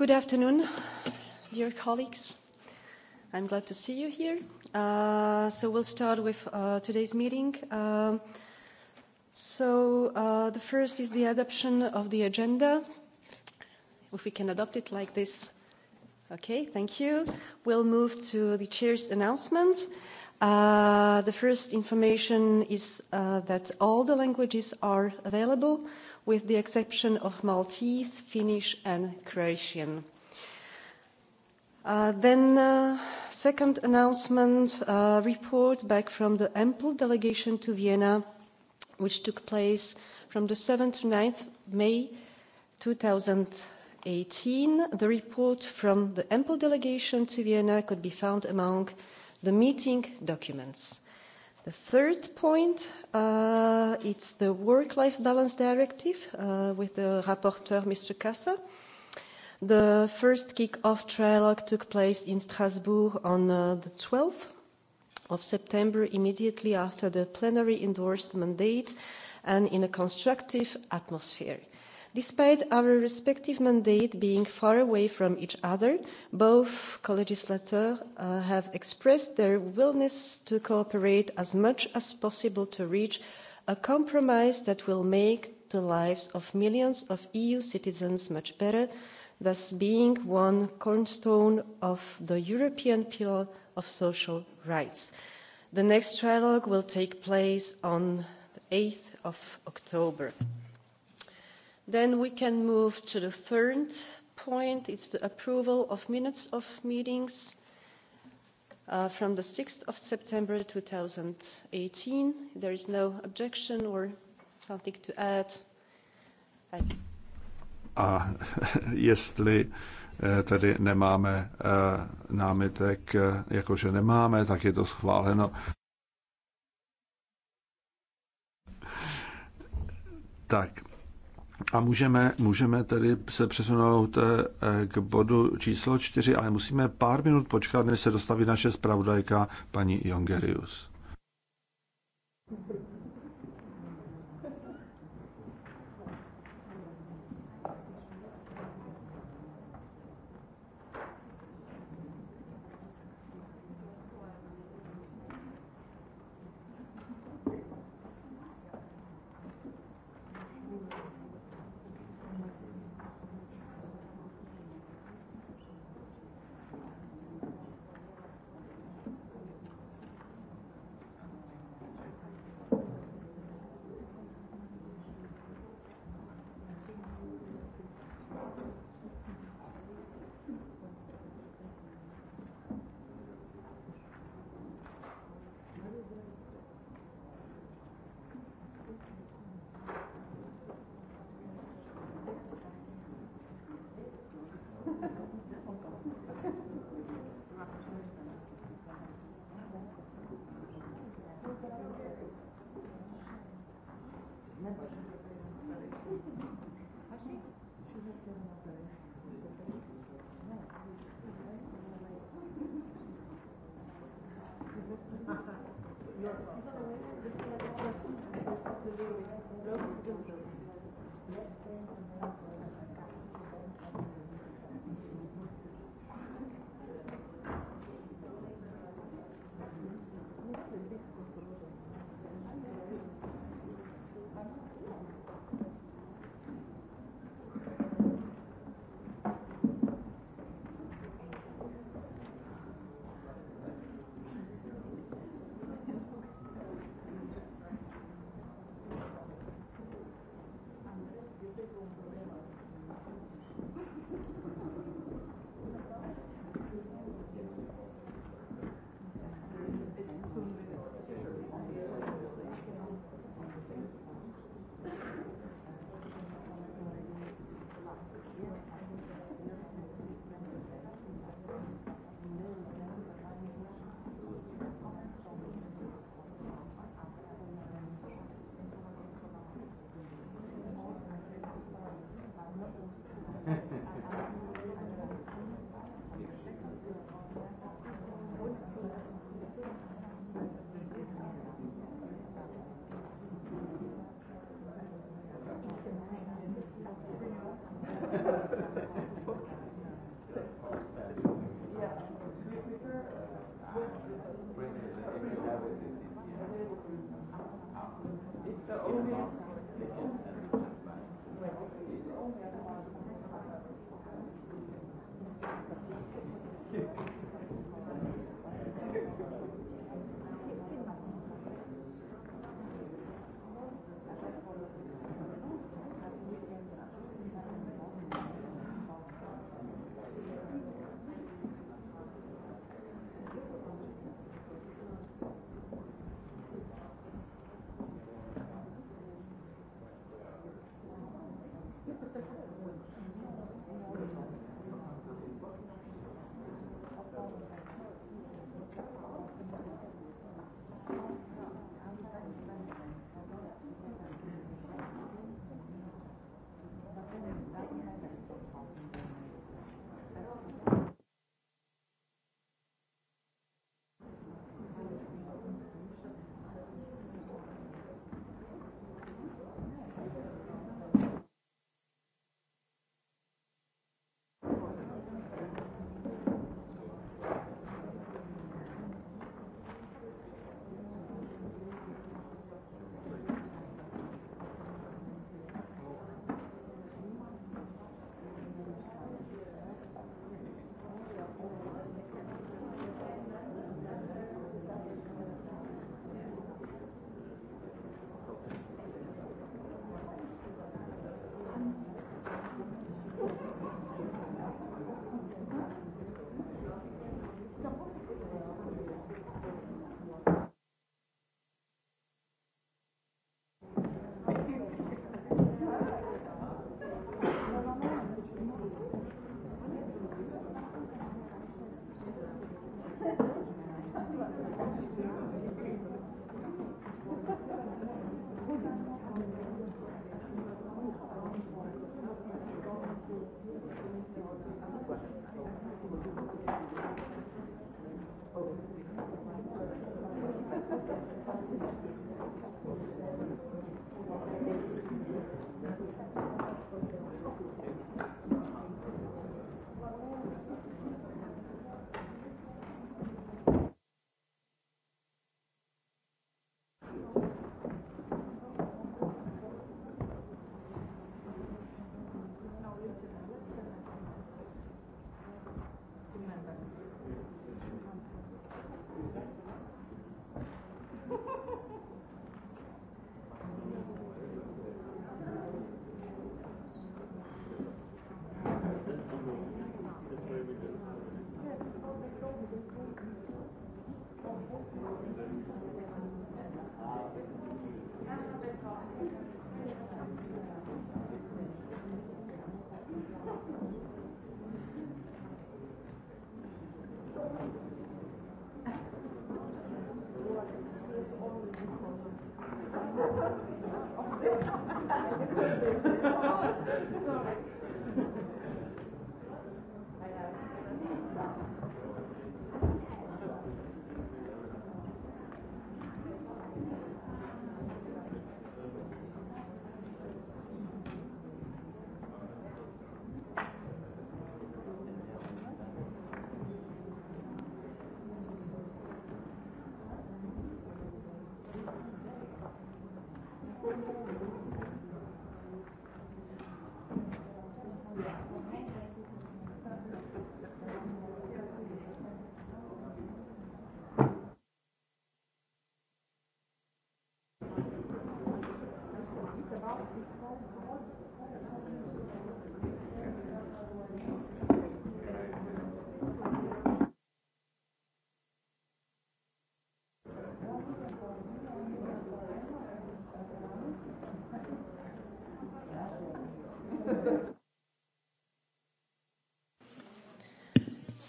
Good afternoon, dear colleagues. I'm glad to see you here. Uh, so we'll start with uh, today's meeting. Uh, so uh, the first is the adoption of the agenda. If we can adopt it like this, okay, thank you. We'll move to the chair's announcement. Uh, the first information is uh, that all the languages are available with the exception of Maltese, Finnish and Croatian. Uh, then uh, second announcement uh, report back from the ample delegation to vienna which took place from the 7 to 9th may 2018 the report from the ample delegation to vienna could be found among the meeting documents The third point, uh, it's the Work-Life Balance Directive uh, with the rapporteur, Mr. Kassa. The first kick-off trialogue took place in Strasbourg on uh, the 12th of September, immediately after the plenary endorsed mandate and in a constructive atmosphere despite our respective mandates being far away from each other both colegislators uh, have expressed their willingness to cooperate as much as possible to reach a compromise that will make the lives of millions of eu citizens much better thus being one cornerstone of the european pillar of social rights. the next trilogue will take place on eight october. Then we can move to the third point. It's the approval of minutes of meetings uh, from the 6th of September 2018. There is no objection or something to add. I... A jestli eh, tedy nemáme eh, námitek, eh, jakože nemáme, tak je to schváleno. Tak, a můžeme, můžeme tedy se přesunout eh, k bodu číslo čtyři, ale musíme pár minut počkat, než se dostaví naše zpravodajka paní Jongerius. Thank you.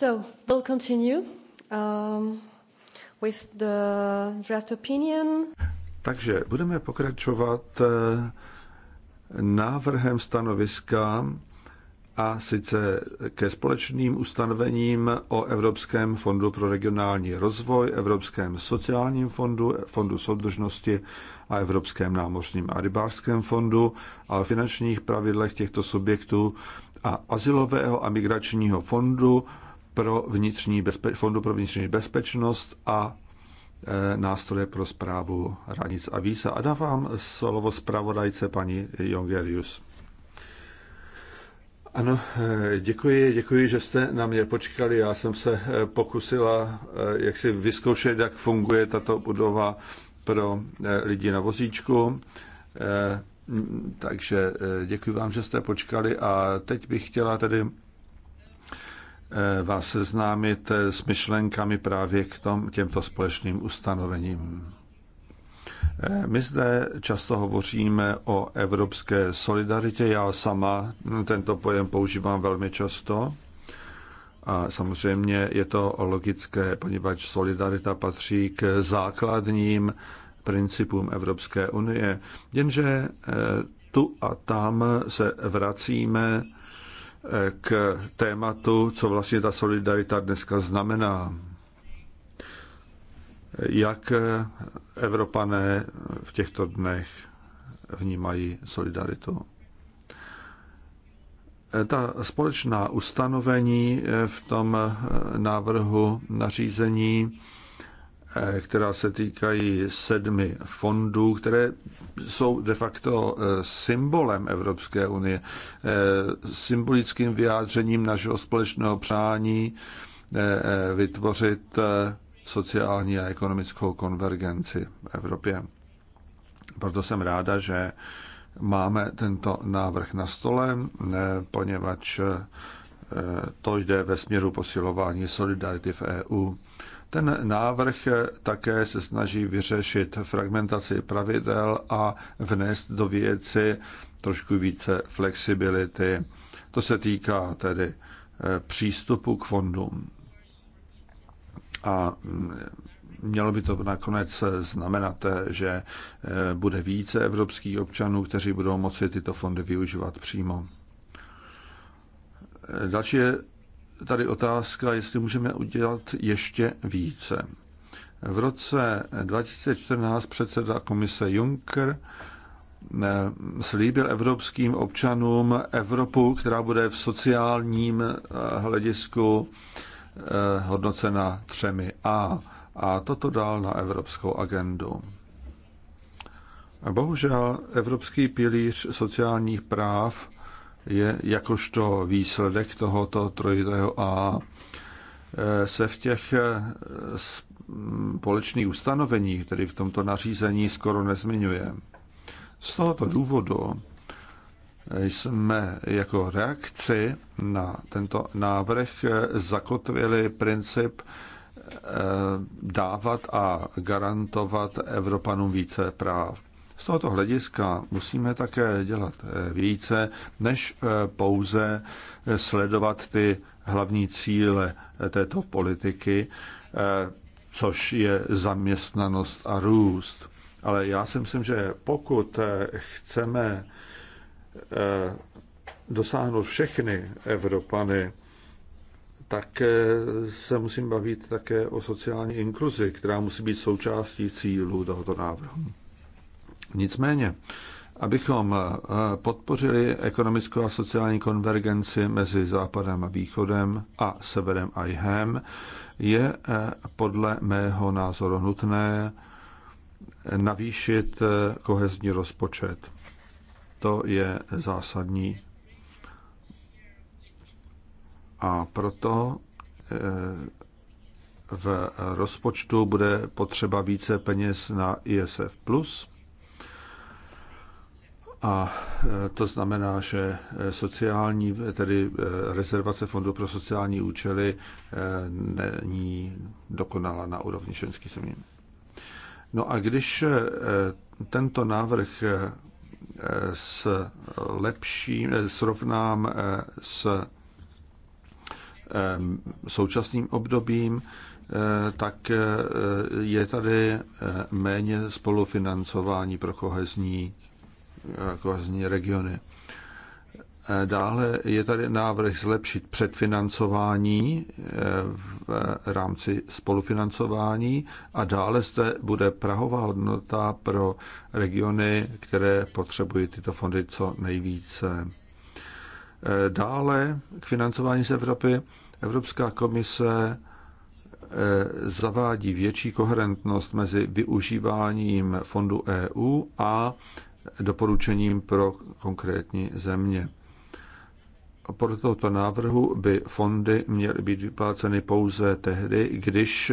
So we'll continue um, with the draft opinion. Takže budeme pokračovat eh, návrhem stanoviska a sice ke společným ustanovením o Evropském fondu pro regionální rozvoj, Evropském sociálním fondu, Fondu soudržnosti a Evropském námořním a rybářském fondu a o finančních pravidlech těchto subjektů a Azylového a migračního fondu pro vnitřní bezpe- Fondu pro vnitřní bezpečnost a e, nástroje pro zprávu hranic a víza. A dávám slovo zpravodajce paní Jongerius. Ano, e, děkuji, děkuji, že jste na mě počkali. Já jsem se e, pokusila, jak si vyzkoušet, jak funguje tato budova pro lidi na vozíčku. Takže děkuji vám, že jste počkali a teď bych chtěla tedy Eh, vás seznámit eh, s myšlenkami právě k tom, těmto společným ustanovením. Eh, my zde často hovoříme o evropské solidaritě. Já sama tento pojem používám velmi často. A samozřejmě je to logické, poněvadž solidarita patří k základním principům Evropské unie. Jenže tu a tam se vracíme k tématu, co vlastně ta solidarita dneska znamená. Jak Evropané v těchto dnech vnímají solidaritu? Ta společná ustanovení v tom návrhu nařízení Eh, která se týkají sedmi fondů, které jsou de facto eh, symbolem Evropské unie, eh, symbolickým vyjádřením našeho společného přání vytvořit sociální a ekonomickou konvergenci v Evropě. Proto jsem ráda, že máme tento návrh na stole, poněvadž to jde ve směru posilování solidarity v EU. Ten návrh také se snaží vyřešit fragmentaci pravidel a vnést do věci trošku více flexibility. To se týká tedy eh, přístupu k fondům. A mm, mělo by to nakonec znamenat, eh, že eh, bude více evropských občanů, kteří budou moci tyto fondy využívat přímo. Další je tady otázka, jestli můžeme udělat ještě více. V roce 2014 předseda komise Juncker eh, slíbil evropským občanům Evropu, která bude v sociálním eh, hledisku eh, hodnocena třemi A. A toto dal na evropskou agendu. Bohužel Evropský pilíř sociálních práv je jakožto výsledek tohoto trojitého A eh, se v těch eh, společných ustanoveních, tedy v tomto nařízení, skoro nezmiňuje. Z tohoto důvodu eh, jsme jako reakci na tento návrh zakotvili princip dávat a garantovat Evropanům více práv. Z tohoto hlediska musíme také dělat eh, více, než eh, pouze eh, sledovat ty hlavní cíle této politiky, což je zaměstnanost a růst. Ale já si myslím, že pokud chceme dosáhnout všechny Evropany, tak se musím bavit také o sociální inkluzi, která musí být součástí cílů tohoto návrhu. Nicméně, abychom eh, podpořili ekonomickou a sociální konvergenci mezi Západem a Východem a Severem a Jihem, je eh, podle mého názoru nutné navýšit eh, kohezní rozpočet. To je zásadní. A proto v rozpočtu bude potřeba více peněz na ISF+, plus a e, to znamená, že e, sociální, e, tedy rezervace fondu pro sociální účely není dokonala na úrovni členských zemí. No a když tento návrh s lepším, srovnám s současným obdobím, tak je tady méně spolufinancování pro kohezní kohezní jako regiony. E, dále je tady návrh zlepšit předfinancování e, v e, rámci spolufinancování a dále zde bude prahová hodnota pro regiony, které potřebují tyto fondy co nejvíce. Dále k financování z Evropy Evropská komise zavádí větší koherentnost mezi využíváním fondu EU a doporučením pro konkrétní země. Podle tohoto návrhu by fondy měly být vypláceny pouze tehdy, když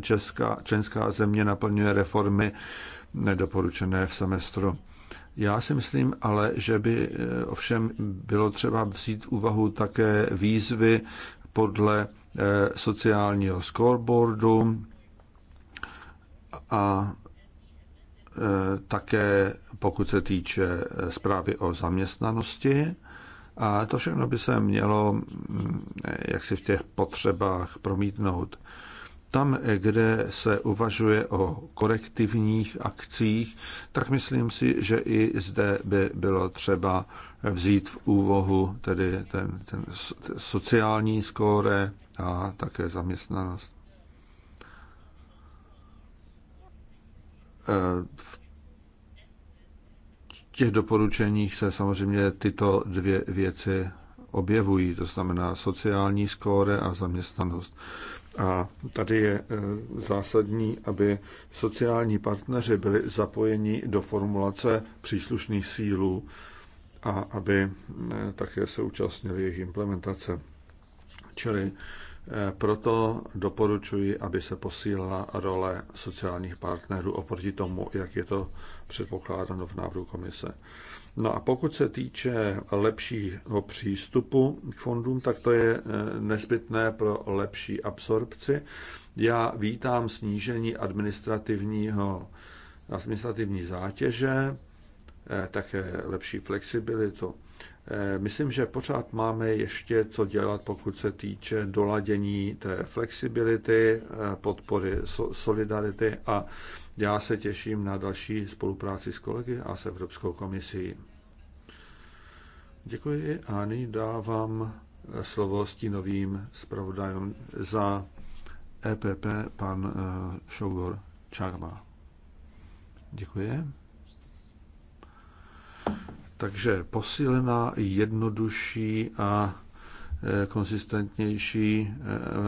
česká, česká země naplňuje reformy nedoporučené v semestru. Já si myslím ale, že by eh, ovšem bylo třeba vzít v úvahu také výzvy podle eh, sociálního scoreboardu a eh, také pokud se týče eh, zprávy o zaměstnanosti. A to všechno by se mělo mm, eh, jak si v těch potřebách promítnout. Tam, eh, kde se uvažuje o korektivních akcích, tak myslím si, že i zde by bylo třeba vzít v úvahu tedy ten, ten sociální skóre a také zaměstnanost. V těch doporučeních se samozřejmě tyto dvě věci objevují, to znamená sociální skóre a zaměstnanost. A tady je e, zásadní, aby sociální partneři byli zapojeni do formulace příslušných sílů a aby e, také se účastnili jejich implementace. Čili proto doporučuji, aby se posílila role sociálních partnerů oproti tomu, jak je to předpokládáno v návrhu komise. No a pokud se týče lepšího přístupu k fondům, tak to je eh, nezbytné pro lepší absorpci. Já vítám snížení administrativního, administrativní zátěže, eh, také lepší flexibilitu. Eh, myslím, že pořád máme ještě co dělat, pokud se týče doladění té flexibility, eh, podpory solidarity a já se těším na další spolupráci s kolegy a s Evropskou komisí. Děkuji a nyní dávám eh, slovo novým zpravodajem za EPP pan Šogor Čarma. Děkuji. Takže posílená, jednodušší a e, konsistentnější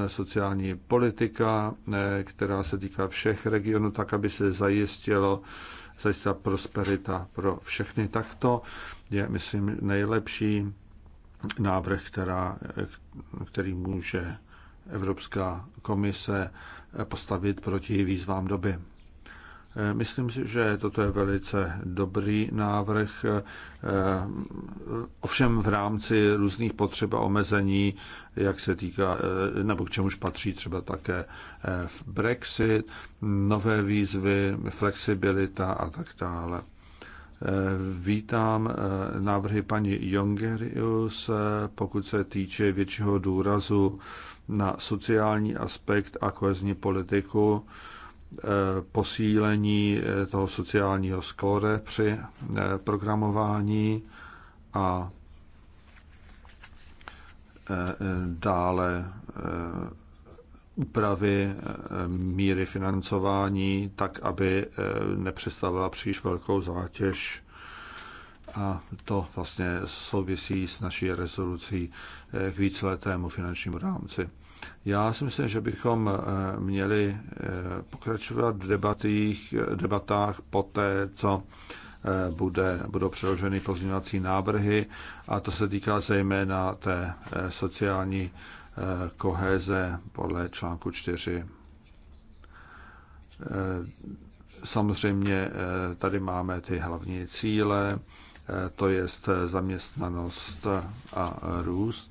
e, sociální politika, e, která se týká všech regionů, tak aby se zajistilo, zajistila prosperita pro všechny. Takto je, myslím, nejlepší návrh, která, který může Evropská komise postavit proti výzvám doby. Eh, myslím si, že toto je velice dobrý návrh, eh, eh, ovšem v rámci různých potřeb a omezení, jak se týká, nebo k čemuž patří třeba také v Brexit, nové výzvy, flexibilita a tak dále. Vítám návrhy paní Jongerius, pokud se týče většího důrazu na sociální aspekt a kohezní politiku Eh, posílení eh, toho sociálního skóre při eh, programování a dále úpravy míry financování, tak aby nepředstavila příliš velkou zátěž. A to vlastně souvisí s naší rezolucí k víceletému finančnímu rámci. Já si myslím, že bychom eh, měli eh, pokračovat v debatích, eh, debatách té, co bude, budou přeloženy pozměňovací návrhy a to se týká zejména té sociální koheze podle článku 4. Samozřejmě tady máme ty hlavní cíle, to je zaměstnanost a růst.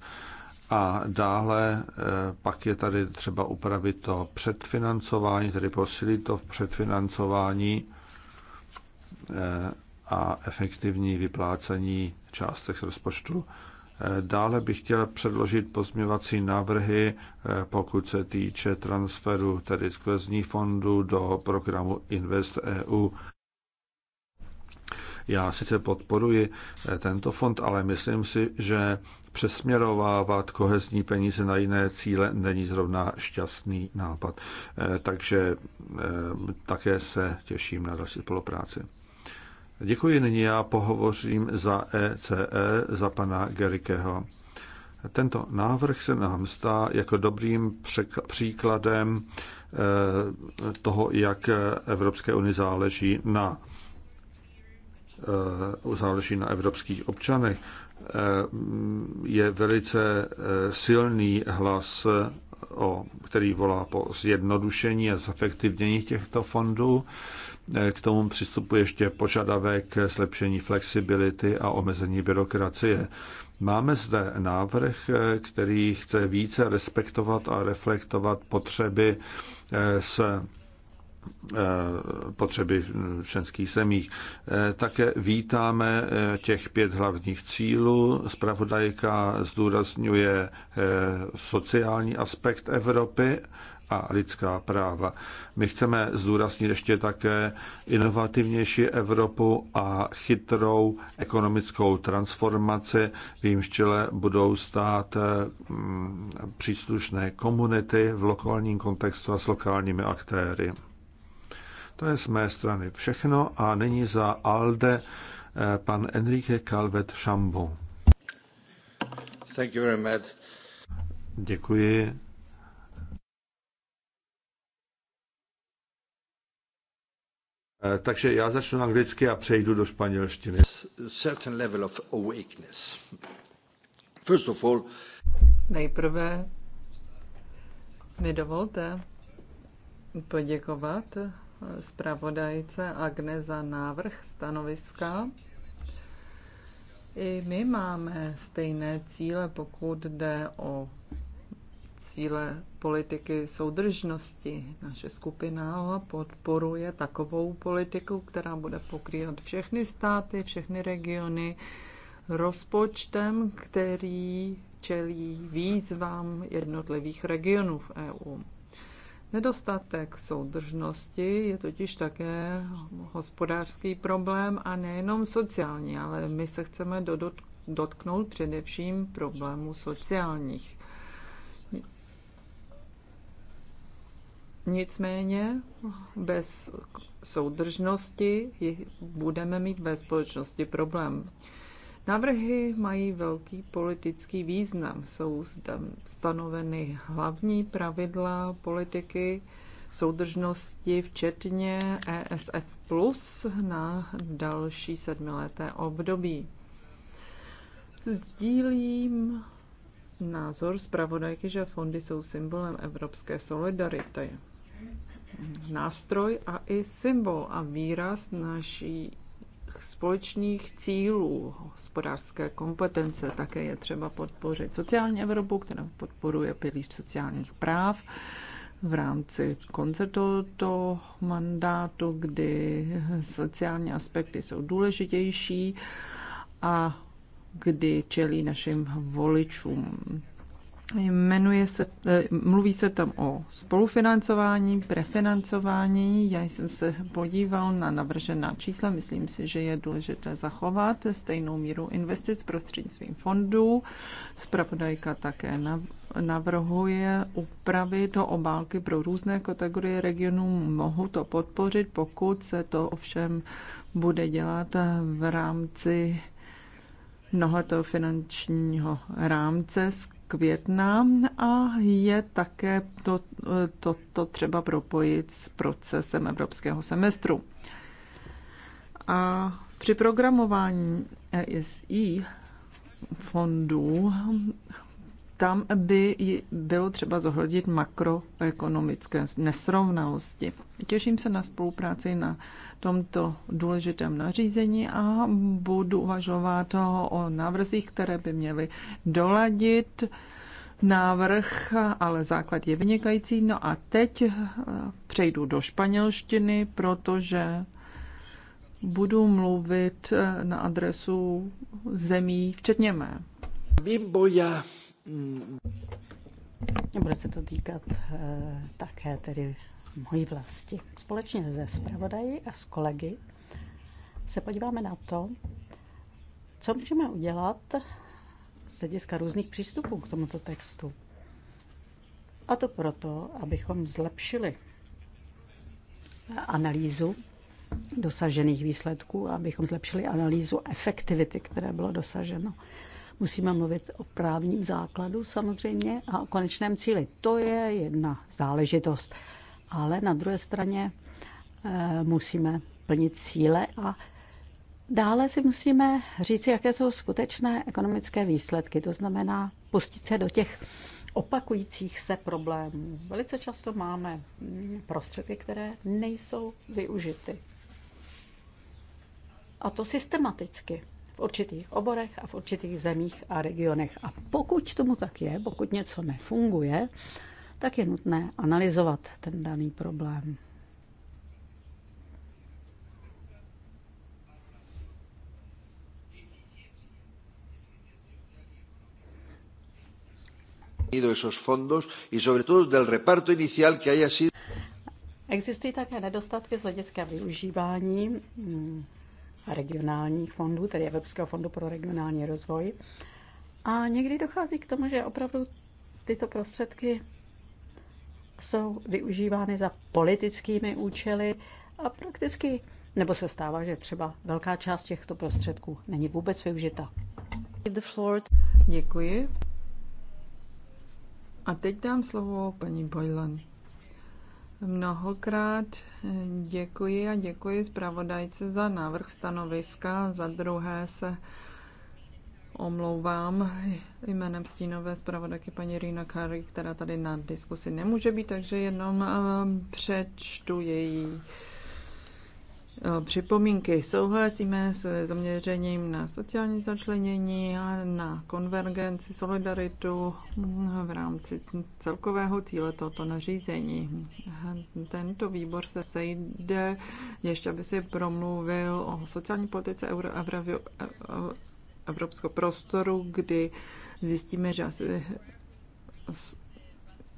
A dále eh, pak je tady třeba upravit to předfinancování, tedy posílit to v předfinancování eh, a efektivní vyplácení částek z rozpočtu. Eh, dále bych chtěl předložit pozměvací návrhy, pokud se týče transferu tedy z fondu do programu Invest EU. Já sice podporuji tento fond, ale myslím si, že přesměrovávat kohezní peníze na jiné cíle není zrovna šťastný nápad. Eh, takže eh, také se těším na další spolupráci. Děkuji, nyní já pohovořím za ECE, e, za pana Gerikeho. Tento návrh se nám stá jako dobrým příkladem eh, toho, jak Evropské unii záleží na záleží na evropských občanech. Eh, je velice eh, silný hlas, o, který volá po zjednodušení a zefektivnění těchto fondů. Eh, k tomu přistupuje ještě požadavek zlepšení flexibility a omezení byrokracie. Máme zde návrh, který chce více respektovat a reflektovat potřeby s Eh, potřeby v členských zemích. Eh, také vítáme eh, těch pět hlavních cílů. Spravodajka zdůrazňuje sociální aspekt Evropy a lidská práva. My chceme zdůraznit ještě také inovativnější Evropu a chytrou ekonomickou transformaci. V jejím čele budou stát příslušné komunity v lokálním kontextu a s lokálními aktéry. To je z mé strany všechno a nyní za ALDE eh, pan Enrique Calvet Chambo. Thank you very much. Děkuji. Eh, takže já začnu anglicky a přejdu do španělštiny. Certain level of awakeness. First of all, Nejprve mi dovolte poděkovat zpravodajce Agne za návrh stanoviska. I my máme stejné cíle, pokud jde o cíle politiky soudržnosti. Naše skupina podporuje takovou politiku, která bude pokrývat všechny státy, všechny regiony rozpočtem, který čelí výzvám jednotlivých regionů v EU. Nedostatek soudržnosti je totiž také hospodářský problém a nejenom sociální, ale my se chceme dotknout především problémů sociálních. Nicméně bez soudržnosti budeme mít ve společnosti problém. Návrhy mají velký politický význam. Jsou stanoveny hlavní pravidla politiky soudržnosti, včetně ESF plus na další sedmileté období. Sdílím názor zpravodajky, že fondy jsou symbolem evropské solidarity. Nástroj a i symbol a výraz naší společných cílů hospodářské kompetence také je třeba podpořit sociální Evropu, která podporuje pilíř sociálních práv v rámci konce tohoto mandátu, kdy sociální aspekty jsou důležitější a kdy čelí našim voličům. Jmenuje se, eh, mluví se tam o spolufinancování, prefinancování. Já jsem se podíval na navržená čísla. Myslím si, že je důležité zachovat stejnou míru investic prostřednictvím fondů. Spravodajka také navrhuje úpravy do obálky pro různé kategorie regionů. Mohu to podpořit, pokud se to ovšem bude dělat v rámci mnohatého finančního rámce s května a je také to, to, to třeba propojit s procesem evropského semestru. A při programování ESI fondů tam by bylo třeba zohlednit makroekonomické nesrovnalosti. Těším se na spolupráci na tomto důležitém nařízení a budu uvažovat o návrzích, které by měly doladit návrh, ale základ je vynikající. No a teď eh, přejdu do španělštiny, protože budu mluvit eh, na adresu zemí, včetně mé. Bimboja. Mm. Bude se to týkat eh, také tedy mojí vlasti. Společně se zpravodají a s kolegy se podíváme na to, co můžeme udělat z hlediska různých přístupů k tomuto textu. A to proto, abychom zlepšili analýzu dosažených výsledků, abychom zlepšili analýzu efektivity, které bylo dosaženo. Musíme mluvit o právním základu samozřejmě a o konečném cíli. To je jedna záležitost. Ale na druhé straně eh, musíme plnit cíle a dále si musíme říct, jaké jsou skutečné ekonomické výsledky. To znamená pustit se do těch opakujících se problémů. Velice často máme mm, prostředky, které nejsou využity. A to systematicky v určitých oborech a v určitých zemích a regionech. A pokud tomu tak je, pokud něco nefunguje, tak je nutné analyzovat ten daný problém. reparto Existují také nedostatky z hlediska využívání mm, regionálních fondů, tedy Evropského fondu pro regionální rozvoj. A někdy dochází k tomu, že opravdu tyto prostředky jsou využívány za politickými účely a prakticky, nebo se stává, že třeba velká část těchto prostředků není vůbec využita. Děkuji. A teď dám slovo paní Bojlan. Mnohokrát děkuji a děkuji zpravodajce za návrh stanoviska. Za druhé se omlouvám jménem stínové zpravodajky paní Rina Kary, která tady na diskusi nemůže být, takže jenom eh, přečtu její připomínky. Souhlasíme s zaměřením na sociální začlenění a na konvergenci, solidaritu v rámci celkového cíle tohoto nařízení. Tento výbor se sejde ještě, aby si promluvil o sociální politice euro, evropského prostoru, kdy zjistíme, že asi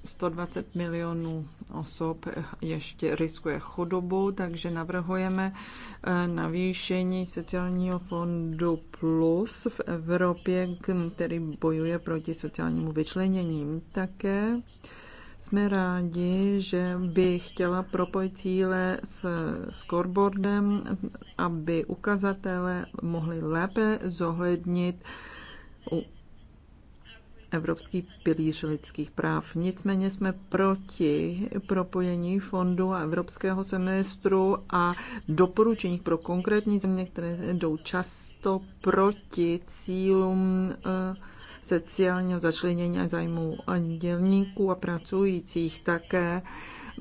120 milionů osob ještě riskuje chudobou, takže navrhujeme eh, navýšení sociálního fondu Plus v Evropě, který bojuje proti sociálnímu vyčlenění. Také jsme rádi, že by chtěla propojit cíle s scoreboardem, aby ukazatele mohly lépe zohlednit Evropský pilíř lidských práv. Nicméně jsme proti propojení fondu a evropského semestru a doporučení pro konkrétní země, které jdou často proti cílům eh, sociálního začlenění a zájmu dělníků a pracujících také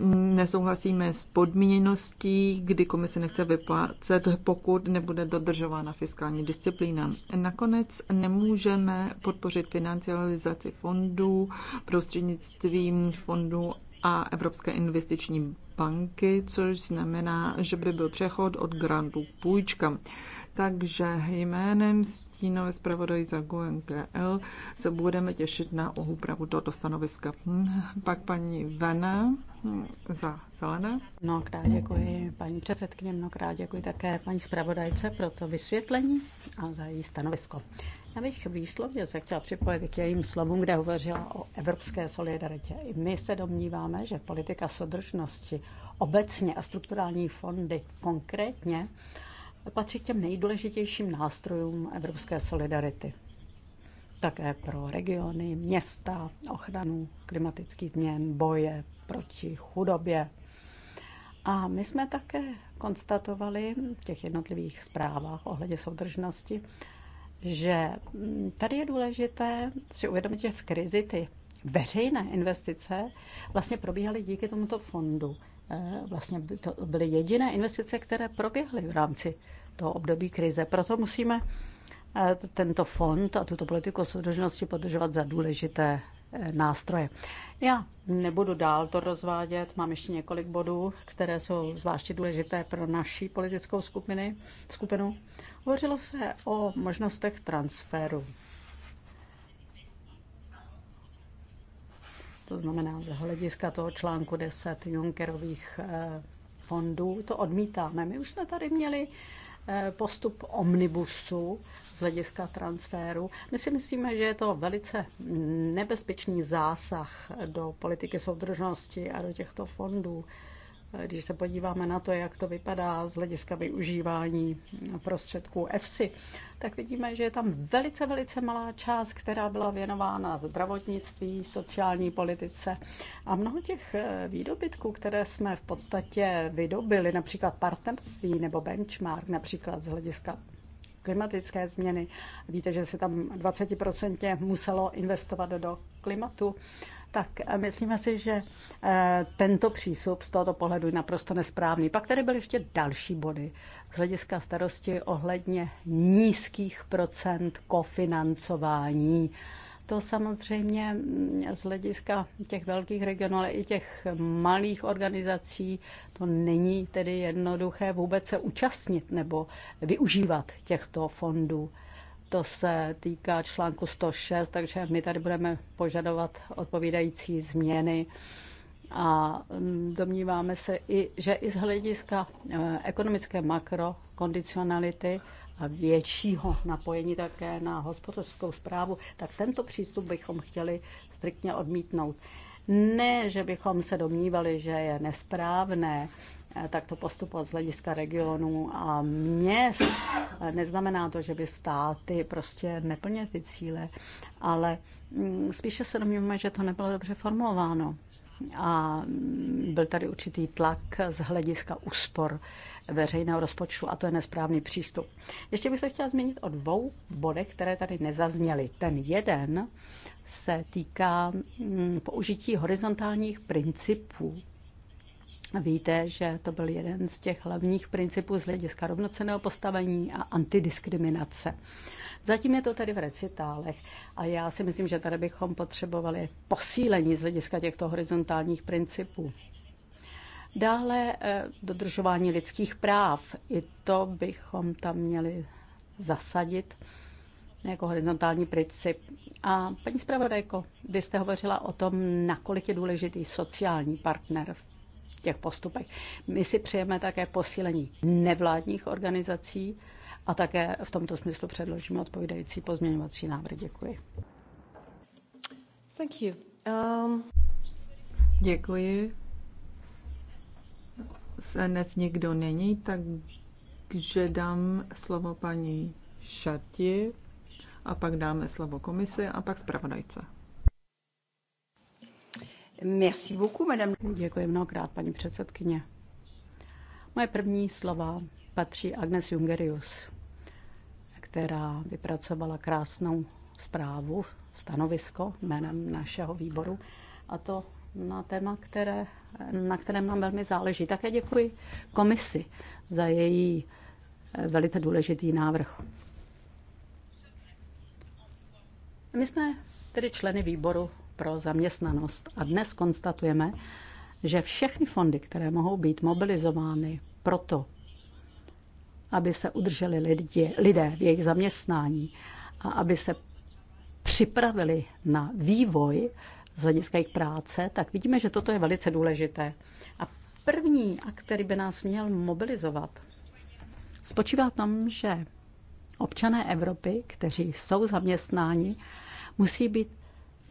Nesouhlasíme s podmíněností, kdy komise nechce vyplácet, pokud nebude dodržována fiskální disciplína. Nakonec nemůžeme podpořit financializaci fondů prostřednictvím fondů a Evropské investiční banky, což znamená, že by byl přechod od grantů k půjčkám. Takže jménem stínové zpravodaj za GUNGL se budeme těšit na úpravu tohoto stanoviska. Pak paní Vena za zelené. Mnohokrát děkuji paní předsedkyně, mnohokrát děkuji také paní zpravodajce pro to vysvětlení a za její stanovisko. Já bych výslovně se chtěla připojit k jejím slovům, kde hovořila o evropské solidaritě. I my se domníváme, že politika soudržnosti obecně a strukturální fondy konkrétně patří k těm nejdůležitějším nástrojům evropské solidarity také pro regiony, města, ochranu klimatických změn, boje proti chudobě. A my jsme také konstatovali v těch jednotlivých zprávách ohledně soudržnosti, že mm, tady je důležité si uvědomit, že v krizi ty veřejné investice vlastně probíhaly díky tomuto fondu. Eh, vlastně to byly jediné investice, které proběhly v rámci toho období krize. Proto musíme Eh, tento fond a tuto politiku soudržnosti podržovat za důležité eh, nástroje. Já nebudu dál to rozvádět, mám ještě několik bodů, které jsou zvláště důležité pro naší politickou skupiny, skupinu. Hovořilo se o možnostech transferu. To znamená z hlediska toho článku 10 Junckerových eh, fondů. To odmítáme. My už jsme tady měli Eh, postup omnibusu z hlediska transferu. My si myslíme, že je to velice nebezpečný zásah do politiky soudržnosti a do těchto fondů. Když se podíváme na to, jak to vypadá z hlediska využívání prostředků EFSI, tak vidíme, že je tam velice, velice malá část, která byla věnována zdravotnictví, sociální politice. A mnoho těch eh, výdobytků, které jsme v podstatě vydobili, například partnerství nebo benchmark, například z hlediska klimatické změny. Víte, že se tam 20% muselo investovat do klimatu. Tak eh, myslíme si, že eh, tento přístup z tohoto pohledu je naprosto nesprávný. Pak tady byly ještě další body z hlediska starosti ohledně nízkých procent kofinancování. To samozřejmě mm, z hlediska těch velkých regionů, ale i těch malých organizací, to není tedy jednoduché vůbec se účastnit nebo využívat těchto fondů. To se týká článku 106, takže my tady budeme požadovat odpovídající změny. A mm, domníváme se, i, že i z hlediska e, ekonomické makrokondicionality a většího napojení také na hospodářskou zprávu, tak tento přístup bychom chtěli striktně odmítnout. Ne, že bychom se domnívali, že je nesprávné Eh, takto postupovat z hlediska regionů a měst. Eh, neznamená to, že by státy prostě neplnily ty cíle, ale mm, spíše se domníváme, že to nebylo dobře formulováno. A mm, byl tady určitý tlak z hlediska úspor veřejného rozpočtu a to je nesprávný přístup. Ještě bych se chtěla zmínit o dvou bodech, které tady nezazněly. Ten jeden se týká mm, použití horizontálních principů Víte, že to byl jeden z těch hlavních principů z hlediska rovnoceného postavení a antidiskriminace. Zatím je to tady v recitálech a já si myslím, že tady bychom potřebovali posílení z hlediska těchto horizontálních principů. Dále eh, dodržování lidských práv. I to bychom tam měli zasadit jako horizontální princip. A paní zpravodajko, vy jste hovořila o tom, nakolik je důležitý sociální partner v těch postupech. My si přejeme také posílení nevládních organizací a také v tomto smyslu předložíme odpovídající pozměňovací návrh. Děkuji. Thank you. Um... Děkuji. Z nikdo není, takže dám slovo paní Šati a pak dáme slovo komisi a pak zpravodajce. Merci beaucoup, madame. Děkuji mnohokrát, paní předsedkyně. Moje první slova patří Agnes Jungerius, která vypracovala krásnou zprávu, stanovisko jménem našeho výboru, a to na téma, které, na kterém nám velmi záleží. Také děkuji komisi za její eh, velice důležitý návrh. My jsme tedy členy výboru pro zaměstnanost. A dnes konstatujeme, že všechny fondy, které mohou být mobilizovány pro to, aby se udrželi lidi, lidé v jejich zaměstnání a aby se připravili na vývoj z hlediska jejich práce, tak vidíme, že toto je velice důležité. A první akt, který by nás měl mobilizovat, spočívá v tom, že občané Evropy, kteří jsou zaměstnáni, musí být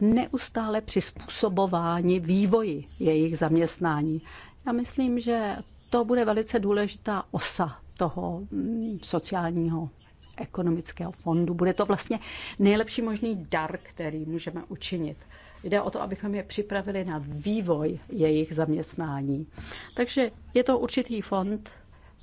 neustále přizpůsobováni vývoji jejich zaměstnání. Já myslím, že to bude velice důležitá osa toho mm, sociálního ekonomického fondu. Bude to vlastně nejlepší možný dar, který můžeme učinit. Jde o to, abychom je připravili na vývoj jejich zaměstnání. Takže je to určitý fond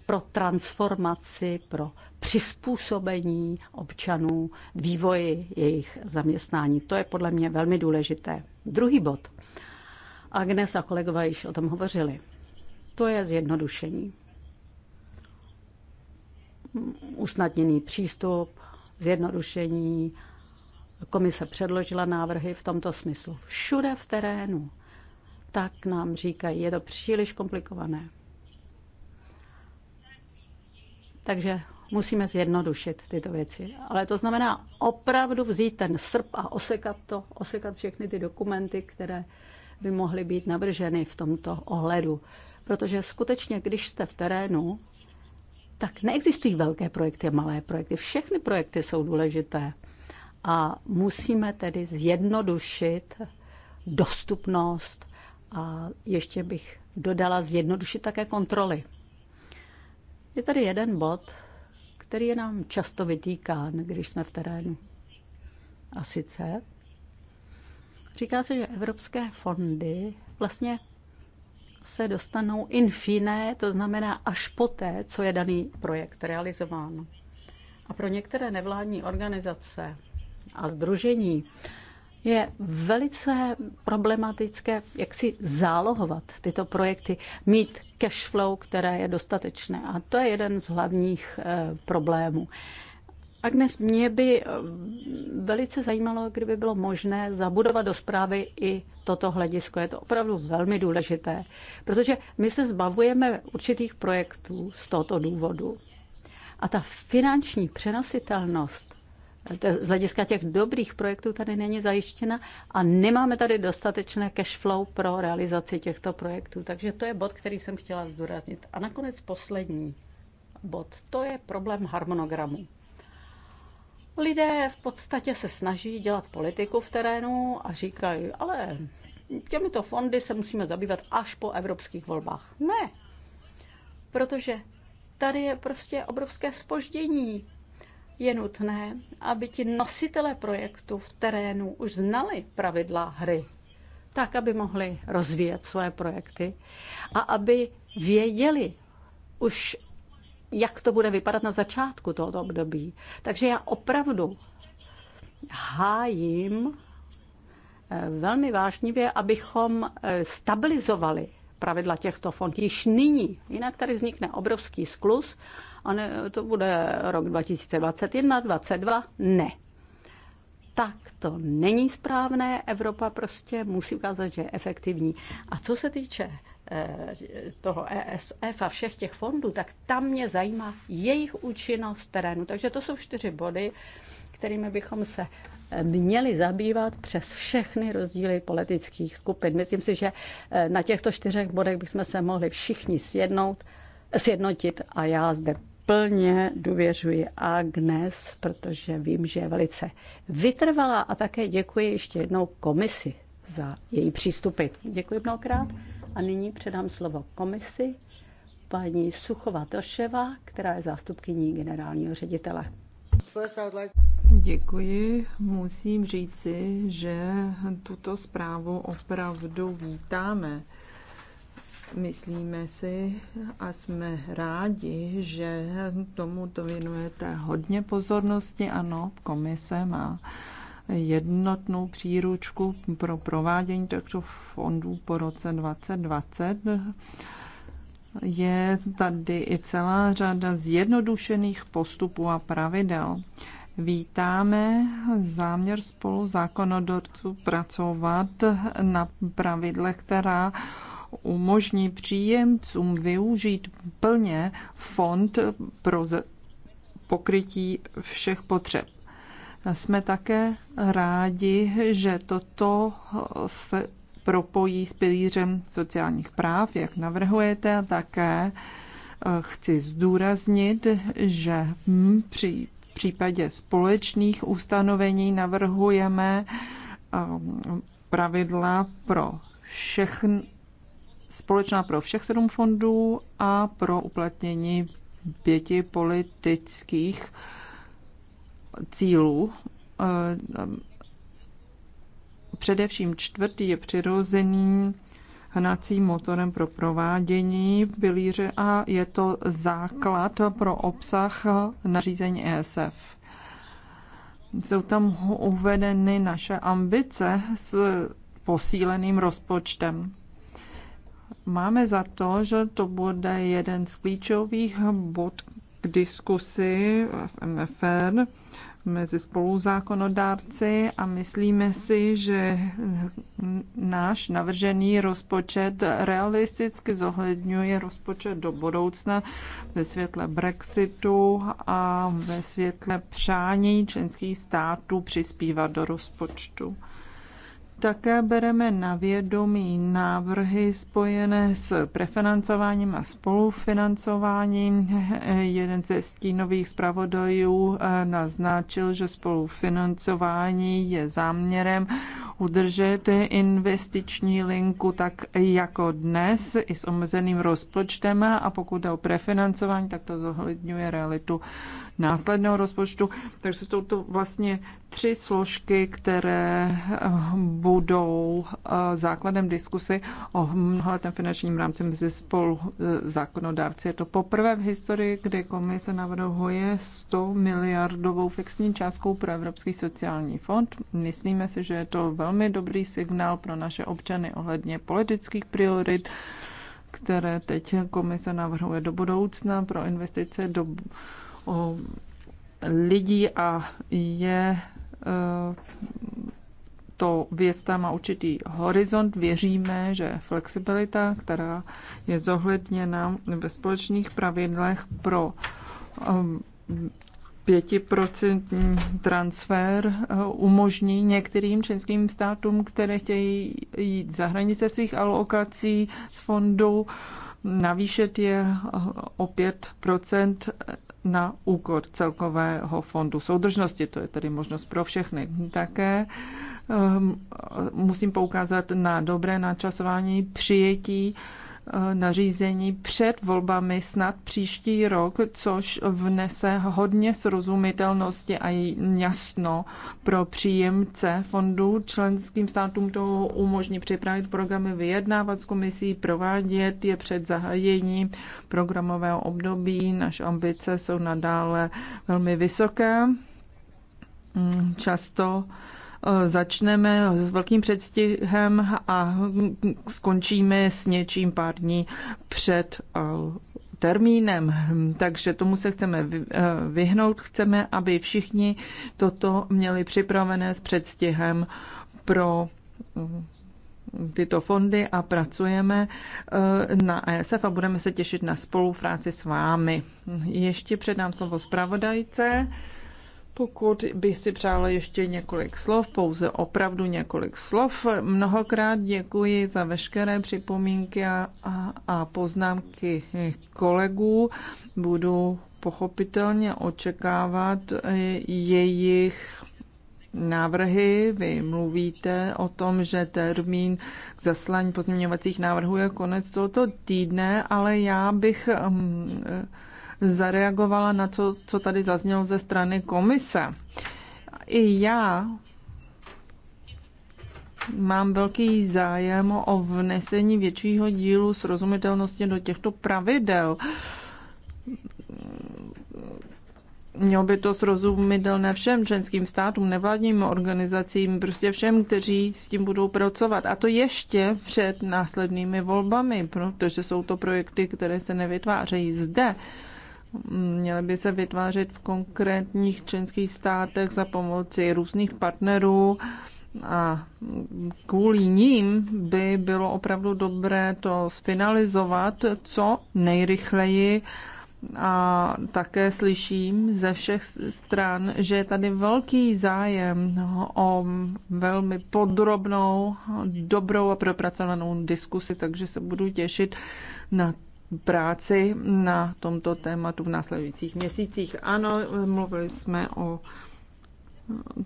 pro transformaci, pro přizpůsobení občanů vývoji jejich zaměstnání. To je podle mě velmi důležité. Druhý bod. Agnes a kolegové již o tom hovořili. To je zjednodušení. Usnadněný přístup, zjednodušení. Komise předložila návrhy v tomto smyslu. Všude v terénu. Tak nám říkají, je to příliš komplikované. Takže Musíme zjednodušit tyto věci. Ale to znamená opravdu vzít ten srp a osekat to, osekat všechny ty dokumenty, které by mohly být navrženy v tomto ohledu. Protože skutečně, když jste v terénu, tak neexistují velké projekty a malé projekty. Všechny projekty jsou důležité. A musíme tedy zjednodušit dostupnost a ještě bych dodala zjednodušit také kontroly. Je tady jeden bod, který je nám často vytýkán, když jsme v terénu. A sice říká se, že evropské fondy vlastně se dostanou fine, to znamená až poté, co je daný projekt realizován. A pro některé nevládní organizace a združení je velice problematické, jak si zálohovat tyto projekty, mít cash flow, které je dostatečné. A to je jeden z hlavních eh, problémů. Agnes, mě by eh, velice zajímalo, kdyby bylo možné zabudovat do zprávy i toto hledisko. Je to opravdu velmi důležité, protože my se zbavujeme určitých projektů z tohoto důvodu. A ta finanční přenositelnost z hlediska těch dobrých projektů tady není zajištěna a nemáme tady dostatečné cash flow pro realizaci těchto projektů. Takže to je bod, který jsem chtěla zdůraznit. A nakonec poslední bod, to je problém harmonogramu. Lidé v podstatě se snaží dělat politiku v terénu a říkají, ale těmito fondy se musíme zabývat až po evropských volbách. Ne, protože tady je prostě obrovské spoždění je nutné, aby ti nositelé projektu v terénu už znali pravidla hry, tak, aby mohli rozvíjet své projekty a aby věděli už, jak to bude vypadat na začátku tohoto období. Takže já opravdu hájím eh, velmi vážnivě, abychom eh, stabilizovali pravidla těchto fondů již nyní. Jinak tady vznikne obrovský sklus a ne, to bude rok 2021, 2022, ne. Tak to není správné, Evropa prostě musí ukázat, že je efektivní. A co se týče eh, toho ESF a všech těch fondů, tak tam mě zajímá jejich účinnost terénu. Takže to jsou čtyři body, kterými bychom se eh, měli zabývat přes všechny rozdíly politických skupin. Myslím si, že eh, na těchto čtyřech bodech bychom se mohli všichni sjednout, sjednotit a já zde plně důvěřuji Agnes, protože vím, že je velice vytrvalá a také děkuji ještě jednou komisi za její přístupy. Děkuji mnohokrát a nyní předám slovo komisi paní Suchova Toševa, která je zástupkyní generálního ředitele. Děkuji. Musím říci, že tuto zprávu opravdu vítáme. Myslíme si a jsme rádi, že tomu to věnujete hodně pozornosti. Ano, komise má jednotnou příručku pro provádění těchto fondů po roce 2020. Je tady i celá řada zjednodušených postupů a pravidel. Vítáme záměr spolu zákonodorců pracovat na pravidle, která umožní příjemcům využít plně fond pro pokrytí všech potřeb. Jsme také rádi, že toto se propojí s pilířem sociálních práv, jak navrhujete, a také eh, chci zdůraznit, že při případě společných ustanovení navrhujeme eh, pravidla pro všechny společná pro všech sedm fondů a pro uplatnění pěti politických cílů. Eh, především čtvrtý je přirozený hnacím motorem pro provádění pilíře a je to základ pro obsah nařízení ESF. Jsou tam uvedeny naše ambice s posíleným rozpočtem máme za to, že to bude jeden z klíčových bod k diskusi v MFR mezi spoluzákonodárci a myslíme si, že náš navržený rozpočet realisticky zohledňuje rozpočet do budoucna ve světle Brexitu a ve světle přání členských států přispívat do rozpočtu. Také bereme na vědomí návrhy spojené s prefinancováním a spolufinancováním. Jeden ze stínových zpravodajů eh, naznačil, že spolufinancování je záměrem udržet investiční linku tak jako dnes i s omezeným rozpočtem a pokud jde o prefinancování, tak to zohledňuje realitu následného rozpočtu. Takže jsou to vlastně tři složky, které eh, budou eh, základem diskusy o mnohaletém finančním rámci mezi spolu eh, zákonodárci. Je to poprvé v historii, kdy komise navrhuje 100 miliardovou fixní částkou pro Evropský sociální fond. Myslíme si, že je to velmi dobrý signál pro naše občany ohledně politických priorit, které teď komise navrhuje do budoucna pro investice do lidí a je e, to věc, která má určitý horizont. Věříme, že flexibilita, která je zohledněna ve společných pravidlech pro e, pětiprocentní transfer e, umožní některým českým státům, které chtějí jít za hranice svých alokací z fondu, navýšet je o 5 na úkor celkového fondu soudržnosti. To je tedy možnost pro všechny. Také ehm, musím poukázat na dobré načasování přijetí Eh, nařízení před volbami snad příští rok, což vnese hodně srozumitelnosti a jasno pro příjemce fondů. Členským státům to umožní připravit programy, vyjednávat s komisí, provádět je před zahájením programového období. Naše ambice jsou nadále velmi vysoké. Mm, často Eh, začneme s velkým předstihem a skončíme s něčím pár dní před eh, termínem, takže tomu se chceme eh, vyhnout. Chceme, aby všichni toto měli připravené s předstihem pro tyto fondy a pracujeme na ESF a budeme se těšit na spolupráci s vámi. Ještě předám slovo zpravodajce. Pokud bych si přála ještě několik slov, pouze opravdu několik slov, mnohokrát děkuji za veškeré připomínky a, a poznámky kolegů. Budu pochopitelně očekávat eh, jejich návrhy. Vy mluvíte o tom, že termín k zaslání pozměňovacích návrhů je konec tohoto týdne, ale já bych mm, eh, zareagovala na to, co tady zaznělo ze strany komise. I já mám velký zájem o vnesení většího dílu srozumitelnosti do těchto pravidel. Mělo by to srozumitelné všem členským státům, nevládním organizacím, prostě všem, kteří s tím budou pracovat. A to ještě před následnými volbami, protože jsou to projekty, které se nevytvářejí zde měly by se vytvářet v konkrétních členských státech za pomoci různých partnerů a kvůli ním by bylo opravdu dobré to sfinalizovat co nejrychleji a také slyším ze všech stran, že je tady velký zájem o velmi podrobnou, dobrou a propracovanou diskusi, takže se budu těšit na práci na tomto tématu v následujících měsících. Ano, mluvili jsme o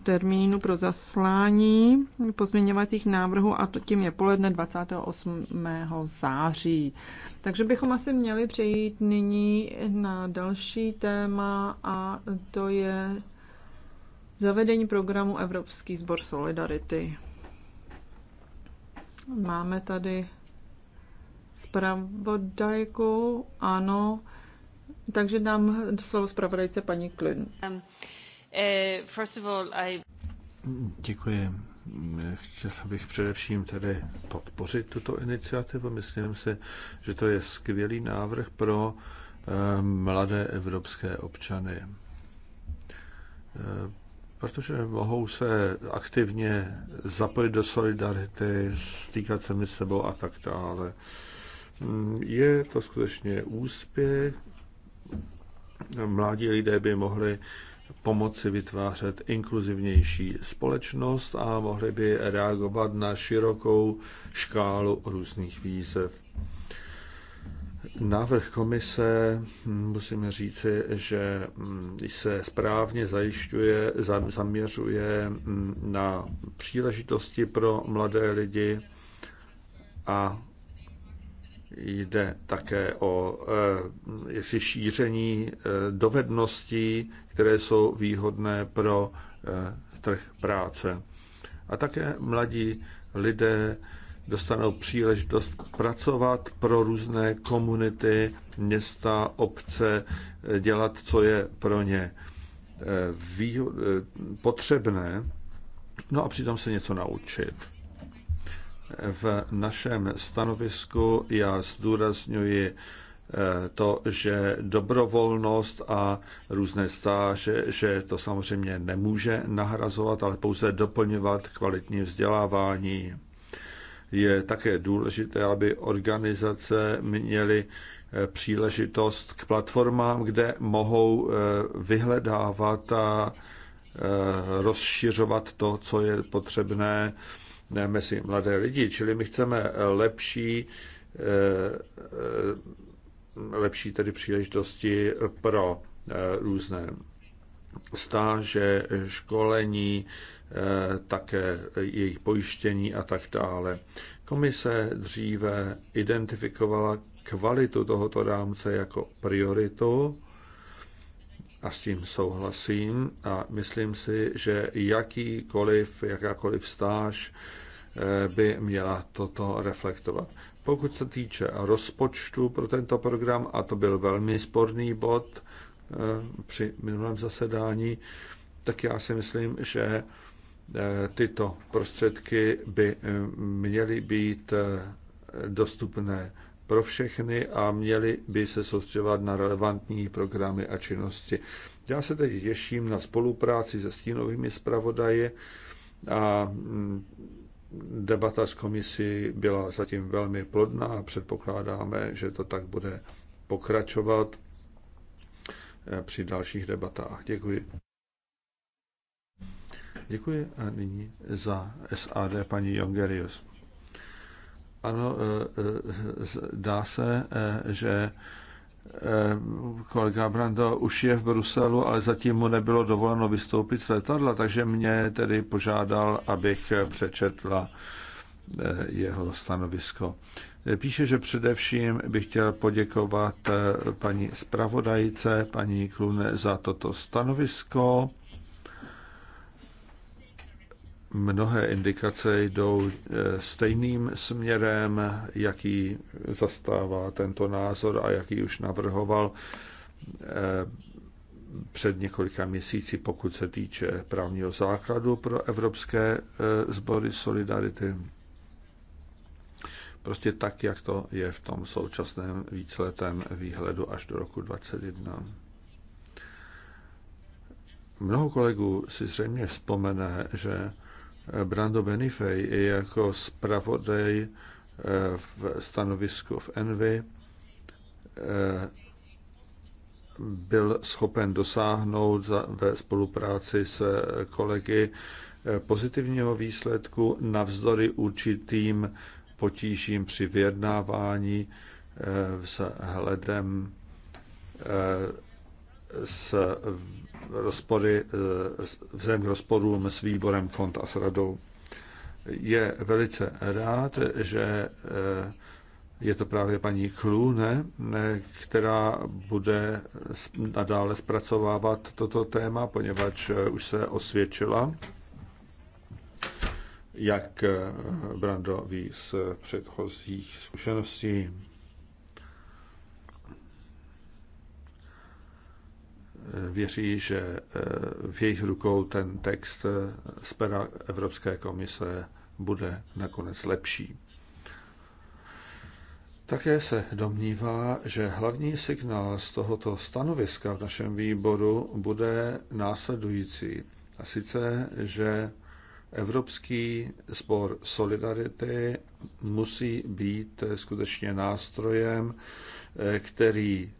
termínu pro zaslání pozměňovacích návrhů a to tím je poledne 28. září. Takže bychom asi měli přejít nyní na další téma a to je zavedení programu Evropský sbor Solidarity. Máme tady zpravodajku, ano. Takže dám slovo zpravodajce paní Klin. Um, eh, first of all, I... Děkuji. Chtěl bych především tedy podpořit tuto iniciativu. Myslím si, že to je skvělý návrh pro eh, mladé evropské občany. Eh, protože mohou se aktivně zapojit do solidarity, stýkat se mezi sebou a tak dále. Mm, je to skutečně úspěch. Mladí lidé by mohli pomoci vytvářet inkluzivnější společnost a mohli by reagovat na širokou škálu různých výzev. Návrh komise, mm, musíme říci, že mm, se správně zajišťuje, zaměřuje na příležitosti pro mladé lidi a Jde také o eh, jaksi šíření eh, dovedností, které jsou výhodné pro eh, trh práce. A také mladí lidé dostanou příležitost pracovat pro různé komunity, města, obce, dělat, co je pro ně potřebné, no a přitom se něco naučit. V našem stanovisku já zdůrazňuji eh, to, že dobrovolnost a různé stáže, že to samozřejmě nemůže nahrazovat, ale pouze doplňovat kvalitní vzdělávání. Je také důležité, aby organizace měly eh, příležitost k platformám, kde mohou eh, vyhledávat a rozšiřovat to, co je potřebné mezi mladé lidi. Čili my chceme lepší, eh, lepší tedy příležitosti pro eh, různé stáže, školení, eh, také jejich pojištění a tak dále. Komise dříve identifikovala kvalitu tohoto rámce jako prioritu a s tím souhlasím a myslím si, že jakýkoliv, jakákoliv stáž eh, by měla toto reflektovat. Pokud se týče rozpočtu pro tento program, a to byl velmi sporný bod eh, při minulém zasedání, tak já si myslím, že eh, tyto prostředky by měly být dostupné pro všechny a měli by se soustředovat na relevantní programy a činnosti. Já se teď těším na spolupráci se stínovými zpravodaji a mm, debata s komisí byla zatím velmi plodná a předpokládáme, že to tak bude pokračovat eh, při dalších debatách. Děkuji. Děkuji a nyní za SAD paní Jongerius. Ano, eh, eh, dá se, eh, že kolega Brando už je v Bruselu, ale zatím mu nebylo dovoleno vystoupit z letadla, takže mě tedy požádal, abych přečetla jeho stanovisko. Píše, že především bych chtěl poděkovat paní zpravodajce, paní Klune, za toto stanovisko mnohé indikace jdou eh, stejným směrem, jaký zastává tento názor a jaký už navrhoval eh, před několika měsíci, pokud se týče právního základu pro evropské eh, sbory Solidarity. Prostě tak, jak to je v tom současném víceletém výhledu až do roku 2021. Mnoho kolegů si zřejmě vzpomene, že Brando Benifej jako zpravodaj eh, v stanovisku v Envy eh, byl schopen dosáhnout ve spolupráci s kolegy eh, pozitivního výsledku navzdory určitým potížím při vyjednávání s hledem s rozpory, eh, vzhledem k rozporům s výborem kont a s radou. Je velice rád, že eh, je to právě paní Klune, která bude nadále zpracovávat toto téma, poněvadž eh, už se osvědčila, jak Brando ví z předchozích zkušeností. věří, že eh, v jejich rukou ten text eh, z pera Evropské komise bude nakonec lepší. Také se domnívá, že hlavní signál z tohoto stanoviska v našem výboru bude následující. A sice, že evropský spor solidarity musí být eh, skutečně nástrojem, který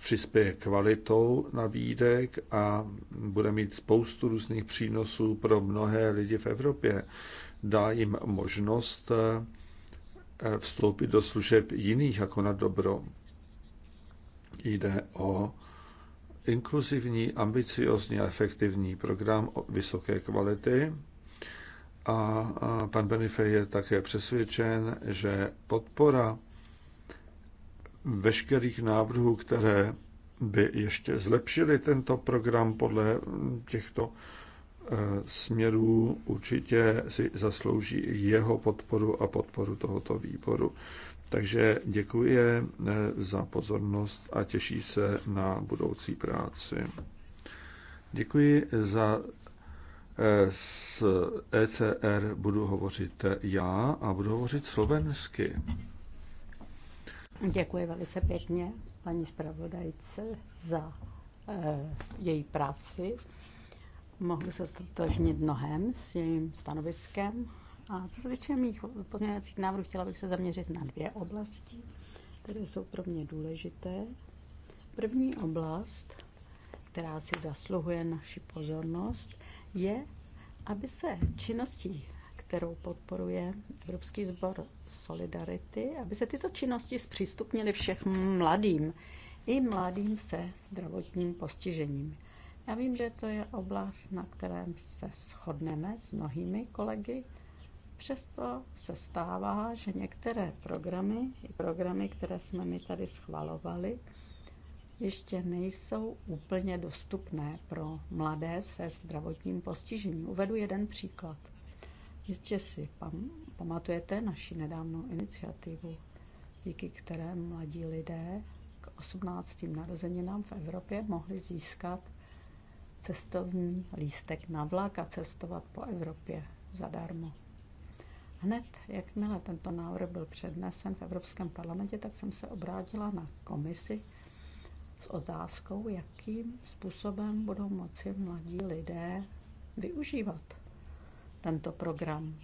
přispěje kvalitou nabídek a bude mít spoustu různých přínosů pro mnohé lidi v Evropě. Dá jim možnost eh, vstoupit do služeb jiných jako na dobro. Jde o inkluzivní, ambiciozní a efektivní program vysoké kvality. A pan Benifej je také přesvědčen, že podpora veškerých návrhů, které by ještě zlepšily tento program podle těchto eh, směrů, určitě si zaslouží jeho podporu a podporu tohoto výboru. Takže děkuji eh, za pozornost a těší se na budoucí práci. Děkuji za eh, s ECR budu hovořit já a budu hovořit slovensky. Děkuji velice pěkně paní zpravodajce za e, její práci. Mohu se stotožnit mnohem s jejím stanoviskem. A co se týče mých pozměňovacích návrhů, chtěla bych se zaměřit na dvě oblasti, které jsou pro mě důležité. První oblast, která si zasluhuje naši pozornost, je, aby se činnosti kterou podporuje Evropský sbor Solidarity, aby se tyto činnosti zpřístupnily všech mladým, i mladým se zdravotním postižením. Já vím, že to je oblast, na kterém se shodneme s mnohými kolegy, přesto se stává, že některé programy, i programy, které jsme my tady schvalovali, ještě nejsou úplně dostupné pro mladé se zdravotním postižením. Uvedu jeden příklad. Jistě si pam- pamatujete naši nedávnou iniciativu, díky které mladí lidé k 18. narozeninám v Evropě mohli získat cestovní lístek na vlak a cestovat po Evropě zadarmo. Hned, jakmile tento návrh byl přednesen v Evropském parlamentě, tak jsem se obrátila na komisi s otázkou, jakým způsobem budou moci mladí lidé využívat tento program.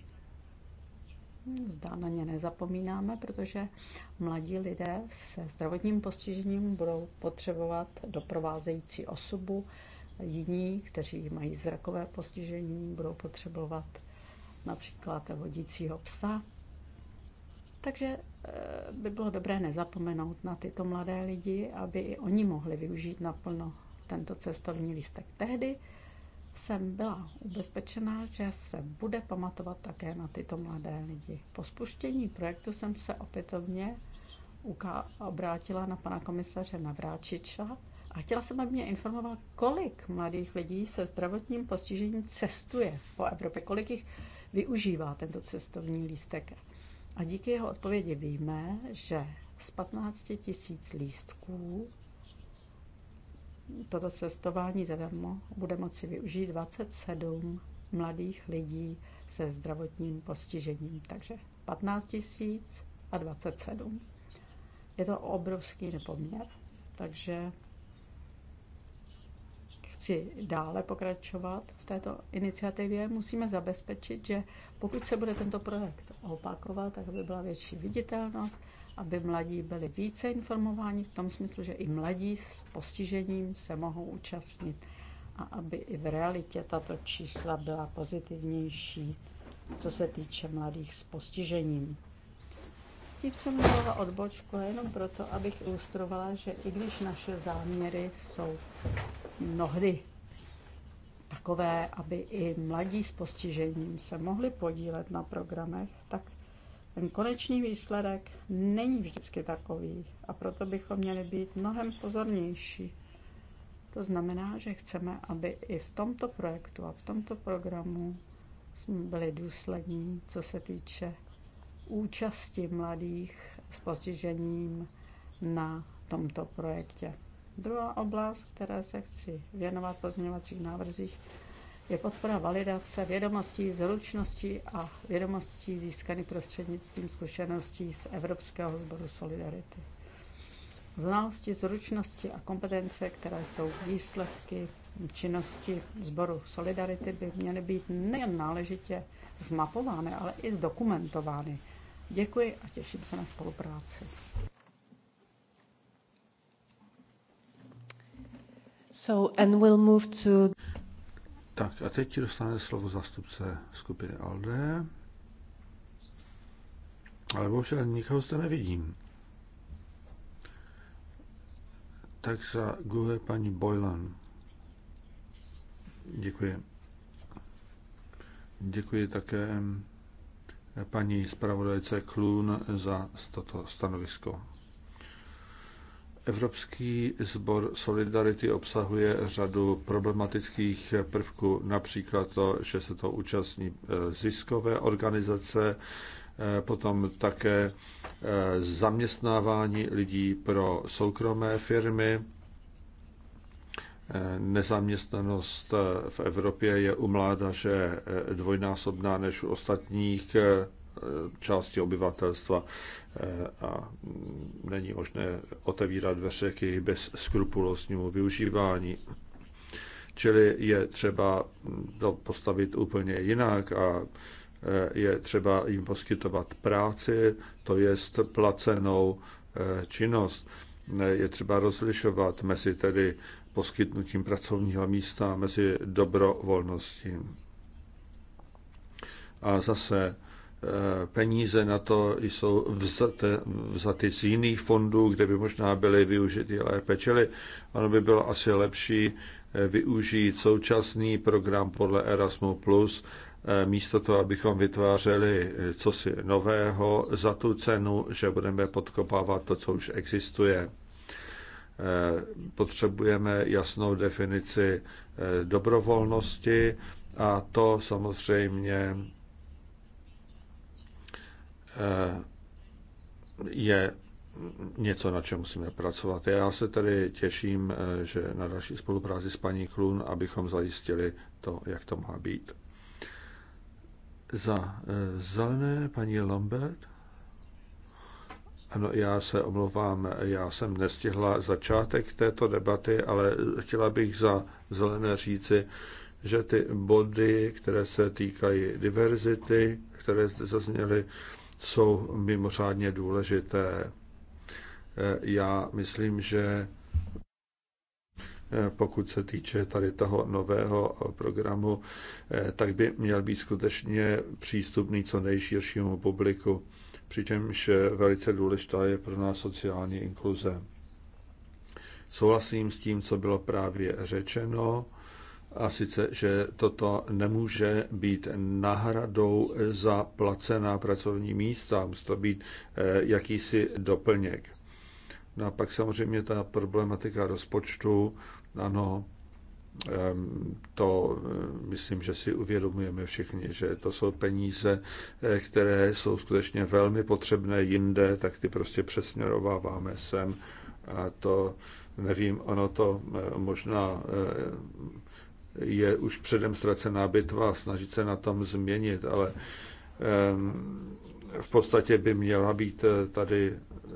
Zdá na ně nezapomínáme, protože mladí lidé se zdravotním postižením budou potřebovat doprovázející osobu. Jiní, kteří mají zrakové postižení, budou potřebovat například vodícího psa. Takže eh, by bylo dobré nezapomenout na tyto mladé lidi, aby i oni mohli využít naplno tento cestovní lístek. Tehdy jsem byla ubezpečená, že se bude pamatovat také na tyto mladé lidi. Po spuštění projektu jsem se opětovně obrátila na pana komisaře Navráčiča a chtěla jsem, aby mě informoval, kolik mladých lidí se zdravotním postižením cestuje po Evropě, kolik jich využívá tento cestovní lístek. A díky jeho odpovědi víme, že z 15 tisíc lístků toto cestování zadarmo bude moci využít 27 mladých lidí se zdravotním postižením. Takže 15 tisíc a 27. Je to obrovský nepoměr. Takže chci dále pokračovat v této iniciativě, musíme zabezpečit, že pokud se bude tento projekt opakovat, tak by byla větší viditelnost, aby mladí byli více informováni v tom smyslu, že i mladí s postižením se mohou účastnit a aby i v realitě tato čísla byla pozitivnější, co se týče mladých s postižením. Tím jsem dala odbočku jenom proto, abych ilustrovala, že i když naše záměry jsou mnohdy takové, aby i mladí s postižením se mohli podílet na programech, tak ten konečný výsledek není vždycky takový a proto bychom měli být mnohem pozornější. To znamená, že chceme, aby i v tomto projektu a v tomto programu jsme byli důslední, co se týče účasti mladých s postižením na tomto projektě. Druhá oblast, které se chci věnovat pozměňovacích návrzích, je podpora validace vědomostí, zručností a vědomostí získaných prostřednictvím zkušeností z Evropského sboru Solidarity. Znalosti, zručnosti a kompetence, které jsou výsledky činnosti sboru Solidarity, by měly být nejen náležitě zmapovány, ale i zdokumentovány. Děkuji a těším se na spolupráci. So, and we'll move to... Tak a teď dostane slovo zastupce skupiny ALDE. Ale bohužel nikoho zde nevidím. Tak za guhe paní Boylan. Děkuji. Děkuji také eh, paní zpravodajce Klun za toto stanovisko. Evropský sbor Solidarity obsahuje řadu problematických prvků, například to, že se to účastní eh, ziskové organizace, eh, potom také eh, zaměstnávání lidí pro soukromé firmy. Nezaměstnanost v Evropě je u mládaže dvojnásobná než u ostatních Eh, části obyvatelstva eh, a není možné otevírat dveře k jejich bezskrupulostnímu využívání. Čili je třeba to postavit úplně jinak a eh, je třeba jim poskytovat práci, to jest placenou činnost. Je třeba rozlišovat mezi tedy poskytnutím pracovního místa, mezi dobrovolností. A zase Eh, peníze na to jsou vzaty, vzaty z jiných fondů, kde by možná byly využity lépe. Čili ono by bylo asi lepší eh, využít současný program podle Erasmus+, eh, místo toho, abychom vytvářeli cosi nového za tu cenu, že budeme podkopávat to, co už existuje. Potřebujeme jasnou definici dobrovolnosti a to samozřejmě Eh, je něco, na čem musíme pracovat. Já se tedy těším, eh, že na další spolupráci s paní Klun, abychom zajistili to, jak to má být. Za eh, zelené paní Lambert. Ano, já se omlouvám, já jsem nestihla začátek této debaty, ale chtěla bych za zelené říci, že ty body, které se týkají diverzity, které zde zazněly, jsou mimořádně důležité. Eh, já myslím, že eh, pokud se týče tady toho nového eh, programu, tak by měl být skutečně přístupný co nejširšímu publiku, přičemž velice důležitá je pro nás sociální inkluze. Souhlasím s tím, co bylo právě řečeno a sice, že toto nemůže být náhradou za placená pracovní místa, musí to být eh, jakýsi doplněk. No a pak samozřejmě ta problematika rozpočtu, ano, ehm, to eh, myslím, že si uvědomujeme všichni, že to jsou peníze, eh, které jsou skutečně velmi potřebné jinde, tak ty prostě přesměrováváme sem. A to nevím, ono to možná je už předem ztracená bitva, snažit se na tom změnit, ale v podstatě by měla být eh, tady, eh,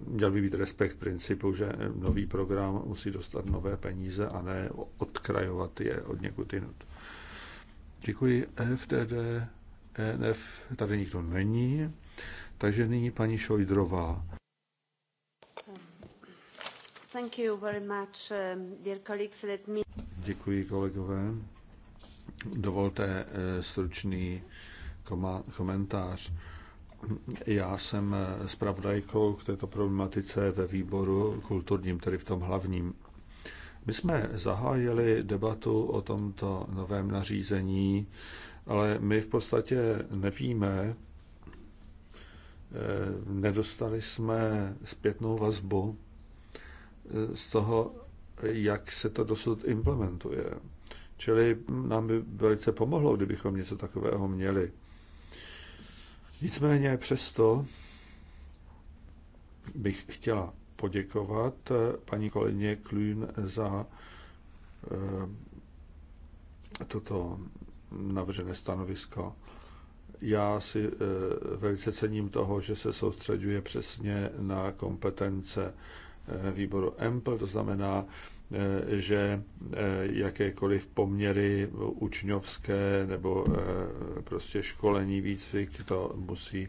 měl by být respekt principu, že nový program musí dostat nové peníze a ne odkrajovat je od někud jinut. Děkuji e FTD, ENF, tady nikdo není, takže nyní paní Šojdrová. Thank you very much, um, dear colleagues. Let me... Děkuji kolegové. Dovolte eh, stručný komentář. Já jsem eh, zpravodajkou k této problematice ve výboru kulturním, tedy v tom hlavním. My jsme zahájili debatu o tomto novém nařízení, ale my v podstatě nevíme, eh, nedostali jsme zpětnou vazbu z toho, jak se to dosud implementuje. Čili nám by velice pomohlo, kdybychom něco takového měli. Nicméně přesto bych chtěla poděkovat eh, paní kolegyně Klün za eh, toto navržené stanovisko. Já si eh, velice cením toho, že se soustředuje přesně na kompetence Eh, výboru EMPL, to znamená, eh, že eh, jakékoliv poměry učňovské nebo prostě školení, výcvik, to musí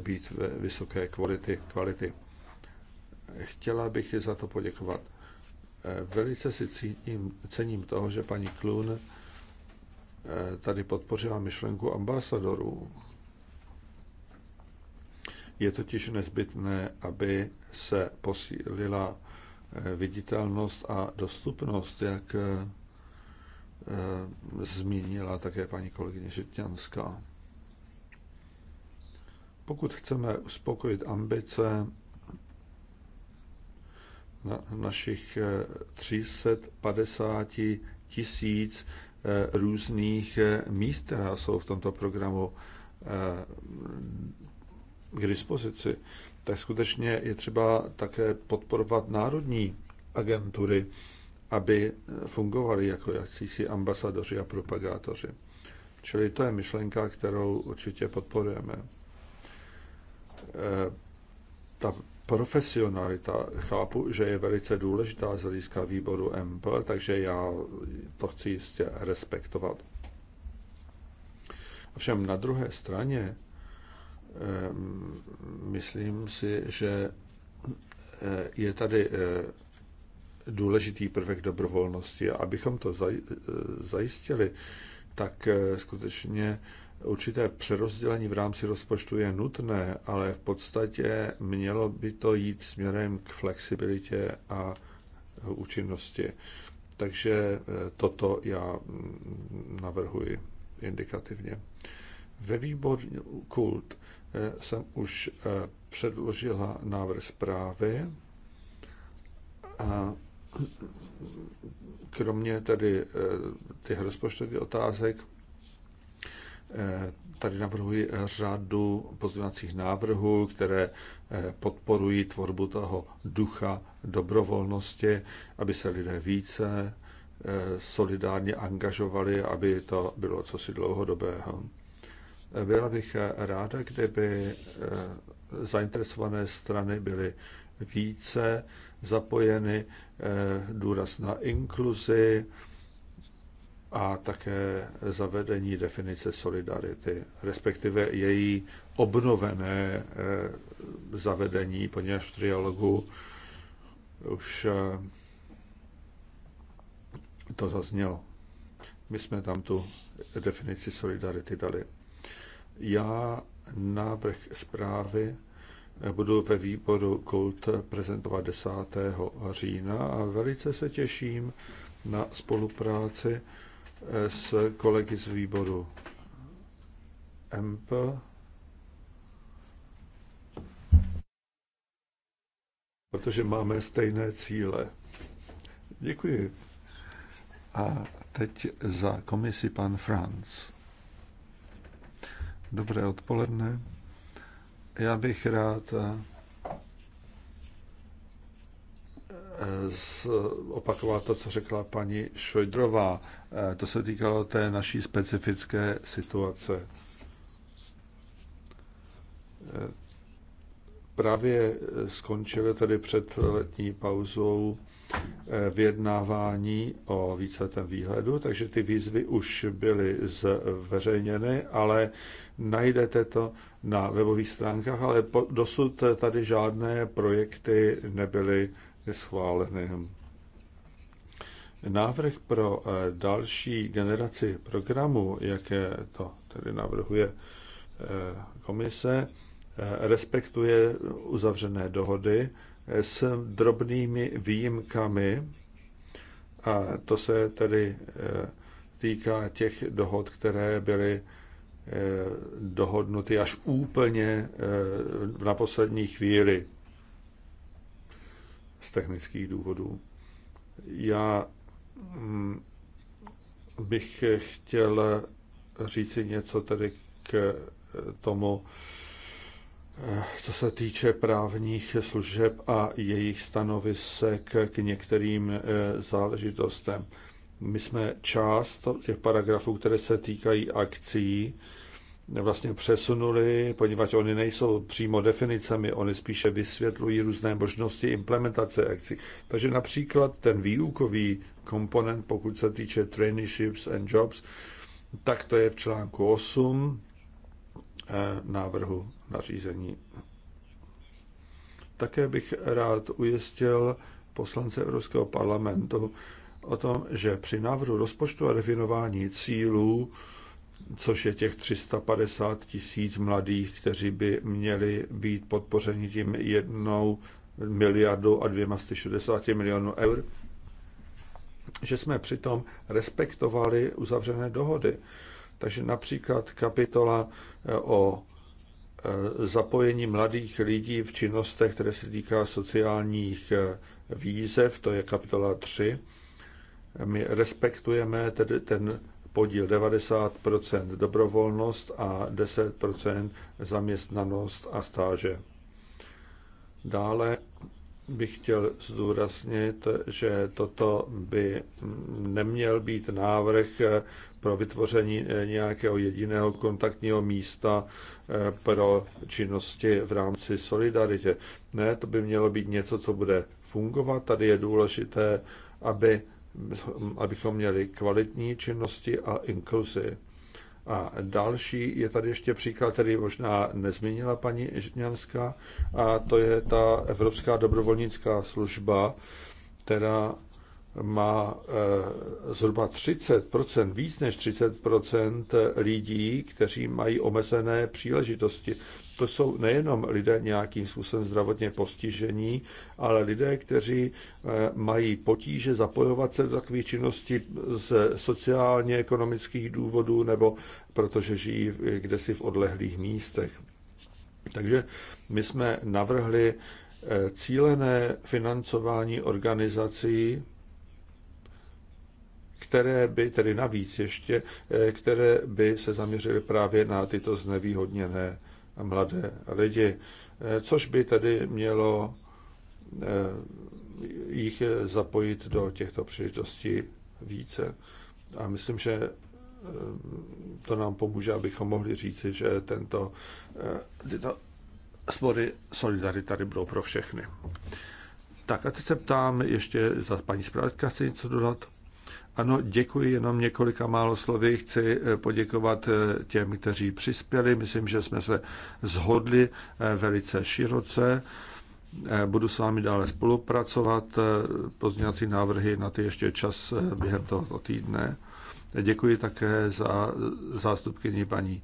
být vysoké kvality. kvality. Chtěla bych za to poděkovat. Velice si cítím, cením toho, že paní Klun tady podpořila myšlenku ambasadorů. Je totiž nezbytné, aby se posílila eh, viditelnost a dostupnost, jak eh, eh, zmínila také paní kolegyně Žitňanská. Pokud chceme uspokojit ambice na našich 350 tisíc různých míst, která jsou v tomto programu k dispozici, tak skutečně je třeba také podporovat národní agentury, aby fungovaly jako jakýsi ambasadoři a propagátoři. Čili to je myšlenka, kterou určitě podporujeme. E, ta profesionalita chápu, že je velice důležitá z hlediska výboru MP, takže já to chci jistě respektovat. Ovšem na druhé straně Ehm, myslím si, že eh, je tady eh, důležitý prvek dobrovolnosti. A abychom to eh, zajistili, tak skutečně určité přerozdělení v rámci rozpočtu je nutné, ale v podstatě mělo by to jít směrem k flexibilitě a účinnosti. Takže toto já mm, navrhuji indikativně. Ve výboru kult Eh, jsem už eh, předložila návrh zprávy. A kromě tedy eh, těch rozpočtových otázek, tady navrhuji řadu pozměňovacích návrhů, které podporují tvorbu toho ducha dobrovolnosti, aby se lidé více solidárně angažovali, aby to bylo cosi dlouhodobého. Byla bych ráda, kdyby eh, zainteresované strany byly více zapojeny, eh, důraz na inkluzi a také zavedení definice solidarity, respektive její obnovené eh, zavedení, poněvadž v trialogu už to zaznělo. My jsme tam tu definici solidarity dali. Já návrh zprávy budu ve výboru KULT prezentovat 10. října a velice se těším na spolupráci s kolegy z výboru MP. Protože máme stejné cíle. Děkuji. A teď za komisi pan Franz. Dobré odpoledne. Já bych rád eh, eh, opakoval to, co řekla paní Šojdrová. Eh, to se týkalo té naší specifické situace. Právě skončily tady před letní pauzou Eh, vyjednávání o víceletém výhledu, takže ty výzvy už byly zveřejněny, ale najdete to na webových stránkách, ale dosud tady žádné projekty nebyly schváleny. Návrh pro eh, další generaci programu, jaké to tedy navrhuje eh, komise, respektuje uzavřené dohody, s drobnými výjimkami, a to se tedy eh, týká těch dohod, které byly eh, dohodnuty až úplně eh, na poslední chvíli z technických důvodů. Já mm, bych chtěl říci něco tedy k tomu, co se týče právních služeb a jejich stanovisek k některým eh, záležitostem. My jsme část těch paragrafů, které se týkají akcí, vlastně přesunuli, poněvadž oni nejsou přímo definicemi, oni spíše vysvětlují různé možnosti implementace akcí. Takže například ten výukový komponent, pokud se týče traineeships and jobs, tak to je v článku 8 eh, návrhu nařízení. Také bych rád ujistil poslance Evropského parlamentu o tom, že při návrhu rozpočtu a definování cílů, což je těch 350 tisíc mladých, kteří by měli být podpořeni tím jednou miliardou a 260 milionů eur, že jsme přitom respektovali uzavřené dohody. Takže například kapitola eh, o Eh, zapojení mladých lidí v činnostech, které se týká sociálních eh, výzev, to je kapitola 3. My respektujeme tedy ten podíl 90 dobrovolnost a 10 zaměstnanost a stáže. Dále bych chtěl zdůraznit, že toto by neměl být návrh pro vytvoření nějakého jediného kontaktního místa eh, pro činnosti v rámci solidaritě. Ne, to by mělo být něco, co bude fungovat. Tady je důležité, aby, abychom měli kvalitní činnosti a inkluzi. A další je tady ještě příklad, který možná nezmínila paní Žňanská, a to je ta Evropská dobrovolnická služba, která má eh, zhruba 30%, víc než 30% lidí, kteří mají omezené příležitosti. To jsou nejenom lidé nějakým způsobem zdravotně postižení, ale lidé, kteří eh, mají potíže zapojovat se do takových činností z sociálně ekonomických důvodů nebo protože žijí kdesi v odlehlých místech. Takže my jsme navrhli eh, cílené financování organizací, které by, tedy navíc ještě, eh, které by se zaměřily právě na tyto znevýhodněné mladé lidi, eh, což by tedy mělo eh, jich zapojit do těchto příležitostí více. A myslím, že to nám pomůže, abychom mohli říci, že tento, tyto spory solidarity tady budou pro všechny. Tak a teď se ptám ještě, za paní zpravodajka chci něco dodat? Ano, děkuji jenom několika málo slovy. Chci eh, poděkovat eh, těm, kteří přispěli. Myslím, že jsme se zhodli eh, velice široce. Budu s vámi dále spolupracovat. Pozměňovací návrhy na ty ještě čas během tohoto týdne. Děkuji také za zástupkyni paní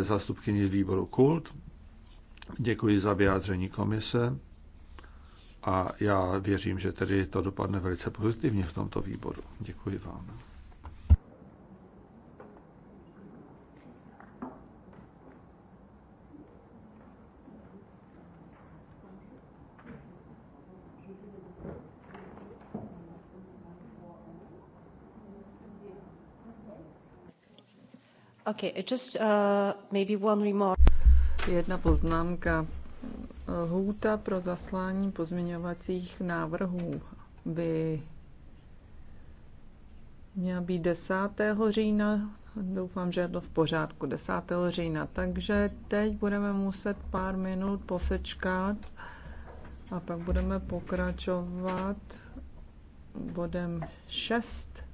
zástupkyni výboru Kult. Děkuji za vyjádření komise a já věřím, že tedy to dopadne velice pozitivně v tomto výboru. Děkuji vám. Okay, just, uh, maybe one remark. Jedna poznámka Lhůta pro zaslání pozměňovacích návrhů by měla být 10. října. Doufám, že je to v pořádku 10. října. Takže teď budeme muset pár minut posečkat a pak budeme pokračovat bodem 6.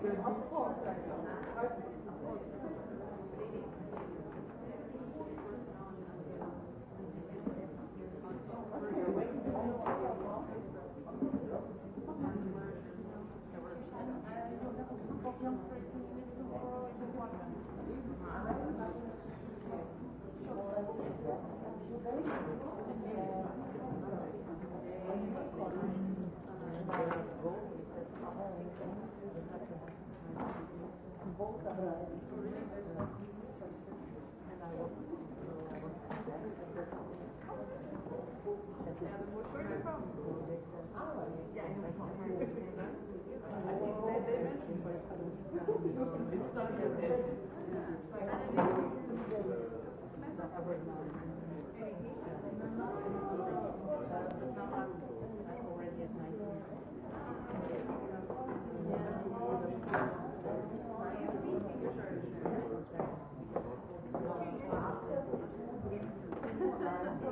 Of course I don't.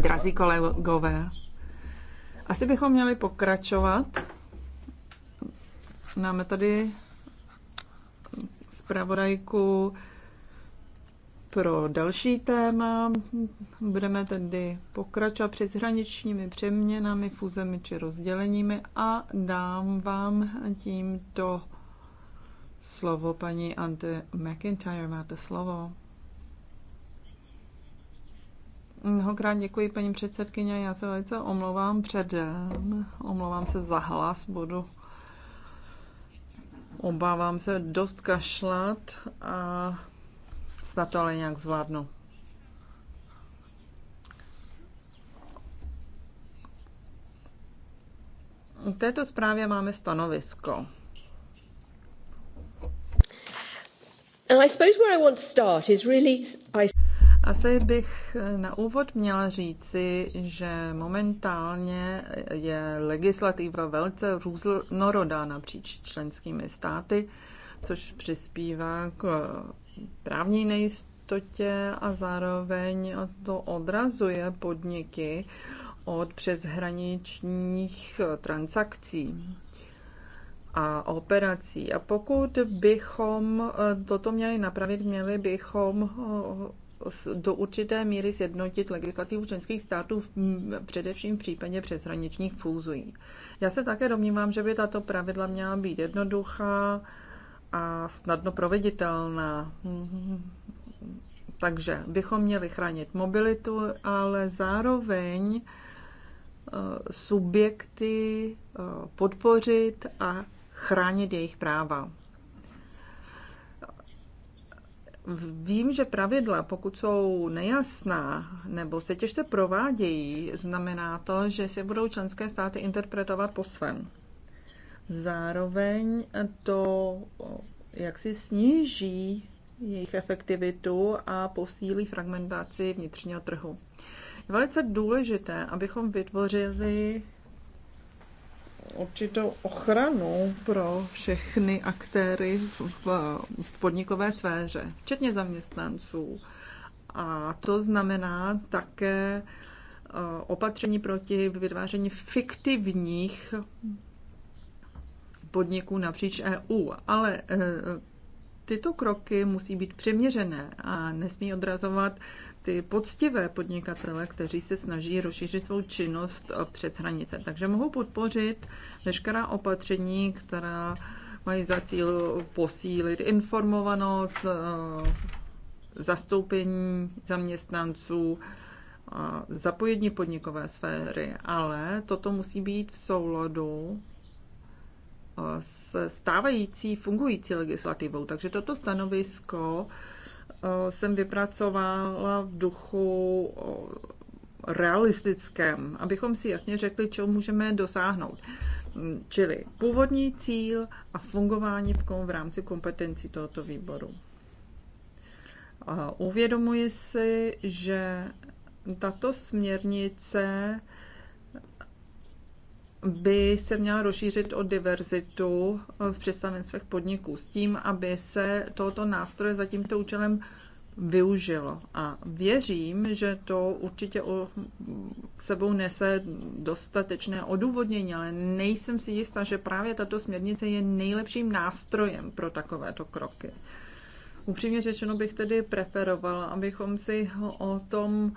Drazí kolegové, asi bychom měli pokračovat. Máme tady zpravodajku pro další téma. Budeme tedy pokračovat hraničními přeměnami, fuzemi či rozděleními a dám vám tímto slovo paní Ante McIntyre. Máte slovo. Mnohokrát děkuji, paní předsedkyně. Já se velice omlouvám předem. Omlouvám se za hlas, budu obávám se dost kašlat a snad to ale nějak zvládnu. K této zprávě máme stanovisko. And I suppose where I want to start is really I asi bych eh, na úvod měla říci, že momentálně je legislativa velice různorodá napříč členskými státy, což přispívá k eh, právní nejistotě a zároveň to odrazuje podniky od přeshraničních eh, transakcí a operací. A pokud bychom toto měli napravit, měli bychom do určité míry sjednotit legislativu členských států, především v případě přeshraničních fúzí. Já se také domnívám, že by tato pravidla měla být jednoduchá a snadno proveditelná. Takže bychom měli chránit mobilitu, ale zároveň eh, subjekty eh, podpořit a chránit jejich práva. Vím, že pravidla, pokud jsou nejasná nebo se těžce provádějí, znamená to, že si budou členské státy interpretovat po svém. Zároveň to jak si sníží jejich efektivitu a posílí fragmentaci vnitřního trhu. Je velice důležité, abychom vytvořili určitou ochranu pro všechny aktéry v, v podnikové sféře, včetně zaměstnanců. A to znamená také eh, opatření proti vytváření fiktivních podniků napříč EU. Ale eh, tyto kroky musí být přiměřené a nesmí odrazovat ty poctivé podnikatele, kteří se snaží rozšířit svou činnost přes hranice. Takže mohou podpořit veškerá opatření, která mají za cíl posílit informovanost, eh, zastoupení zaměstnanců, zapojení podnikové sféry, ale toto musí být v souladu eh, s stávající fungující legislativou. Takže toto stanovisko Eh, jsem vypracovala v duchu eh, realistickém, abychom si jasně řekli, čeho můžeme dosáhnout. Mm, čili původní cíl a fungování v, kom, v rámci kompetencí tohoto výboru. Eh, uvědomuji si, že tato směrnice by se měla rozšířit o diverzitu v představenstvech podniků s tím, aby se tohoto nástroje za tímto účelem využilo. A věřím, že to určitě o sebou nese dostatečné odůvodnění, ale nejsem si jistá, že právě tato směrnice je nejlepším nástrojem pro takovéto kroky. Upřímně řečeno bych tedy preferovala, abychom si o tom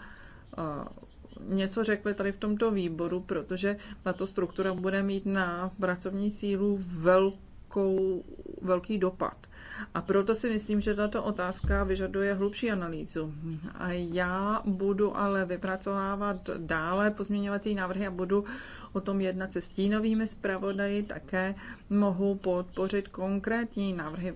něco řekli tady v tomto výboru, protože tato struktura bude mít na pracovní sílu velkou, velký dopad. A proto si myslím, že tato otázka vyžaduje hlubší analýzu. A já budu ale vypracovávat dále pozměňovací návrhy a budu o tom jednat se stínovými zpravodaji. Také mohu podpořit konkrétní návrhy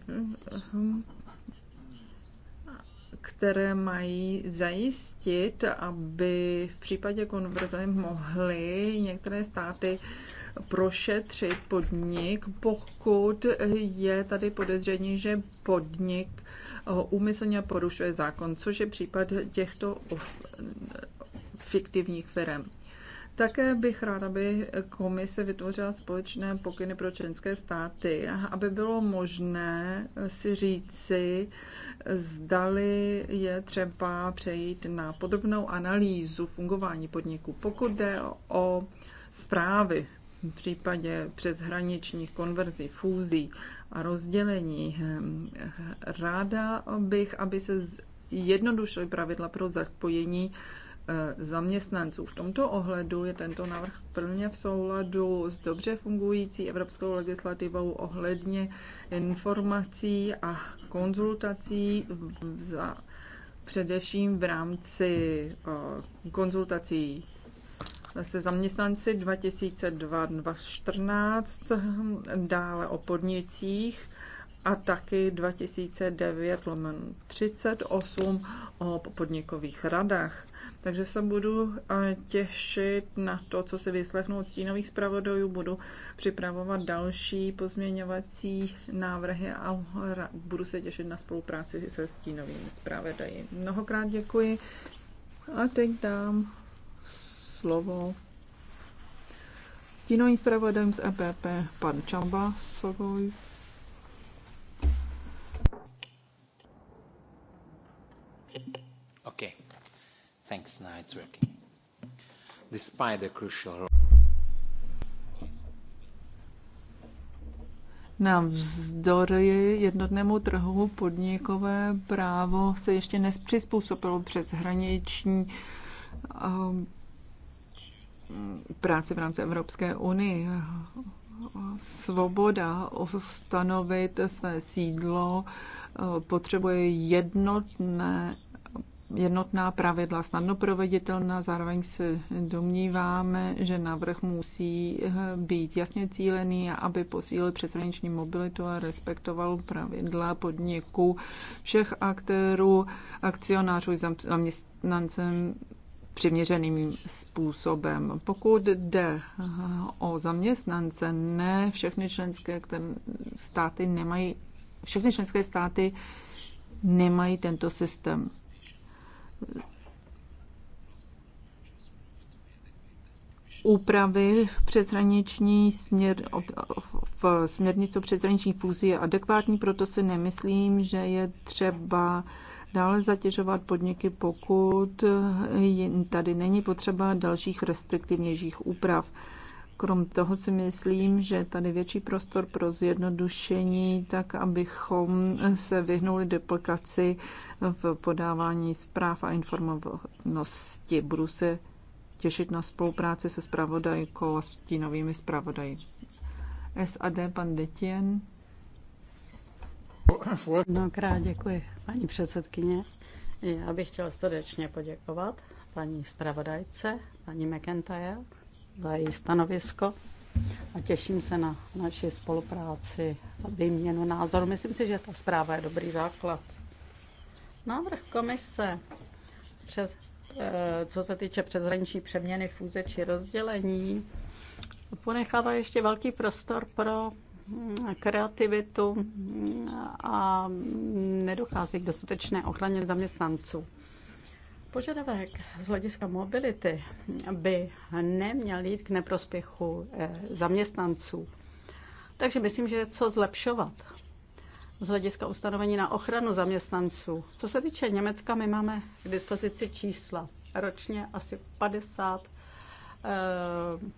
které mají zajistit, aby v případě konverze mohly některé státy prošetřit podnik, pokud je tady podezření, že podnik úmyslně porušuje zákon, což je případ těchto fiktivních firm. Také bych ráda, aby komise vytvořila společné pokyny pro členské státy, aby bylo možné si říci, zdali je třeba přejít na podrobnou analýzu fungování podniku. Pokud jde o zprávy v případě přeshraničních konverzí, fúzí a rozdělení, ráda bych, aby se jednodušily pravidla pro zapojení Eh, zaměstnanců. V tomto ohledu je tento návrh plně v souladu s dobře fungující evropskou legislativou ohledně informací a konzultací za, především v rámci eh, konzultací se zaměstnanci 2002-2014, dále o podnicích a taky 2009 38 o podnikových radách. Takže se budu eh, těšit na to, co si vyslechnu od stínových zpravodajů. Budu připravovat další pozměňovací návrhy a budu se těšit na spolupráci se stínovými zpravodaji. Mnohokrát děkuji a teď dám slovo stínovým zpravodajům z EPP, pan Čamba Sovovi. Thanks, now it's working. Despite the crucial role. Navzdory jednotnému trhu podnikové právo se ještě nepřizpůsobilo přes hraniční um, práci v rámci Evropské unie. Svoboda ustanovit své sídlo uh, potřebuje jednotné jednotná pravidla snadno proveditelná, zároveň se domníváme, že návrh musí eh, být jasně cílený, aby posílil přeshraniční mobilitu a respektoval pravidla podniku všech aktérů, akcionářů, zaměstnancem přiměřeným způsobem. Pokud jde eh, o zaměstnance, ne všechny členské státy nemají, všechny členské státy nemají tento systém úpravy v přeshraniční směr, v směrnici o přeshraniční fúzi je adekvátní, proto si nemyslím, že je třeba dále zatěžovat podniky, pokud tady není potřeba dalších restriktivnějších úprav. Krom toho si myslím, že tady větší prostor pro zjednodušení, tak abychom se vyhnuli deplikaci v podávání zpráv a informovanosti. Budu se těšit na spolupráci se spravodajkou a novými spravodaji. SAD, pan Detien. Mnohokrát děkuji, paní předsedkyně. Já bych chtěl srdečně poděkovat paní zpravodajce, paní McIntyre, za její stanovisko a těším se na naši spolupráci a výměnu názoru. Myslím si, že ta zpráva je dobrý základ. Návrh komise, přes, eh, co se týče přeshraniční přeměny, fůze či rozdělení, ponechává ještě velký prostor pro mm, kreativitu a nedochází k dostatečné ochraně zaměstnanců. Požadavek z hlediska mobility by neměl jít k neprospěchu eh, zaměstnanců. Takže myslím, že je co zlepšovat z hlediska ustanovení na ochranu zaměstnanců. Co se týče Německa, my máme k dispozici čísla. Ročně asi 50 eh,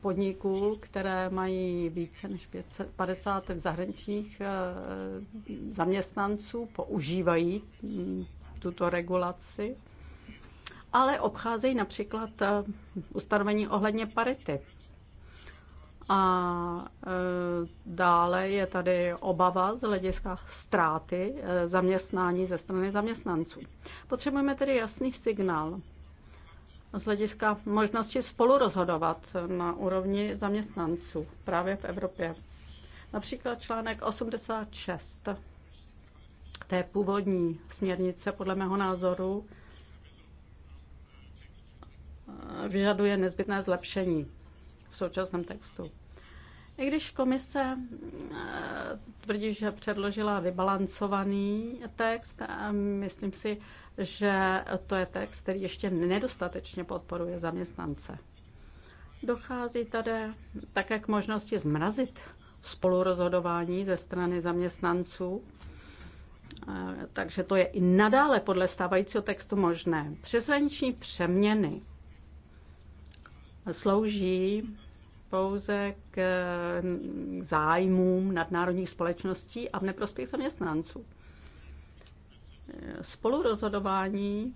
podniků, které mají více než 50 zahraničních eh, zaměstnanců, používají mm, tuto regulaci ale obcházejí například eh, ustanovení ohledně parity. A eh, dále je tady obava z hlediska ztráty eh, zaměstnání ze strany zaměstnanců. Potřebujeme tedy jasný signál z hlediska možnosti spolurozhodovat na úrovni zaměstnanců právě v Evropě. Například článek 86 té původní směrnice podle mého názoru vyžaduje nezbytné zlepšení v současném textu. I když komise eh, tvrdí, že předložila vybalancovaný text, eh, myslím si, že to je text, který ještě nedostatečně podporuje zaměstnance. Dochází tady také k možnosti zmrazit spolurozhodování ze strany zaměstnanců, eh, takže to je i nadále podle stávajícího textu možné. Přeshraniční přeměny slouží pouze k eh, zájmům nadnárodních společností a v neprospěch zaměstnanců. Eh, spolurozhodování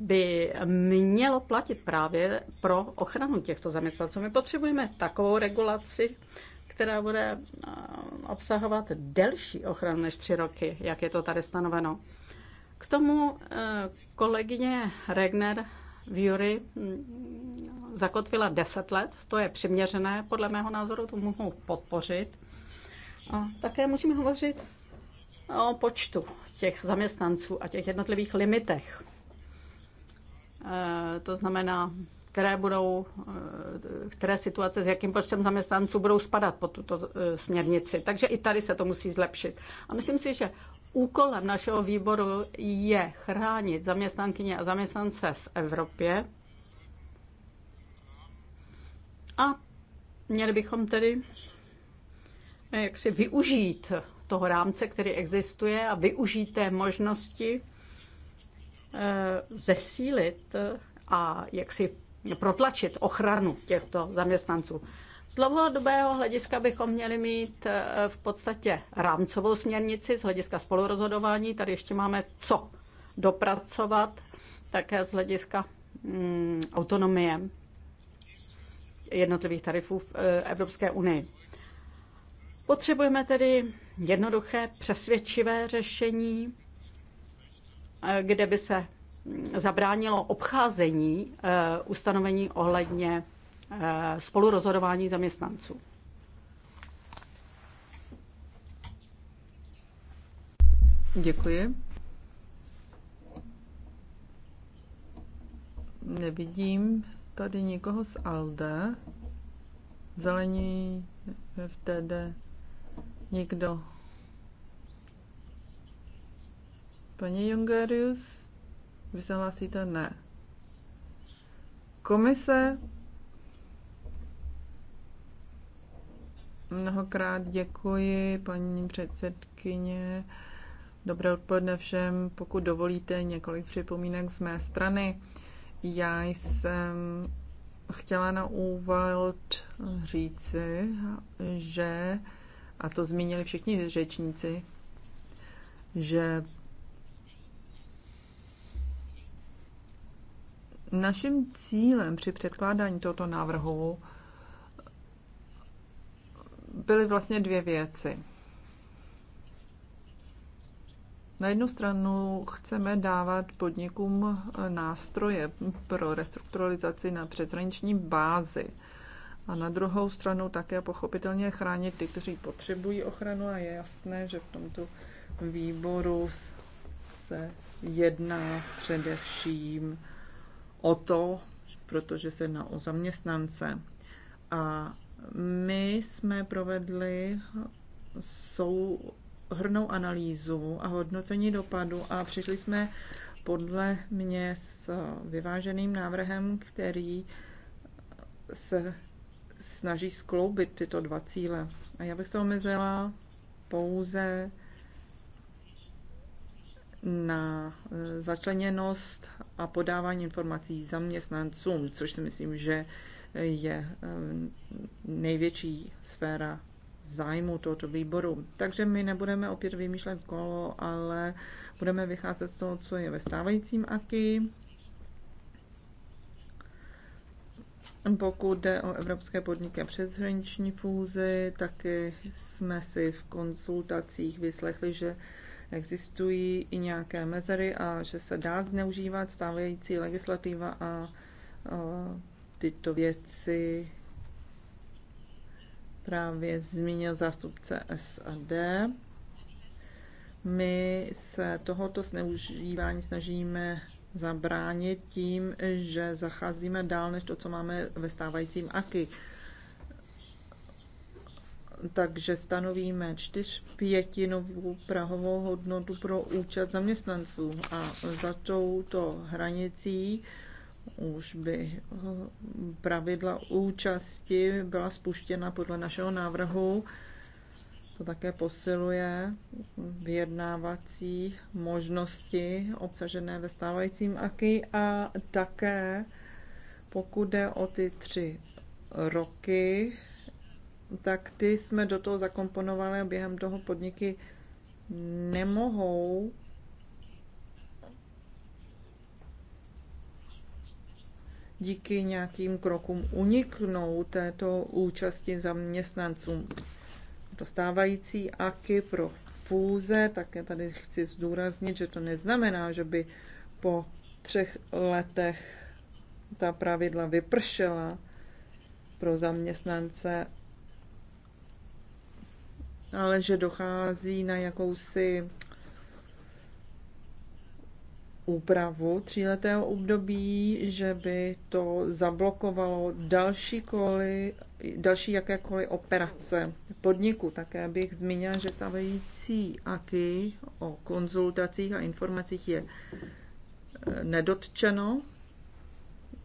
by mělo platit právě pro ochranu těchto zaměstnanců. My potřebujeme takovou regulaci, která bude eh, obsahovat delší ochranu než tři roky, jak je to tady stanoveno. K tomu kolegyně Regner Jury mm, zakotvila 10 let, to je přiměřené, podle mého názoru to mohu podpořit. A také musíme hovořit o počtu těch zaměstnanců a těch jednotlivých limitech. E, to znamená, které, budou, e, které situace s jakým počtem zaměstnanců budou spadat pod tuto e, směrnici. Takže i tady se to musí zlepšit. A myslím si, že úkolem našeho výboru je chránit zaměstnankyně a zaměstnance v Evropě a měli bychom tedy eh, jak si využít toho rámce, který existuje a využít té možnosti eh, zesílit eh, a jak si protlačit ochranu těchto zaměstnanců. Z dlouhodobého hlediska bychom měli mít v podstatě rámcovou směrnici z hlediska spolurozhodování. Tady ještě máme co dopracovat, také z hlediska mm, autonomie jednotlivých tarifů v eh, Evropské unii. Potřebujeme tedy jednoduché, přesvědčivé řešení, eh, kde by se zabránilo obcházení eh, ustanovení ohledně spolurozhodování zaměstnanců. Děkuji. Nevidím tady někoho z ALDE, zelení FTD, někdo, Paní Jungerius, vy se hlásíte? Ne. Komise, mnohokrát děkuji, paní předsedkyně. Dobré odpoledne všem. Pokud dovolíte, několik připomínek z mé strany. Já jsem chtěla na úvod říci, že, a to zmínili všichni řečníci, že naším cílem při předkládání tohoto návrhu byly vlastně dvě věci. Na jednu stranu chceme dávat podnikům eh, nástroje pro restrukturalizaci na přeshraniční bázi a na druhou stranu také pochopitelně chránit ty, kteří potřebují ochranu a je jasné, že v tomto výboru se jedná především o to, protože se jedná o zaměstnance. A my jsme provedli sou hrnou analýzu a hodnocení dopadu a přišli jsme podle mě s vyváženým návrhem, který se snaží skloubit tyto dva cíle. A já bych to omezila pouze na e, začleněnost a podávání informací zaměstnancům, což si myslím, že je e, největší sféra zájmu tohoto výboru. Takže my nebudeme opět vymýšlet kolo, ale budeme vycházet z toho, co je ve stávajícím AKI. Pokud jde o evropské podniky a přeshraniční fúzy, taky jsme si v konzultacích vyslechli, že existují i nějaké mezery a že se dá zneužívat stávající legislativa a, a tyto věci právě zmínil zástupce SAD. My se tohoto zneužívání snažíme zabránit tím, že zacházíme dál než to, co máme ve stávajícím AKI. Takže stanovíme čtyřpětinovou prahovou hodnotu pro účast zaměstnanců a za touto hranicí už by eh, pravidla účasti byla spuštěna podle našeho návrhu. To také posiluje vyjednávací možnosti obsažené ve stávajícím AKI a také pokud jde o ty tři roky, tak ty jsme do toho zakomponovali a během toho podniky nemohou díky nějakým krokům uniknou této účasti zaměstnancům. Dostávající AKY pro fůze, také tady chci zdůraznit, že to neznamená, že by po třech letech ta pravidla vypršela pro zaměstnance, ale že dochází na jakousi úpravu tříletého období, že by to zablokovalo další, koli, další jakékoliv operace podniku. Také bych zmínila, že stávající AKY o konzultacích a informacích je eh, nedotčeno.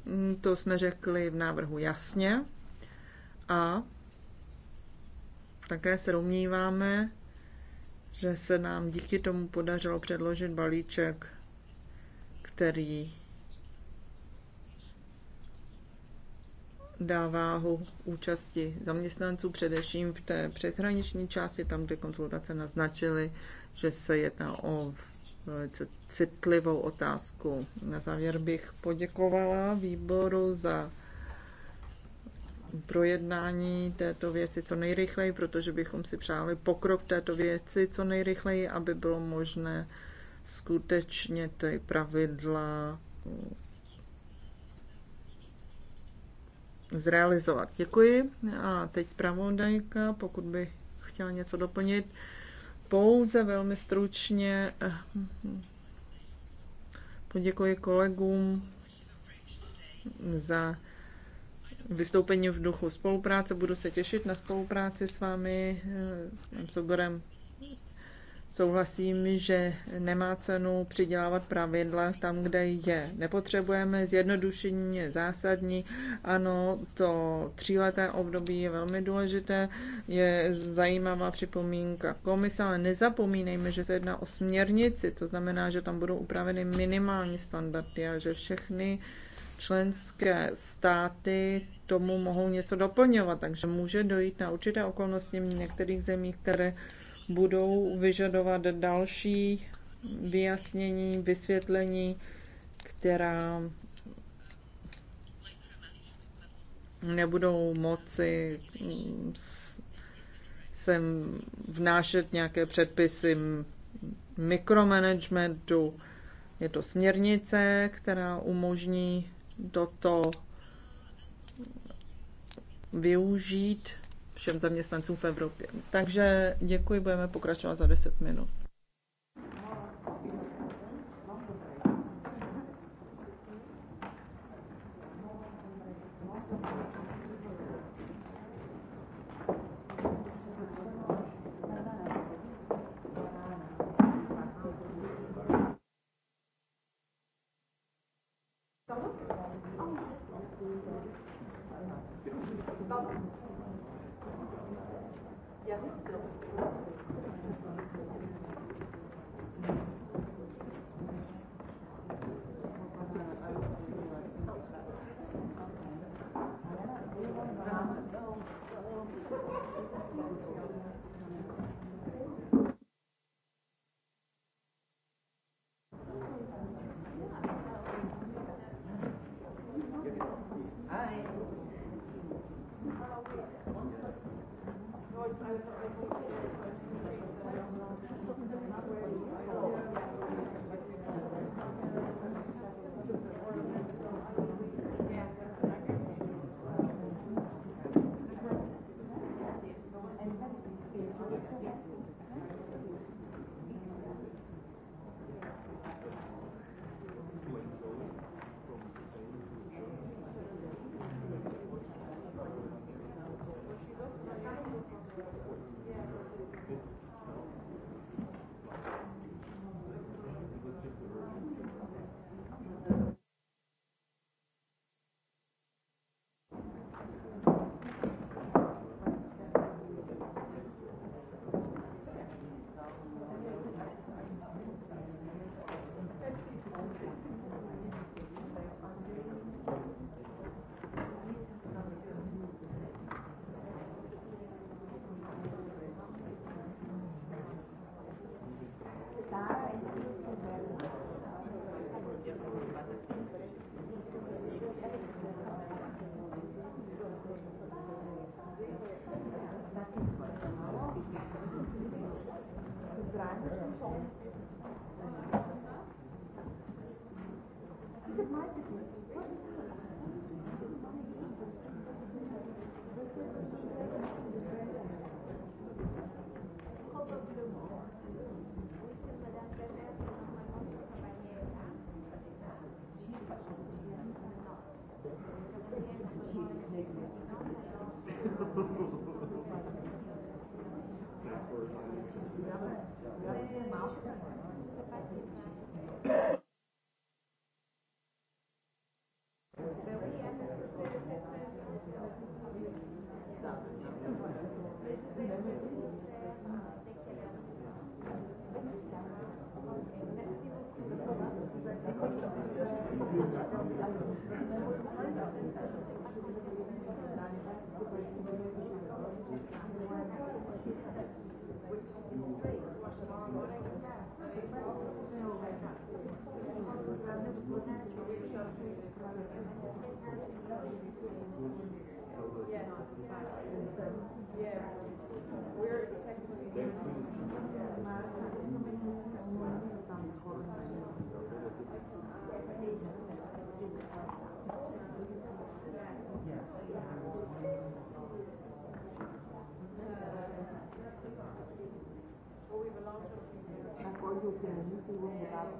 Mm, to jsme řekli v návrhu jasně. A také se domníváme, že se nám díky tomu podařilo předložit balíček který dá váhu účasti zaměstnanců, především v té přeshraniční části, tam, kde konzultace naznačily, že se jedná o citlivou otázku. Na závěr bych poděkovala výboru za projednání této věci co nejrychleji, protože bychom si přáli pokrok této věci co nejrychleji, aby bylo možné skutečně ty pravidla eh, zrealizovat. Děkuji. A teď zpravodajka, pokud by chtěla něco doplnit, pouze velmi stručně eh, poděkuji kolegům za vystoupení v duchu spolupráce. Budu se těšit na spolupráci s vámi, eh, s panem Soborem Souhlasím, že nemá cenu přidělávat pravidla tam, kde je nepotřebujeme. Zjednodušení je zásadní. Ano, to tříleté období je velmi důležité. Je zajímavá připomínka komise, ale nezapomínejme, že se jedná o směrnici. To znamená, že tam budou upraveny minimální standardy a že všechny členské státy tomu mohou něco doplňovat. Takže může dojít na určité okolnosti v některých zemích, které budou vyžadovat další vyjasnění, vysvětlení, která nebudou moci mm, sem vnášet nějaké předpisy mikromanagementu. Je to směrnice, která umožní toto využít všem zaměstnancům v Evropě. Takže děkuji, budeme pokračovat za 10 minut. Thank you. Thank you.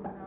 Thank you.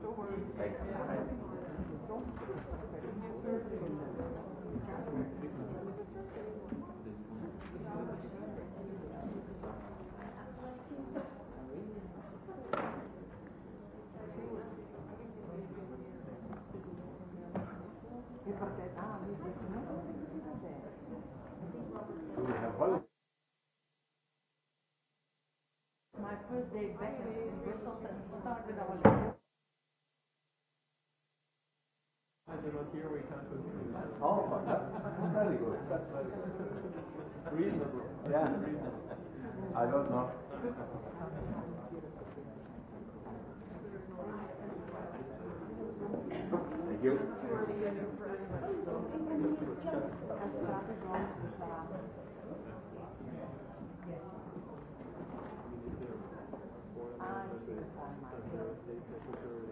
to hold. Here we can't continue that. Oh, that's very good. That's very good. Reasonable. Yeah. Reasonable. I don't know. Thank you. Thank you.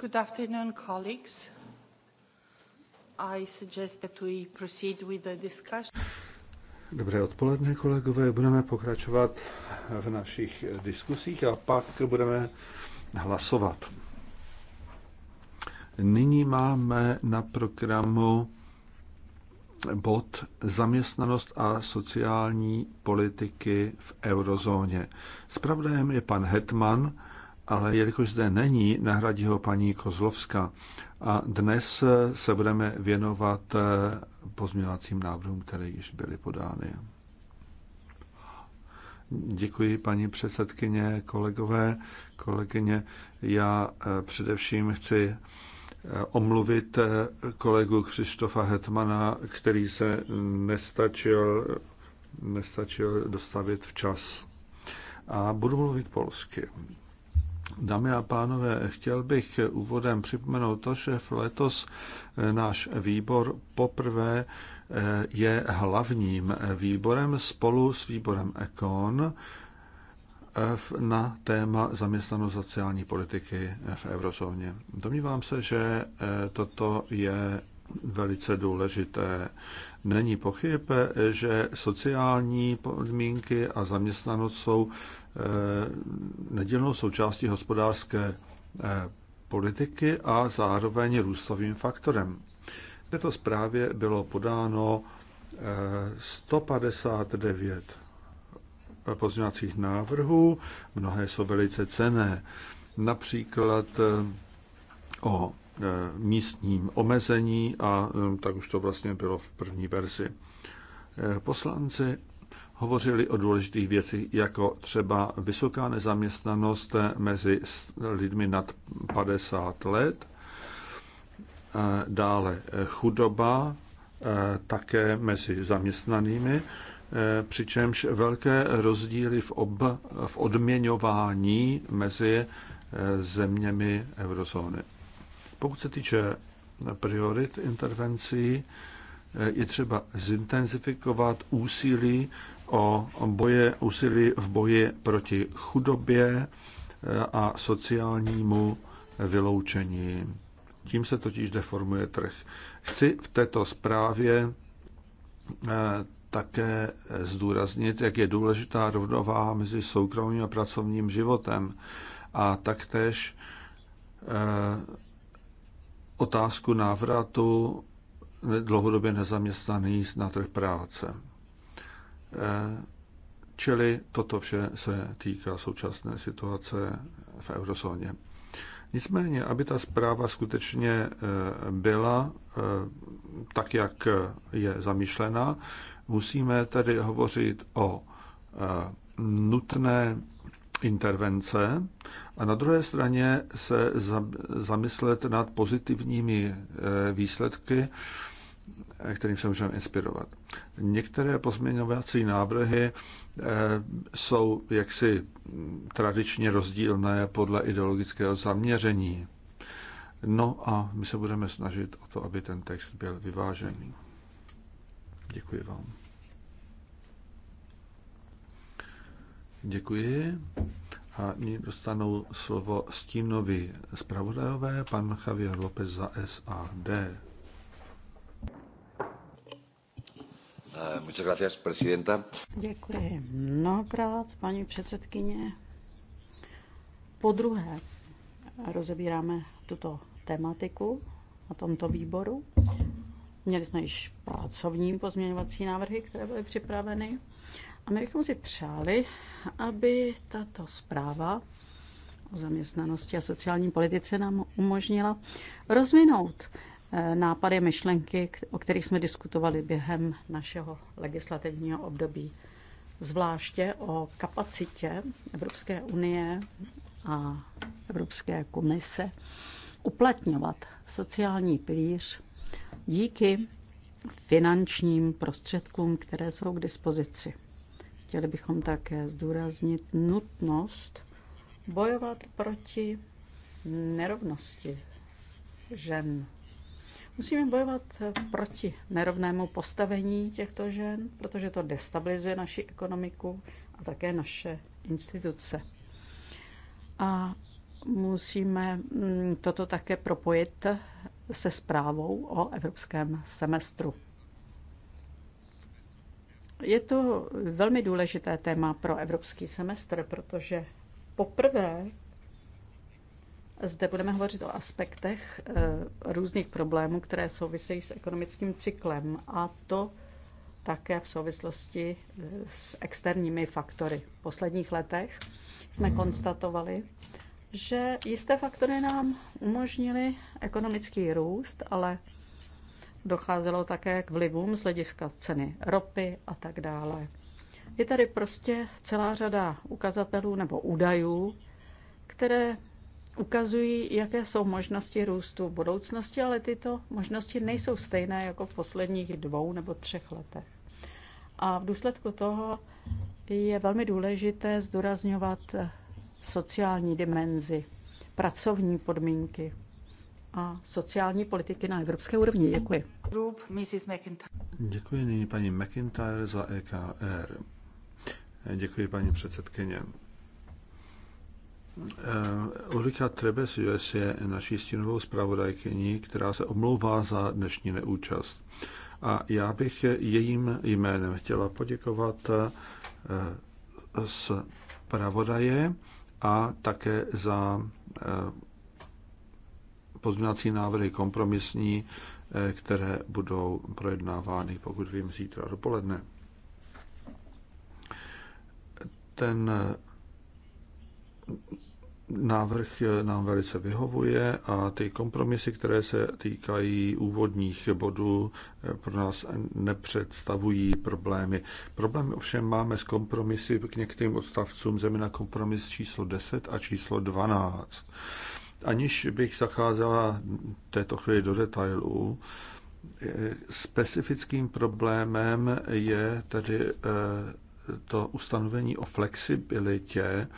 Good afternoon, colleagues. I suggest that we proceed with the discussion. Dobré odpoledne, kolegové. Budeme pokračovat v našich diskusích a pak budeme hlasovat. Nyní máme na programu bod Zaměstnanost a sociální politiky v eurozóně. Spravdajem je pan Hetman, ale jelikož zde není, nahradí ho paní Kozlovská. A dnes se budeme věnovat eh, pozměňovacím návrhům, které již byly podány. Děkuji, paní předsedkyně, kolegové, kolegyně. Já eh, především chci eh, omluvit kolegu Křištofa Hetmana, který se nestačil, nestačil dostavit včas. A budu mluvit polsky. Dámy a pánové, chtěl bych úvodem připomenout to, že letos eh, náš výbor poprvé eh, je hlavním eh, výborem spolu s výborem ECON na téma zaměstnanost sociální politiky v eurozóně. Domnívám se, že toto je velice důležité. Není pochyb, že sociální podmínky a zaměstnanost jsou Eh, nedělnou součástí hospodářské eh, politiky a zároveň růstovým faktorem. V této zprávě bylo podáno 159 eh, pozměňovacích návrhů, mnohé jsou velice cené. Například o místním omezení a tak už to vlastně bylo v první verzi. Poslanci hovořili o důležitých věcech, jako třeba vysoká nezaměstnanost mezi lidmi nad 50 let, eh, dále chudoba eh, také mezi zaměstnanými, eh, přičemž velké rozdíly v, ob, v odměňování mezi zeměmi eurozóny. Pokud se týče priorit intervencí, je třeba zintenzifikovat úsilí o boje, úsilí v boji proti chudobě eh, a sociálnímu vyloučení. Tím se totiž deformuje trh. Chci v této zprávě eh, také zdůraznit, jak je důležitá rovnováha mezi soukromým a pracovním životem a taktéž eh, otázku návratu dlouhodobě nezaměstnaných na trh práce. Čili toto vše se týká současné situace v eurozóně. Nicméně, aby ta zpráva skutečně eh, byla eh, tak, jak je zamýšlena, musíme tedy hovořit o eh, nutné intervence a na druhé straně se zamyslet nad pozitivními výsledky Eh, kterým se můžeme inspirovat. Některé pozměňovací návrhy eh, jsou jaksi tradičně rozdílné podle ideologického zaměření. No a my se budeme snažit o to, aby ten text byl vyvážený. Děkuji vám. Děkuji. A nyní dostanou slovo stínovi zpravodajové, pan Javier López za SAD. Eh, muchas gracias, presidenta. Děkuji mnohokrát, paní předsedkyně. Po druhé rozebíráme tuto tematiku na tomto výboru. Měli jsme již pracovní pozměňovací návrhy, které byly připraveny. A my bychom si přáli, aby tato zpráva o zaměstnanosti a sociální politice nám umožnila rozvinout Eh, nápady, myšlenky, o kterých jsme diskutovali během našeho legislativního období. Zvláště o kapacitě Evropské unie a Evropské komise uplatňovat sociální pilíř díky finančním prostředkům, které jsou k dispozici. Chtěli bychom také zdůraznit nutnost bojovat proti nerovnosti žen Musíme bojovat proti nerovnému postavení těchto žen, protože to destabilizuje naši ekonomiku a také naše instituce. A musíme mm, toto také propojit se zprávou o evropském semestru. Je to velmi důležité téma pro evropský semestr, protože poprvé zde budeme hovořit o aspektech eh, různých problémů, které souvisejí s ekonomickým cyklem a to také v souvislosti eh, s externími faktory. V posledních letech jsme konstatovali, že jisté faktory nám umožnily ekonomický růst, ale docházelo také k vlivům z hlediska ceny ropy a tak dále. Je tady prostě celá řada ukazatelů nebo údajů, které ukazují, jaké jsou možnosti růstu v budoucnosti, ale tyto možnosti nejsou stejné jako v posledních dvou nebo třech letech. A v důsledku toho je velmi důležité zdůrazňovat sociální dimenzi, pracovní podmínky a sociální politiky na evropské úrovni. Děkuji. Děkuji nyní paní McIntyre za EKR. Děkuji paní předsedkyně. Eh, Ulrika Trebesius je naší stínovou zpravodajkyní, která se omlouvá za dnešní neúčast. A já bych jejím jménem chtěla poděkovat eh, z pravodaje a také za eh, pozměňovací návrhy kompromisní, které budou projednávány, pokud vím, zítra dopoledne. Ten návrh nám velice vyhovuje a ty kompromisy, které se týkají úvodních bodů, pro nás nepředstavují problémy. Problémy ovšem máme s kompromisy k některým odstavcům, zejména kompromis číslo 10 a číslo 12. Aniž bych zacházela této chvíli do detailů, specifickým problémem je tedy eh, to ustanovení o flexibilitě,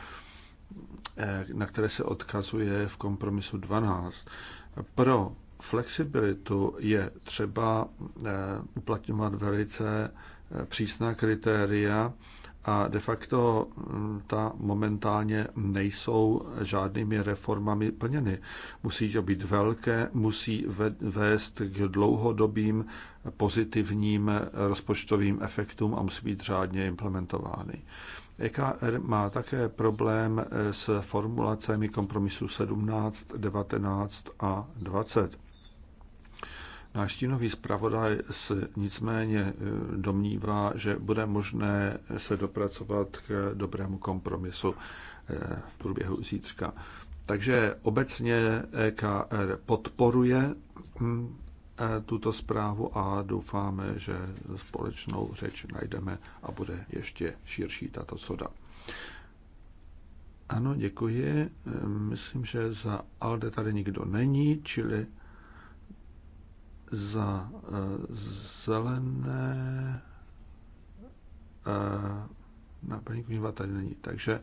Eh, na které se odkazuje v kompromisu 12. Pro flexibilitu je třeba eh, uplatňovat velice eh, přísná kritéria a de facto hm, ta momentálně nejsou žádnými reformami plněny. Musí to být velké, musí vést k dlouhodobým pozitivním rozpočtovým efektům a musí být řádně implementovány. EKR má také problém e, s formulacemi kompromisu 17, 19 a 20. Náš stínový zpravodaj se nicméně e, domnívá, že bude možné se dopracovat k dobrému kompromisu e, v průběhu zítřka. Takže obecně EKR podporuje hm, Eh, tuto zprávu a doufáme, že společnou řeč najdeme a bude ještě širší tato soda. Ano, děkuji. Eh, myslím, že za ALDE tady nikdo není, čili za eh, zelené na paní Kuniva tady není. Takže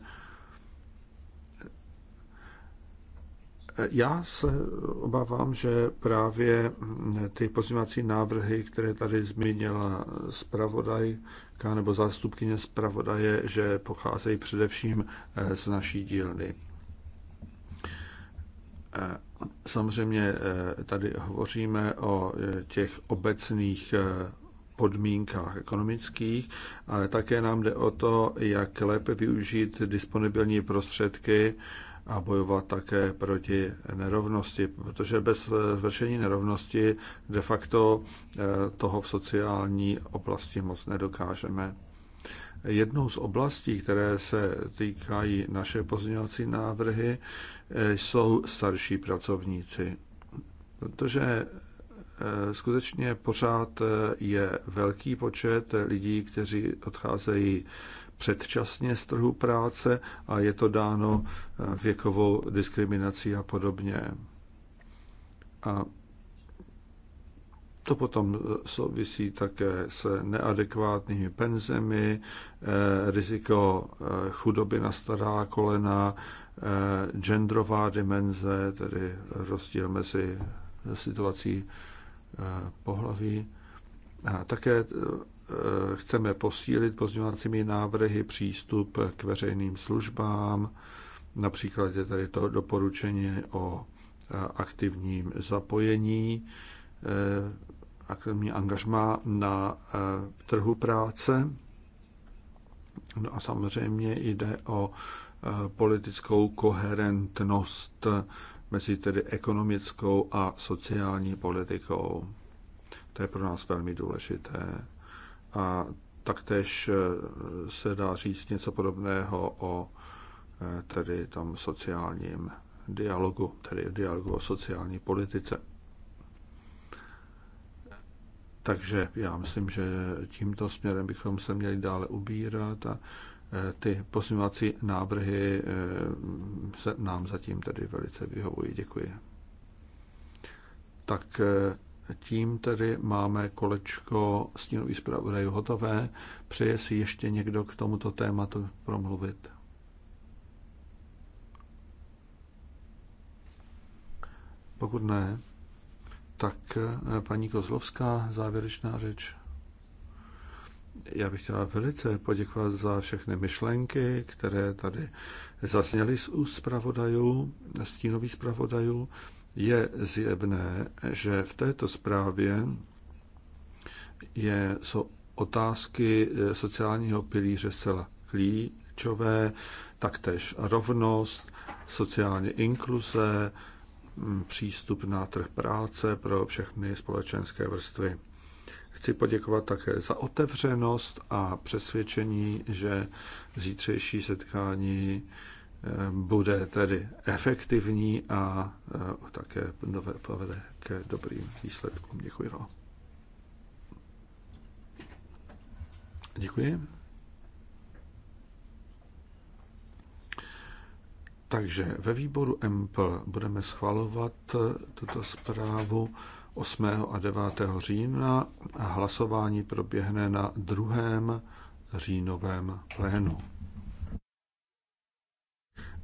Já se obávám, že právě mm, ty pozměňovací návrhy, které tady zmínila zpravodajka nebo zástupkyně zpravodaje, že pocházejí především eh, z naší dílny. Eh, samozřejmě eh, tady hovoříme o těch obecných podmínkách ekonomických, ale také nám jde o to, jak lépe využít disponibilní prostředky a bojovat také proti nerovnosti, protože bez zvršení nerovnosti de facto eh, toho v sociální oblasti moc nedokážeme. Jednou z oblastí, které se týkají naše pozměňovací návrhy, eh, jsou starší pracovníci. Protože eh, skutečně pořád je velký počet lidí, kteří odcházejí předčasně z trhu práce a je to dáno eh, věkovou diskriminací a podobně. A to potom eh, souvisí také s neadekvátními penzemi, eh, riziko chudoby na stará kolena, genderová dimenze, tedy rozdíl mezi situací pohlaví. A také Eh, chceme posílit pozměňovacími návrhy přístup k veřejným službám, například je tady to doporučení o eh, aktivním zapojení, eh, aktivní angažma na trhu práce. No a samozřejmě jde o politickou koherentnost mezi tedy ekonomickou a sociální politikou. To je pro nás velmi důležité a taktéž eh, se dá říct něco podobného o eh, tedy tam sociálním dialogu, tedy dialogu o sociální politice. Takže já myslím, že tímto směrem bychom se měli dále ubírat a eh, ty pozměňovací návrhy se nám zatím tedy velice vyhovují. Děkuji. Tak tím tedy máme kolečko stínový zpravodajů hotové. Přeje si ještě někdo k tomuto tématu promluvit? Pokud ne, tak eh, paní Kozlovská, závěrečná řeč. Já bych chtěla velice poděkovat za všechny myšlenky, které tady zazněly z úst zpravodajů, stínových zpravodajů je zjevné, že v této zprávě je, jsou otázky eh, sociálního pilíře zcela klíčové, taktéž rovnost, sociální inkluze, hm, přístup na trh práce pro všechny společenské vrstvy. Chci poděkovat také za otevřenost a přesvědčení, že zítřejší setkání bude tedy efektivní a eh, také nové povede k dobrým výsledkům. Děkuji vám. Děkuji. Takže ve výboru MPL budeme schvalovat eh, tuto zprávu 8. a 9. října a hlasování proběhne na 2. říjnovém plénu.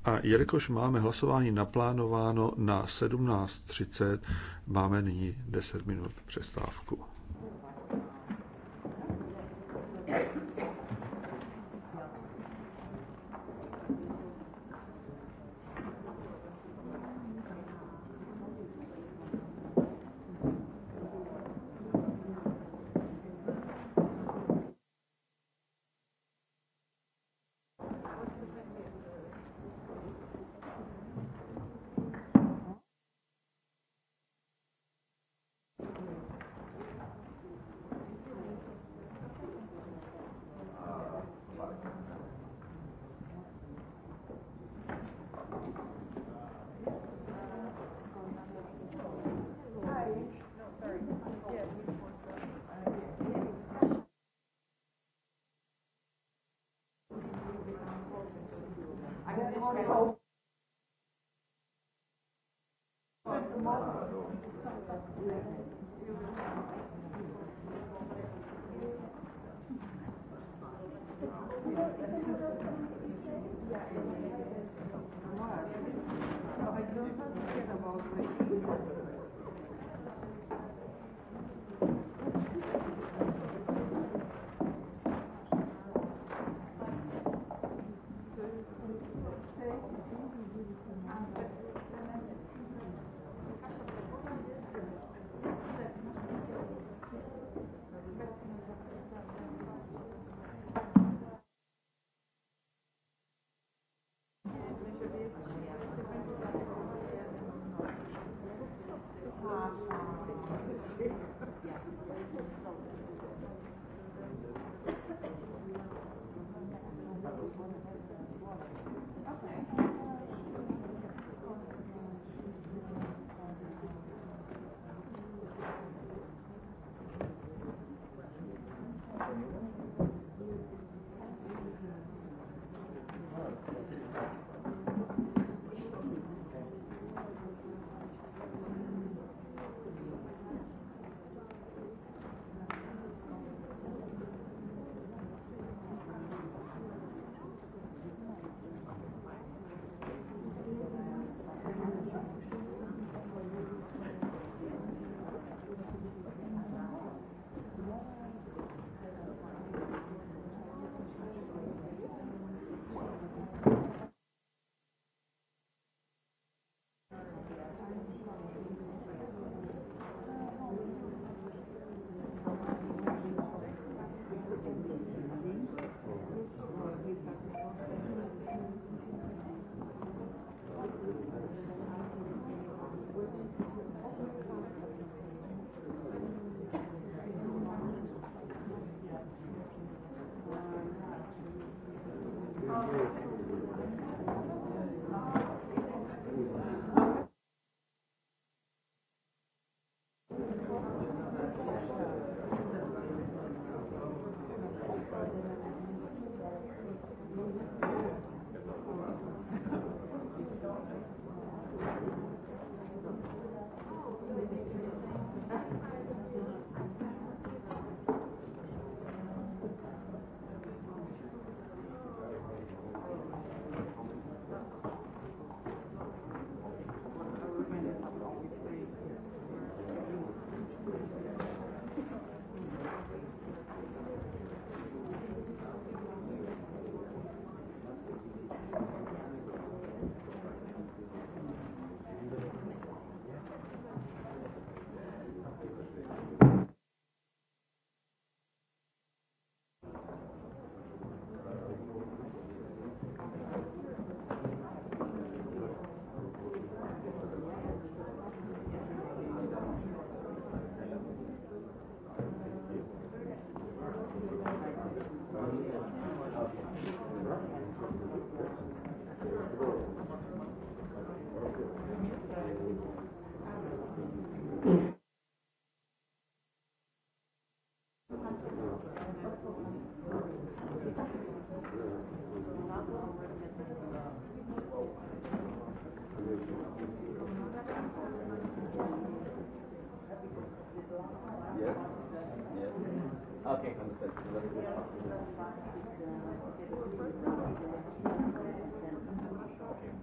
A jelikož máme hlasování naplánováno na 17.30, máme nyní 10 minut přestávku.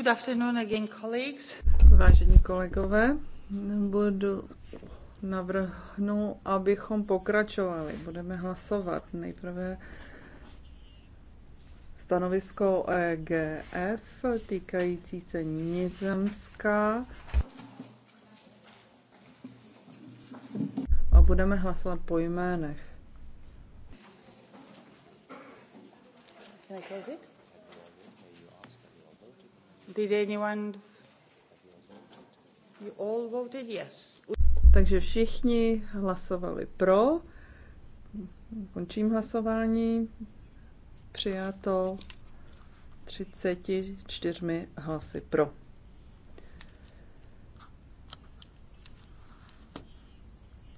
Good afternoon again, colleagues. Vážení kolegové, budu navrhnu, abychom pokračovali. Budeme hlasovat. Nejprve stanovisko EGF týkající se Nizemská. A budeme hlasovat po jménech. Can I close it? Did anyone... You all voted yes. Takže všichni hlasovali pro. Končím hlasování. Přijato 34 hlasy pro.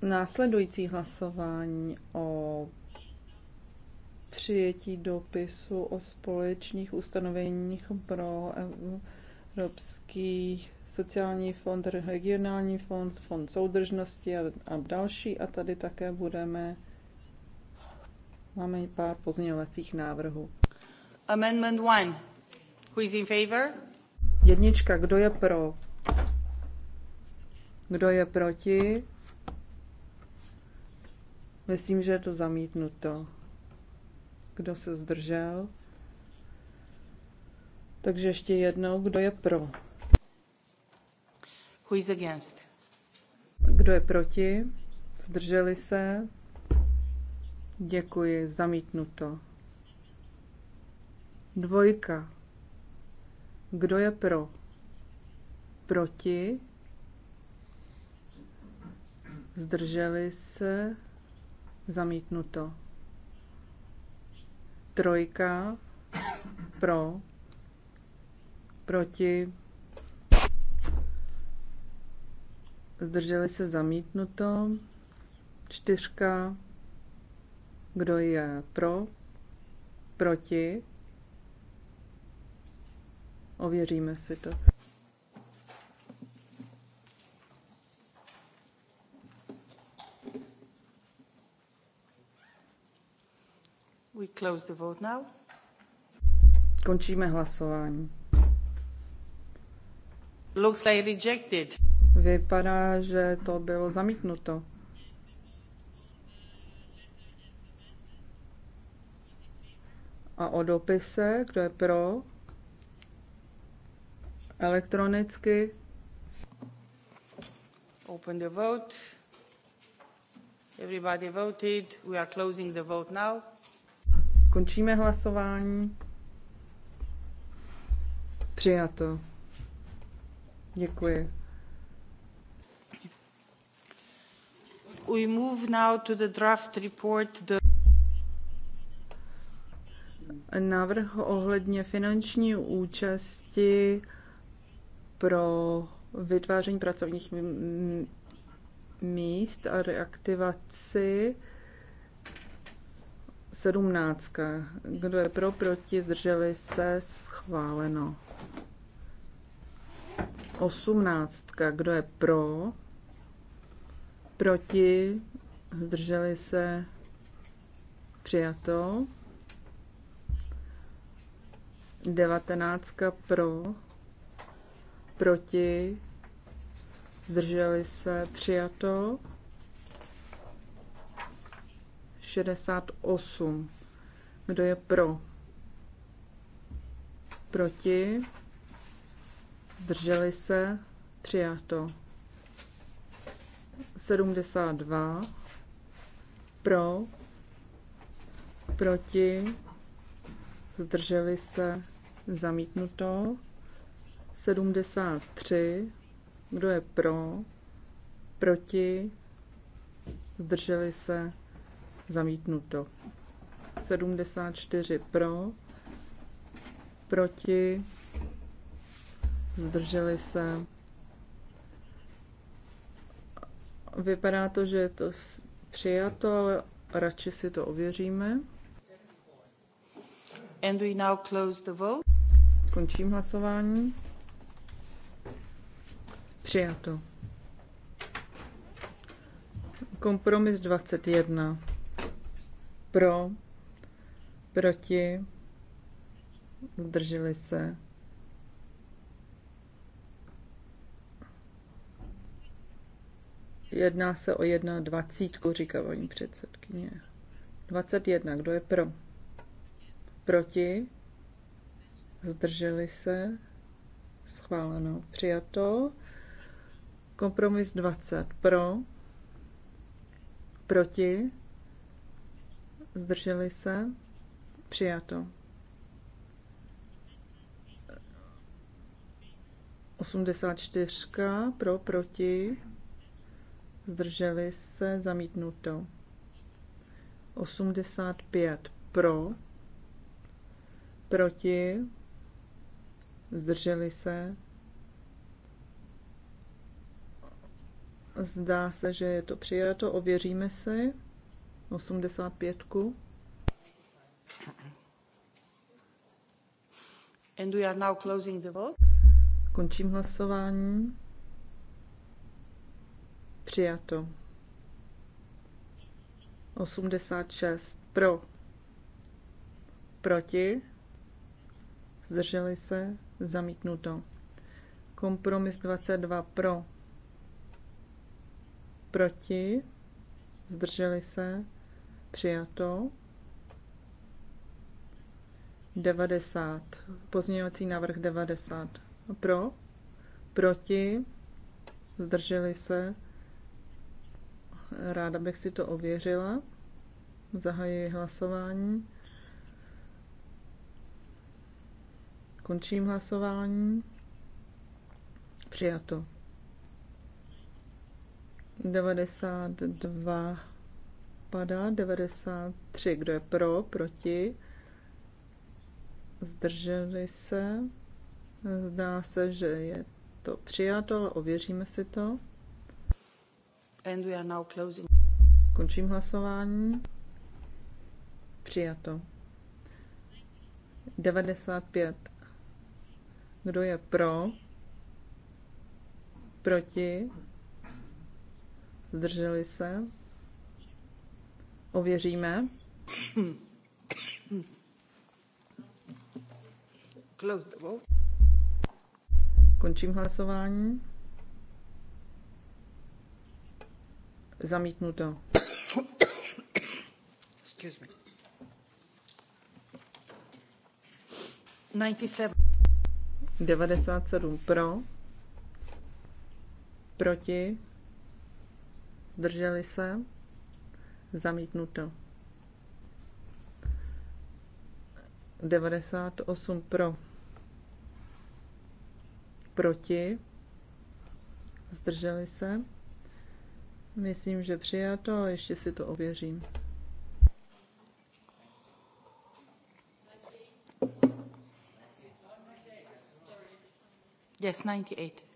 Následující hlasování o přijetí dopisu o společných ustanoveních pro Evropský sociální fond, regionální fond, fond soudržnosti a, a další. A tady také budeme, máme pár pozměňovacích návrhů. Amendment one, Who is in favor? Jednička, kdo je pro? Kdo je proti? Myslím, že je to zamítnuto. Kdo se zdržel? Takže ještě jednou, kdo je pro? Who is against? Kdo je proti? Zdrželi se? Děkuji, zamítnuto. Dvojka. Kdo je pro? Proti? Zdrželi se? Zamítnuto. Trojka pro, proti, zdrželi se zamítnuto, čtyřka, kdo je pro, proti, ověříme si to. We close the vote now. Končíme hlasování. Looks like rejected. Vypadá, že to bylo zamítnuto. A o dopise, kdo je pro? Elektronicky. Open the vote. Everybody voted. We are closing the vote now. Končíme hlasování. Přijato. Děkuji. We move now to the draft report. The... Návrh ohledně finanční účasti pro vytváření pracovních míst a reaktivaci 17. Kdo je pro, proti, zdrželi se, schváleno. 18. Kdo je pro, proti, zdrželi se, přijato. 19. pro, proti, zdrželi se, přijato. 68. Kdo je pro? Proti? Zdrželi se? Přijato. 72. Pro? Proti? Zdrželi se? Zamítnuto. 73. Kdo je pro? Proti? Zdrželi se? Zamítnuto. 74 pro, proti, zdrželi se. Vypadá to, že je to přijato, ale radši si to ověříme. And we now close the vote. Končím hlasování. Přijato. Kompromis 21 pro, proti, zdrželi se. Jedná se o jedna dvacítku, říká paní předsedkyně. 21. Kdo je pro? Proti? Zdrželi se? Schváleno. Přijato. Kompromis 20. Pro? Proti? zdrželi se, přijato. 84 pro, proti, zdrželi se, zamítnuto. 85 pro, proti, zdrželi se. Zdá se, že je to přijato, ověříme si. 85. And we are now closing the vote. Končím hlasování. Přijato. 86 pro. Proti. Zdrželi se. Zamítnuto. Kompromis 22 pro. Proti. Zdrželi se. Přijato. 90. Pozměňovací návrh 90. Pro. Proti. Zdrželi se. Ráda bych si to ověřila. Zahajuji hlasování. Končím hlasování. Přijato. 92 padá 93. Kdo je pro? Proti? Zdrželi se? Zdá se, že je to přijato, ale ověříme si to. And we are now closing. Končím hlasování. Přijato. 95. Kdo je pro? Proti? Zdrželi se? Ověříme. Close the vote. Končím hlasování. Zamítnuto. Excuse me. 97. 97 pro, proti, Drželi se. Zamítnuto. 98 pro. Proti. Zdrželi se. Myslím, že přijato, ještě si to ověřím. Yes, 98.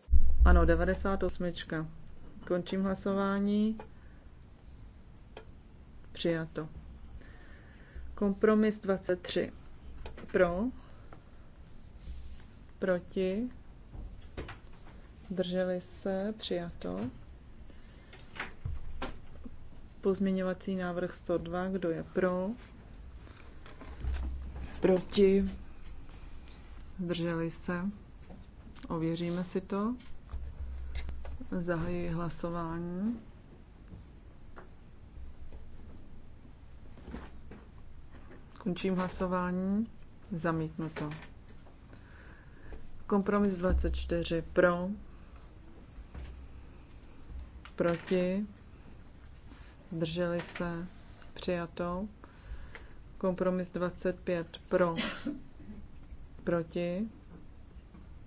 Ano, 98. Končím hlasování. Přijato. Kompromis 23. Pro. Proti. Drželi se. Přijato. Pozměňovací návrh 102. Kdo je pro? Proti. Drželi se. Ověříme si to. Zahajuji hlasování. Končím hlasování. Zamítnuto. Kompromis 24 pro, proti, zdrželi se, přijato. Kompromis 25 pro, proti,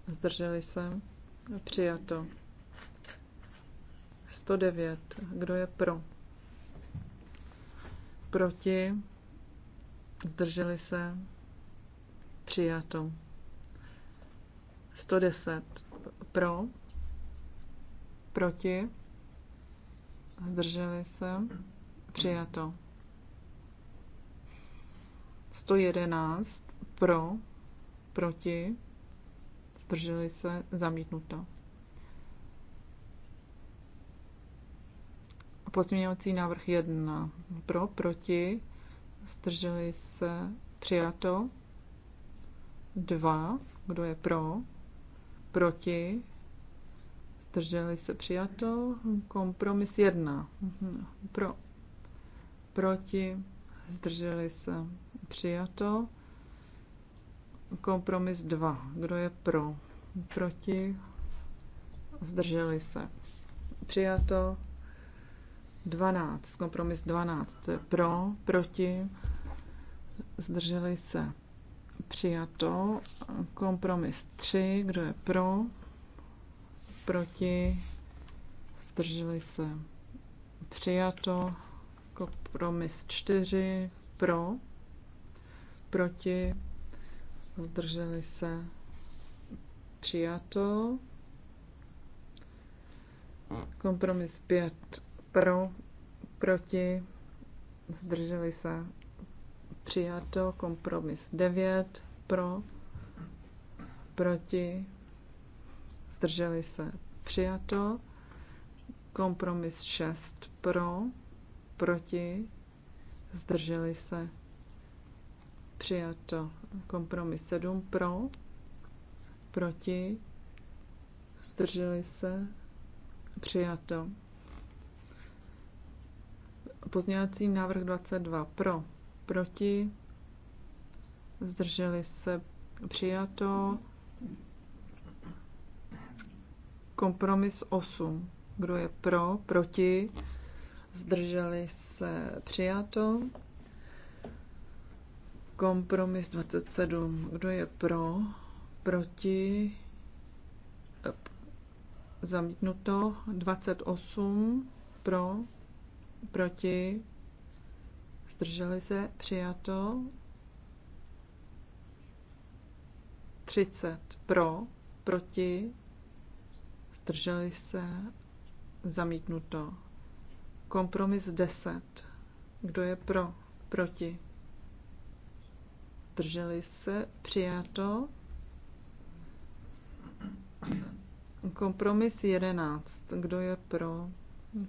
zdrželi se, přijato. 109. Kdo je pro? Proti? zdrželi se, přijato. 110 pro, proti, zdrželi se, přijato. 111 pro, proti, zdrželi se, zamítnuto. Pozměňovací návrh 1 pro, proti, zdrželi se, přijato. dva, kdo je pro, proti, zdrželi se, přijato. Kompromis jedna, pro, proti, zdrželi se, přijato. Kompromis dva, kdo je pro, proti, zdrželi se, přijato. 12, kompromis 12, to je pro, proti, zdrželi se přijato, kompromis 3, kdo je pro, proti, zdrželi se přijato, kompromis 4, pro, proti, zdrželi se přijato, kompromis 5, pro, proti, zdrželi se, přijato, kompromis 9, pro, proti, zdrželi se, přijato, kompromis 6, pro, proti, zdrželi se, přijato, kompromis 7, pro, proti, zdrželi se, přijato. Pozměňovací návrh 22 pro, proti, zdrželi se přijato. Kompromis 8. Kdo je pro, proti, zdrželi se přijato. Kompromis 27. Kdo je pro, proti, zamítnuto. 28 pro, proti, zdrželi se, přijato. 30 pro, proti, zdrželi se, zamítnuto. Kompromis 10. Kdo je pro, proti, zdrželi se, přijato. Kompromis 11. Kdo je pro,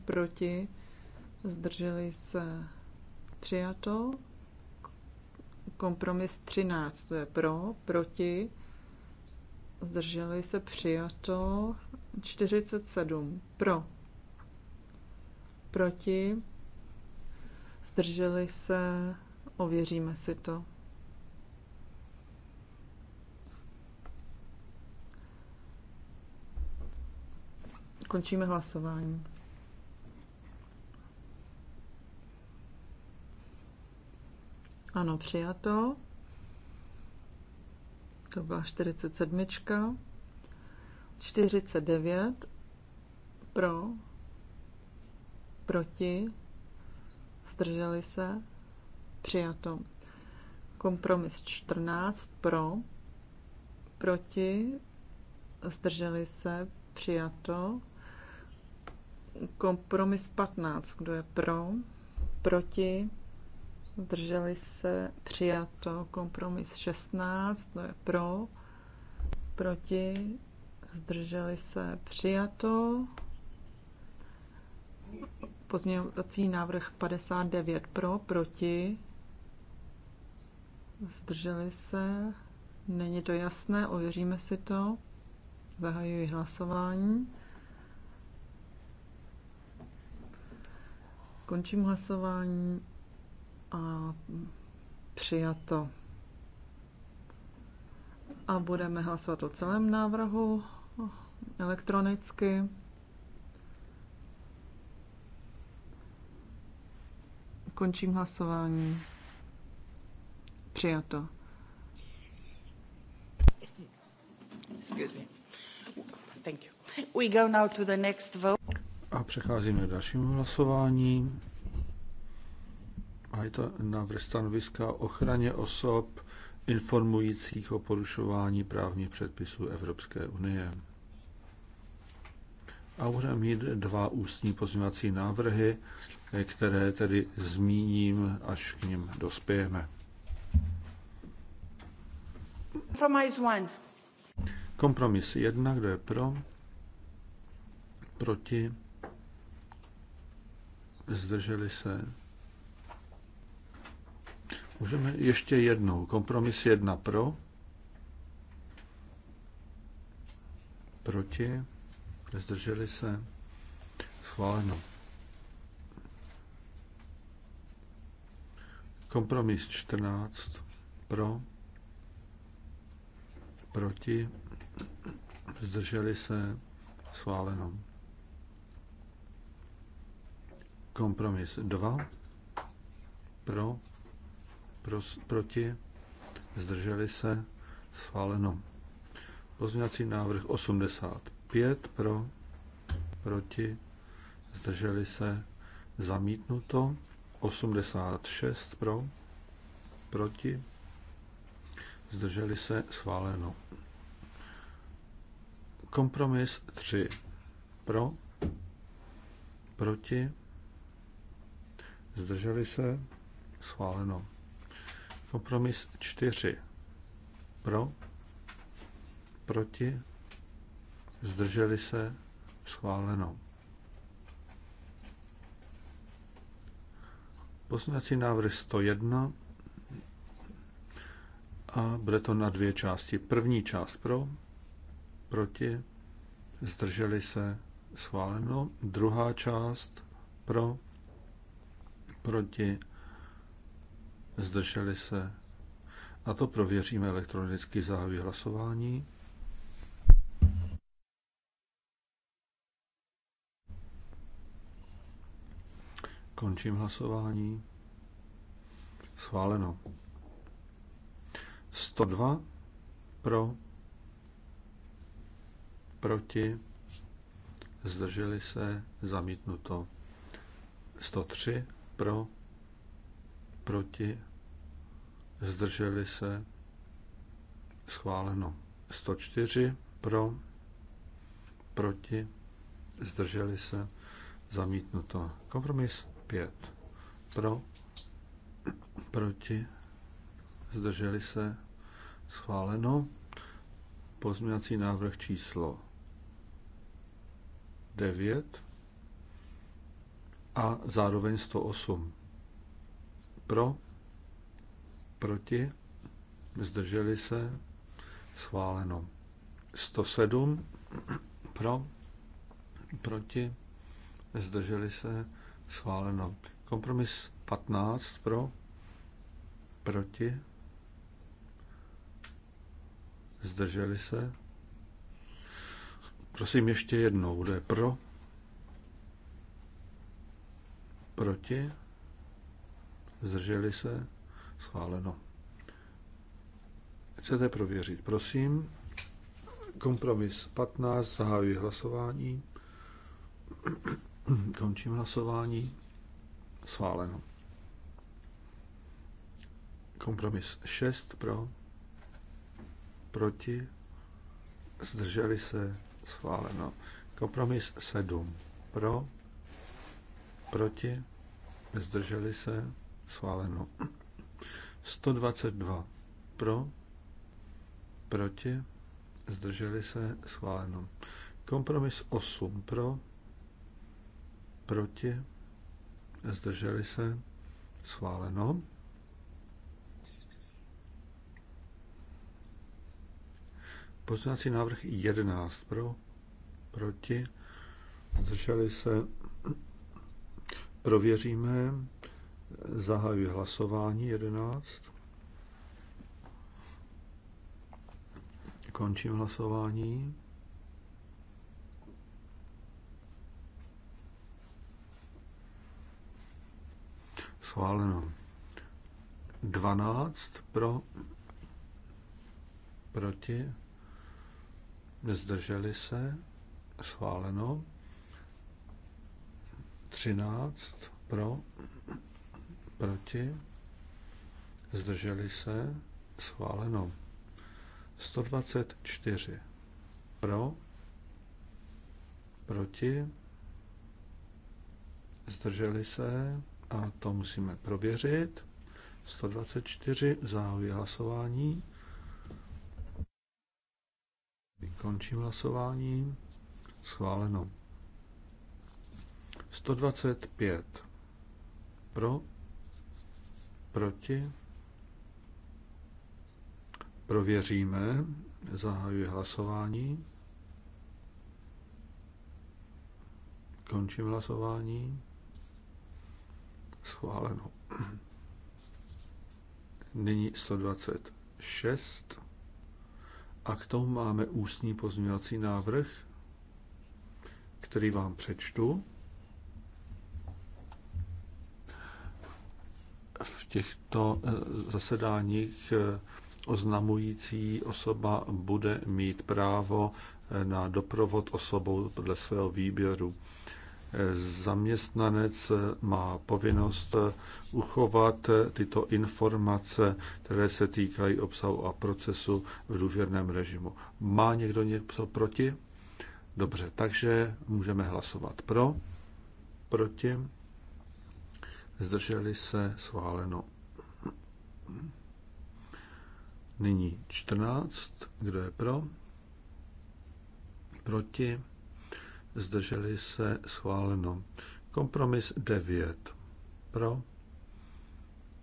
proti, zdrželi se přijato. Kompromis 13, to je pro, proti, zdrželi se přijato. 47, pro, proti, zdrželi se, ověříme si to. Končíme hlasování. Ano, přijato. To byla 47. 49 pro, proti, zdrželi se, přijato. Kompromis 14 pro, proti, zdrželi se, přijato. Kompromis 15, kdo je pro, proti, zdrželi se, přijato. Kompromis 16, to je pro, proti, zdrželi se, přijato. Pozměňovací návrh 59 pro, proti, zdrželi se, není to jasné, ověříme si to. Zahajuji hlasování. Končím hlasování a přijato. A budeme hlasovat o celém návrhu elektronicky. Končím hlasování. Přijato. Thank you. We go now to the next vote. A přecházíme k dalšímu hlasování. A je to návrh stanoviska ochraně osob informujících o porušování právních předpisů Evropské unie. A budeme mít dva ústní pozměňovací návrhy, které tedy zmíním, až k ním dospějeme. Kompromis 1. Kompromis 1, kdo je pro? Proti? Zdrželi se? Můžeme ještě jednou. Kompromis jedna pro. Proti. Zdrželi se. Schváleno. Kompromis 14 pro. Proti. Zdrželi se. Schváleno. Kompromis 2 pro Pros, proti? Zdrželi se? Schváleno. Pozměňovací návrh 85 pro, proti, zdrželi se, zamítnuto. 86 pro, proti, zdrželi se, schváleno. Kompromis 3 pro, proti, zdrželi se, schváleno. Kompromis 4. Pro, proti, zdrželi se, schváleno. Poslanecí návrh 101 a bude to na dvě části. První část pro, proti, zdrželi se, schváleno. Druhá část pro, proti, zdrželi se. A to prověříme elektronicky zahájí hlasování. Končím hlasování. Schváleno. 102 pro, proti, zdrželi se, zamítnuto. 103 pro, proti, zdrželi se, schváleno 104 pro, proti, zdrželi se, zamítnuto. Kompromis 5 pro, proti, zdrželi se, schváleno. Pozměňovací návrh číslo 9 a zároveň 108 pro, proti, zdrželi se, schváleno. 107 pro, proti, zdrželi se, schváleno. Kompromis 15 pro, proti, zdrželi se. Prosím ještě jednou, kdo je pro, proti, zdrželi se, Schváleno. Chcete prověřit, prosím. Kompromis 15, zahajuji hlasování. Končím hlasování. Schváleno. Kompromis 6 pro, proti, zdrželi se, schváleno. Kompromis 7 pro, proti, zdrželi se, schváleno. 122 pro, proti, zdrželi se, schváleno. Kompromis 8 pro, proti, zdrželi se, schváleno. Pozměňovací návrh 11 pro, proti, zdrželi se, prověříme. Zahajuji hlasování 11. Končím hlasování. Schváleno. 12 pro, proti, nezdrželi se, schváleno. 13 pro, Proti? Zdrželi se? Schváleno. 124. Pro? Proti? Zdrželi se? A to musíme prověřit. 124. Zahajuji hlasování. Končím hlasování. Schváleno. 125. Pro? Proti? Prověříme. Zahajuji hlasování. Končím hlasování. Schváleno. Nyní 126. A k tomu máme ústní pozměňovací návrh, který vám přečtu. v těchto eh, zasedáních eh, oznamující osoba bude mít právo eh, na doprovod osobou podle svého výběru. Zaměstnanec má povinnost uchovat tyto informace, které se týkají obsahu a procesu v důvěrném režimu. Má někdo něco proti? Dobře, takže můžeme hlasovat pro, proti zdrželi se, schváleno. Nyní 14, kdo je pro, proti, zdrželi se, schváleno. Kompromis 9, pro,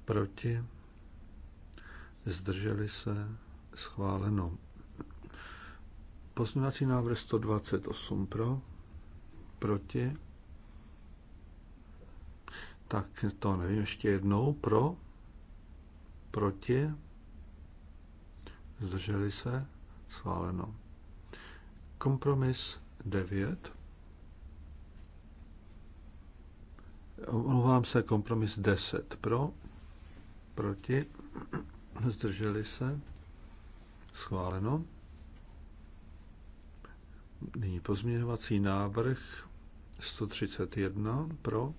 proti, zdrželi se, schváleno. Pozměňovací návrh 128 pro, proti, tak to nevím ještě jednou pro, proti, zdrželi se, schváleno. Kompromis 9. Omlouvám se, kompromis 10 pro, proti, zdrželi se, schváleno. Nyní pozměňovací návrh 131 pro,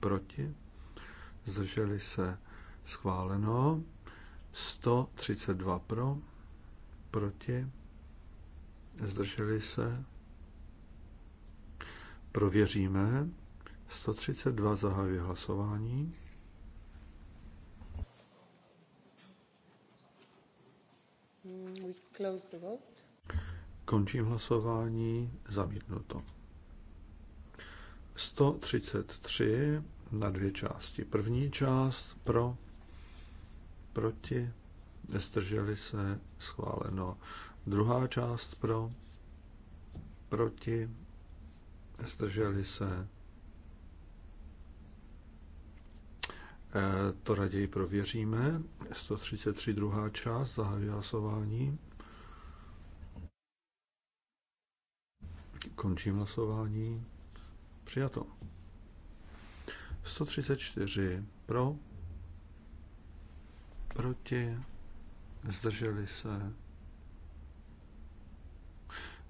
proti, zdrželi se schváleno, 132 pro, proti, zdrželi se, prověříme, 132 zahajuje hlasování. Mm, Končím hlasování, zamítnuto. 133 na dvě části. První část pro, proti, nestrželi se, schváleno. Druhá část pro, proti, nestrželi se. Eh, to raději prověříme. 133 druhá část, zahajuji hlasování. Končím hlasování. Přijato. 134 pro, proti, zdrželi se.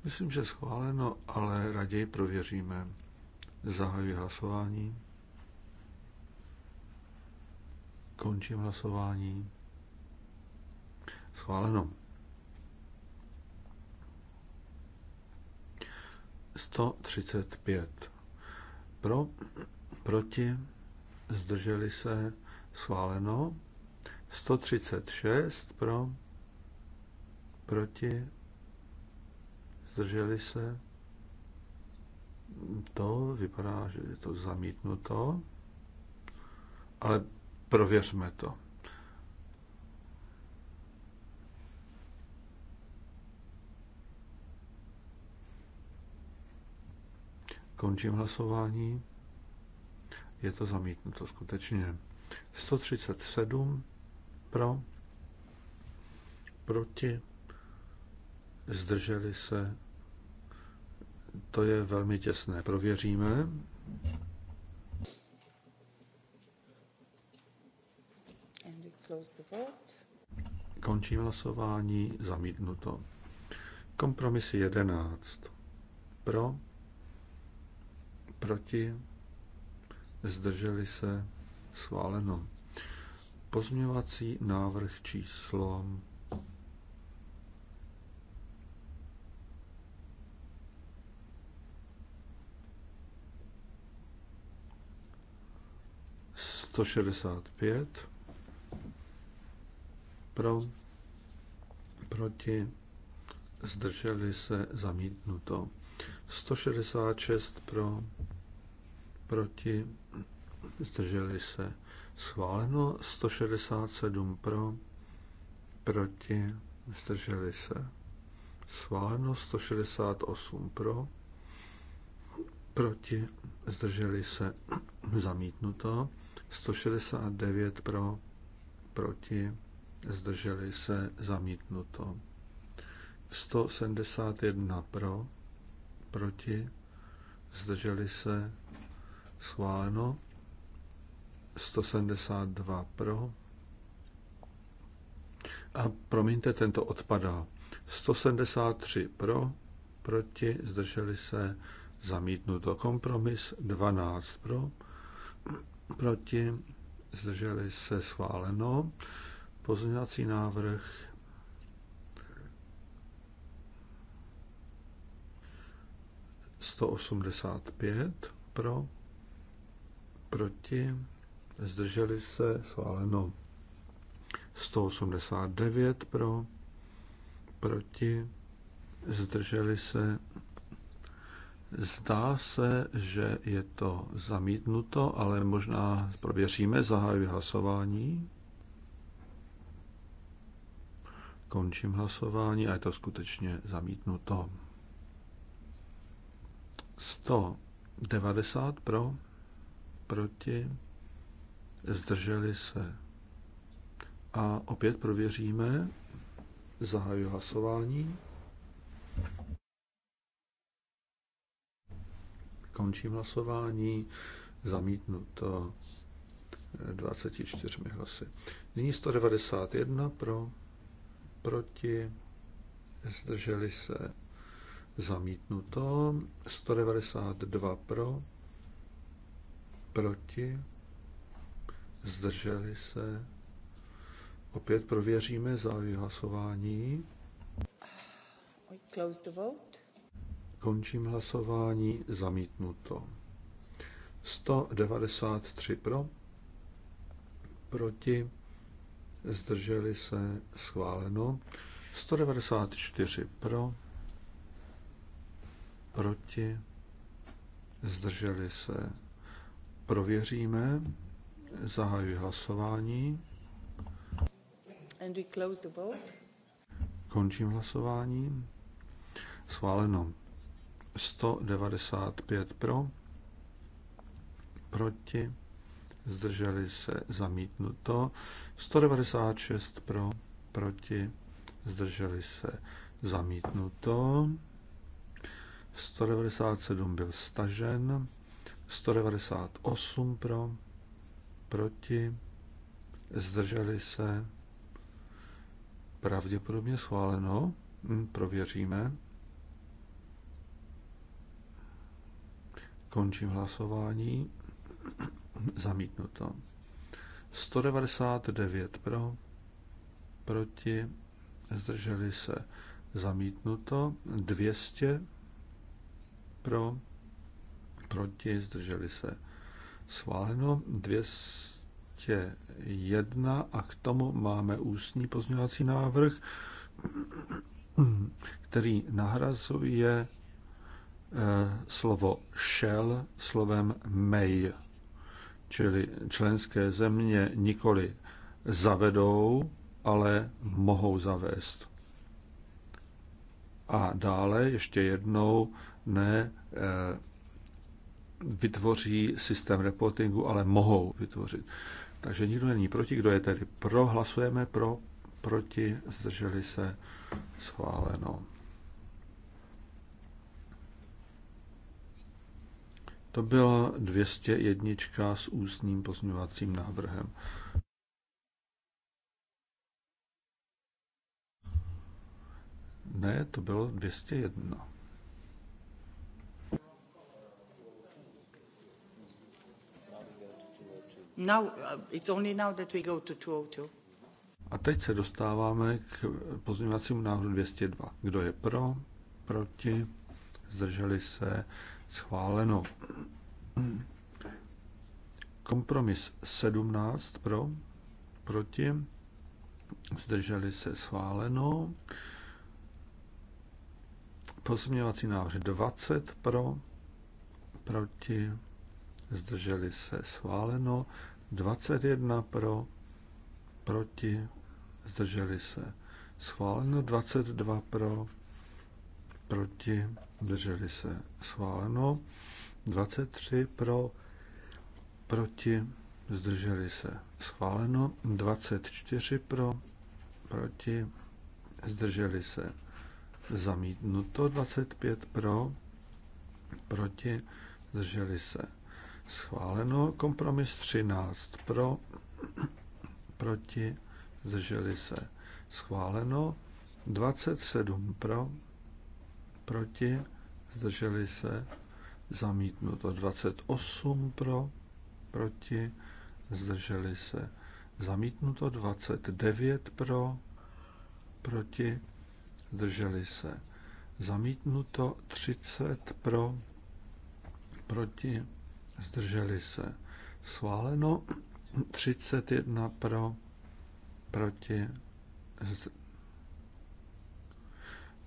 Myslím, že schváleno, ale raději prověříme. Zahajuji hlasování. Končím hlasování. Schváleno. 135. Pro, proti, zdrželi se, schváleno. 136 pro, proti, zdrželi se. To vypadá, že je to zamítnuto, ale prověřme to. Končím hlasování. Je to zamítnuto skutečně. 137 pro, proti, zdrželi se. To je velmi těsné. Prověříme. Končím hlasování, zamítnuto. Kompromis 11. Pro, proti, zdrželi se, schváleno. Pozměvací návrh číslo 165 pro, proti, zdrželi se zamítnuto. 166 pro, proti, zdrželi se. Schváleno 167 pro, proti, zdrželi se. Schváleno 168 pro, proti, zdrželi se. Zamítnuto 169 pro, proti, zdrželi se. Zamítnuto 171 pro, proti, zdrželi se, schváleno. 172 pro. A promiňte, tento odpadá. 173 pro, proti, zdrželi se, zamítnuto. Kompromis 12 pro, proti, zdrželi se, schváleno. Pozměňovací návrh 185 pro, proti, zdrželi se, schváleno. 189 pro, proti, zdrželi se. Zdá se, že je to zamítnuto, ale možná prověříme, zahájí hlasování. Končím hlasování a je to skutečně zamítnuto. 190 pro, proti, zdrželi se. A opět prověříme, zahajuji hlasování. Končím hlasování, zamítnuto 24 hlasy. Nyní 191 pro, proti, zdrželi se Zamítnuto. 192 pro. Proti. Zdrželi se. Opět prověříme závěr hlasování. close the vote. Končím hlasování. Zamítnuto. 193 pro. Proti. Zdrželi se. Schváleno. 194 pro proti, zdrželi se. Prověříme, zahajuji hlasování. And we close the vote. Končím hlasování. Schváleno. 195 pro, proti, zdrželi se zamítnuto, 196 pro, proti, zdrželi se zamítnuto. 197 byl stažen, 198 pro, proti, zdrželi se, pravděpodobně schváleno, hm, prověříme. Končím hlasování. Zamítnuto. 199 pro, proti, zdrželi se. Zamítnuto. 200 pro, proti, zdrželi se schváleno 201 a k tomu máme ústní pozměňovací návrh, který nahrazuje eh, slovo shell slovem may, čili členské země nikoli zavedou, ale mohou zavést. A dále ještě jednou ne eh, vytvoří systém reportingu, ale mohou vytvořit. Takže nikdo není proti, kdo je tedy pro, hlasujeme pro, proti, zdrželi se, schváleno. To byla 201 s ústním pozměňovacím návrhem. Ne, to bylo 201. Now, uh, it's only now that we go to 202. A teď se dostáváme k pozměňovacímu návrhu 202. Kdo je pro, proti, zdrželi se, schváleno. Kompromis 17 pro, proti, zdrželi se, schváleno. Pozměňovací návrh 20 pro, proti, zdrželi se schváleno, 21 pro, proti, zdrželi se schváleno, 22 pro, proti, zdrželi se schváleno, 23 pro, proti, zdrželi se schváleno, 24 pro, proti, zdrželi se zamítnuto, 25 pro, proti, zdrželi se Schváleno. Kompromis 13 pro, proti, zdrželi se. Schváleno. 27 pro, proti, zdrželi se. Zamítnuto. 28 pro, proti, zdrželi se. Zamítnuto 29 pro, proti, zdrželi se. Zamítnuto 30 pro, proti, zdrželi se schváleno, 31 pro, proti,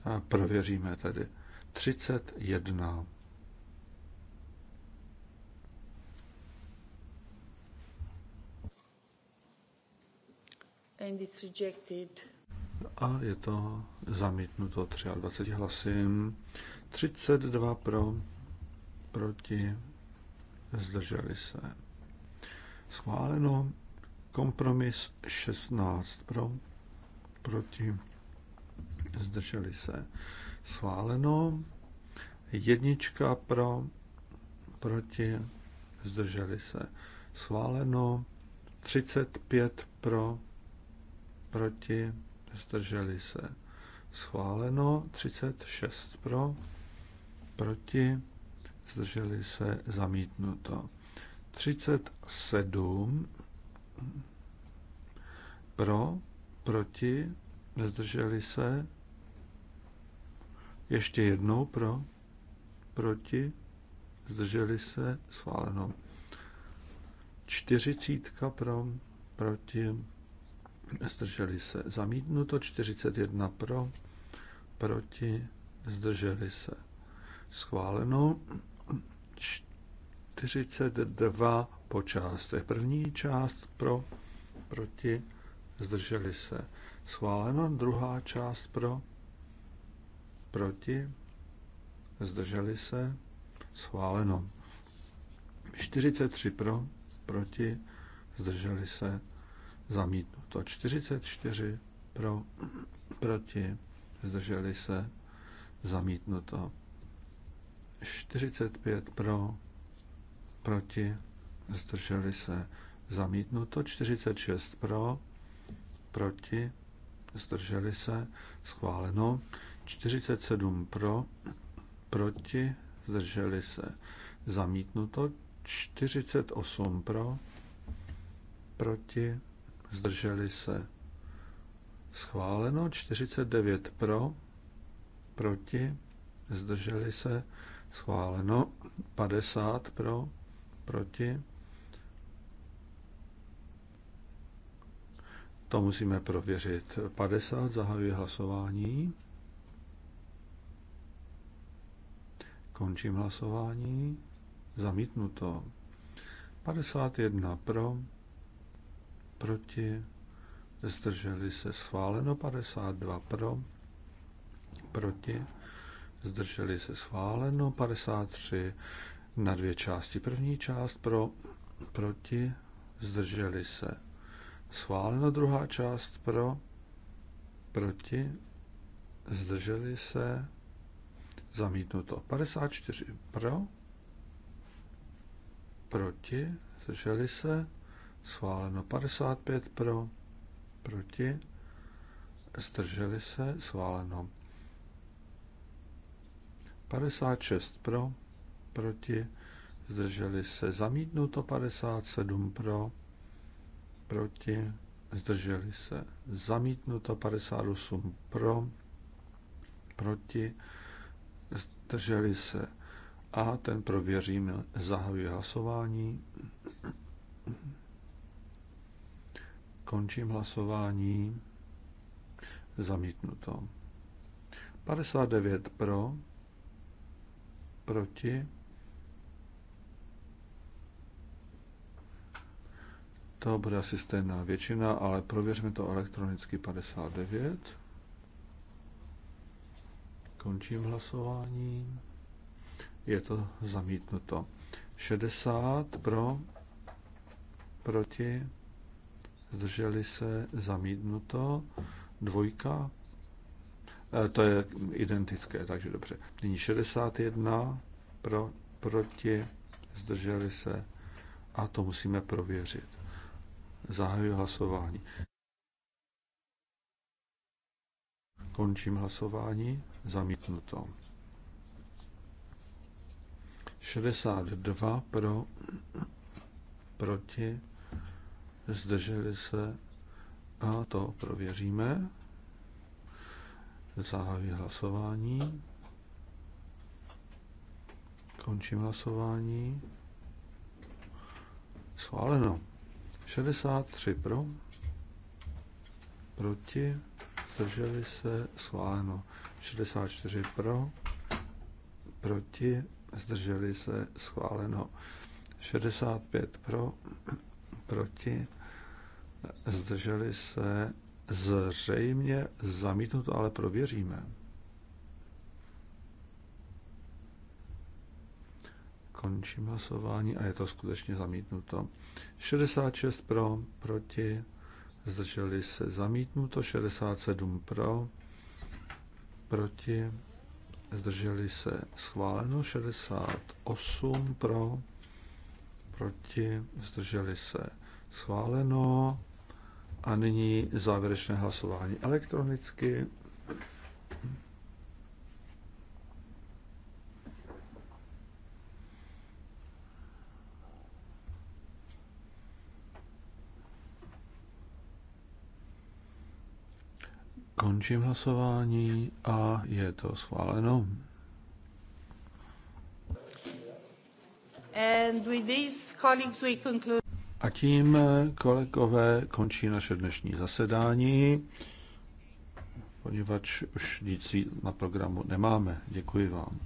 a prověříme tedy, 31 And it's rejected. A je to zamítnuto 23 hlasy. 32 pro, proti zdrželi se. Schváleno kompromis 16 pro, proti, zdrželi se. Schváleno jednička pro, proti, zdrželi se. Schváleno 35 pro, proti, zdrželi se. Schváleno 36 pro, proti, zdrželi se zamítnuto. 37 pro, proti, zdrželi se, ještě jednou pro, proti, zdrželi se, schváleno. Čtyřicítka pro, proti, zdrželi se, zamítnuto, 41 pro, proti, zdrželi se, schváleno. 42 po částech. První část pro, proti, zdrželi se. Schváleno. Druhá část pro, proti, zdrželi se. Schváleno. 43 pro, proti, zdrželi se. Zamítnuto. 44 pro, proti, zdrželi se. Zamítnuto. 45 pro, proti, zdrželi se zamítnuto, 46 pro, proti, zdrželi se, schváleno, 47 pro, proti, zdrželi se, zamítnuto, 48 pro, proti, zdrželi se, schváleno, 49 pro, proti, zdrželi se, Schváleno. 50 pro, proti. To musíme prověřit. 50 zahajuje hlasování. Končím hlasování. Zamítnuto. 51 pro, proti, zdrželi se schváleno, 52 pro, proti, zdrželi se schváleno, 53 na dvě části. První část pro, proti, zdrželi se schváleno, druhá část pro, proti, zdrželi se zamítnuto. 54 pro, proti, zdrželi se schváleno, 55 pro, proti, zdrželi se schváleno. 56 pro, proti, zdrželi se zamítnuto, 57 pro, proti, zdrželi se zamítnuto, 58 pro, proti, zdrželi se a ten prověříme, zahajuji hlasování. Končím hlasování. Zamítnuto. 59 pro, proti. To bude asi stejná většina, ale prověřme to elektronicky 59. Končím hlasování. Je to zamítnuto. 60 pro, proti, zdrželi se, zamítnuto. Dvojka Eh, to je identické, takže dobře. Nyní 61 pro, proti, zdrželi se a to musíme prověřit. Zahajuji hlasování. Končím hlasování. Zamítnuto. 62 pro, proti, zdrželi se a to prověříme. Zahajuji hlasování. Končím hlasování. Schváleno. 63 pro, proti, zdrželi se, schváleno. 64 pro, proti, zdrželi se, schváleno. 65 pro, proti, zdrželi se, zřejmě zamítnuto, ale prověříme. Končím hlasování a je to skutečně zamítnuto. 66 pro, proti, zdrželi se zamítnuto, 67 pro, proti, zdrželi se schváleno, 68 pro, proti, zdrželi se schváleno, a nyní závěrečné hlasování elektronicky. Končím hlasování a je to schváleno. And with these colleagues we conclude a tím, eh, kolegové, končí naše dnešní zasedání, poněvadž už nic na programu nemáme. Děkuji vám.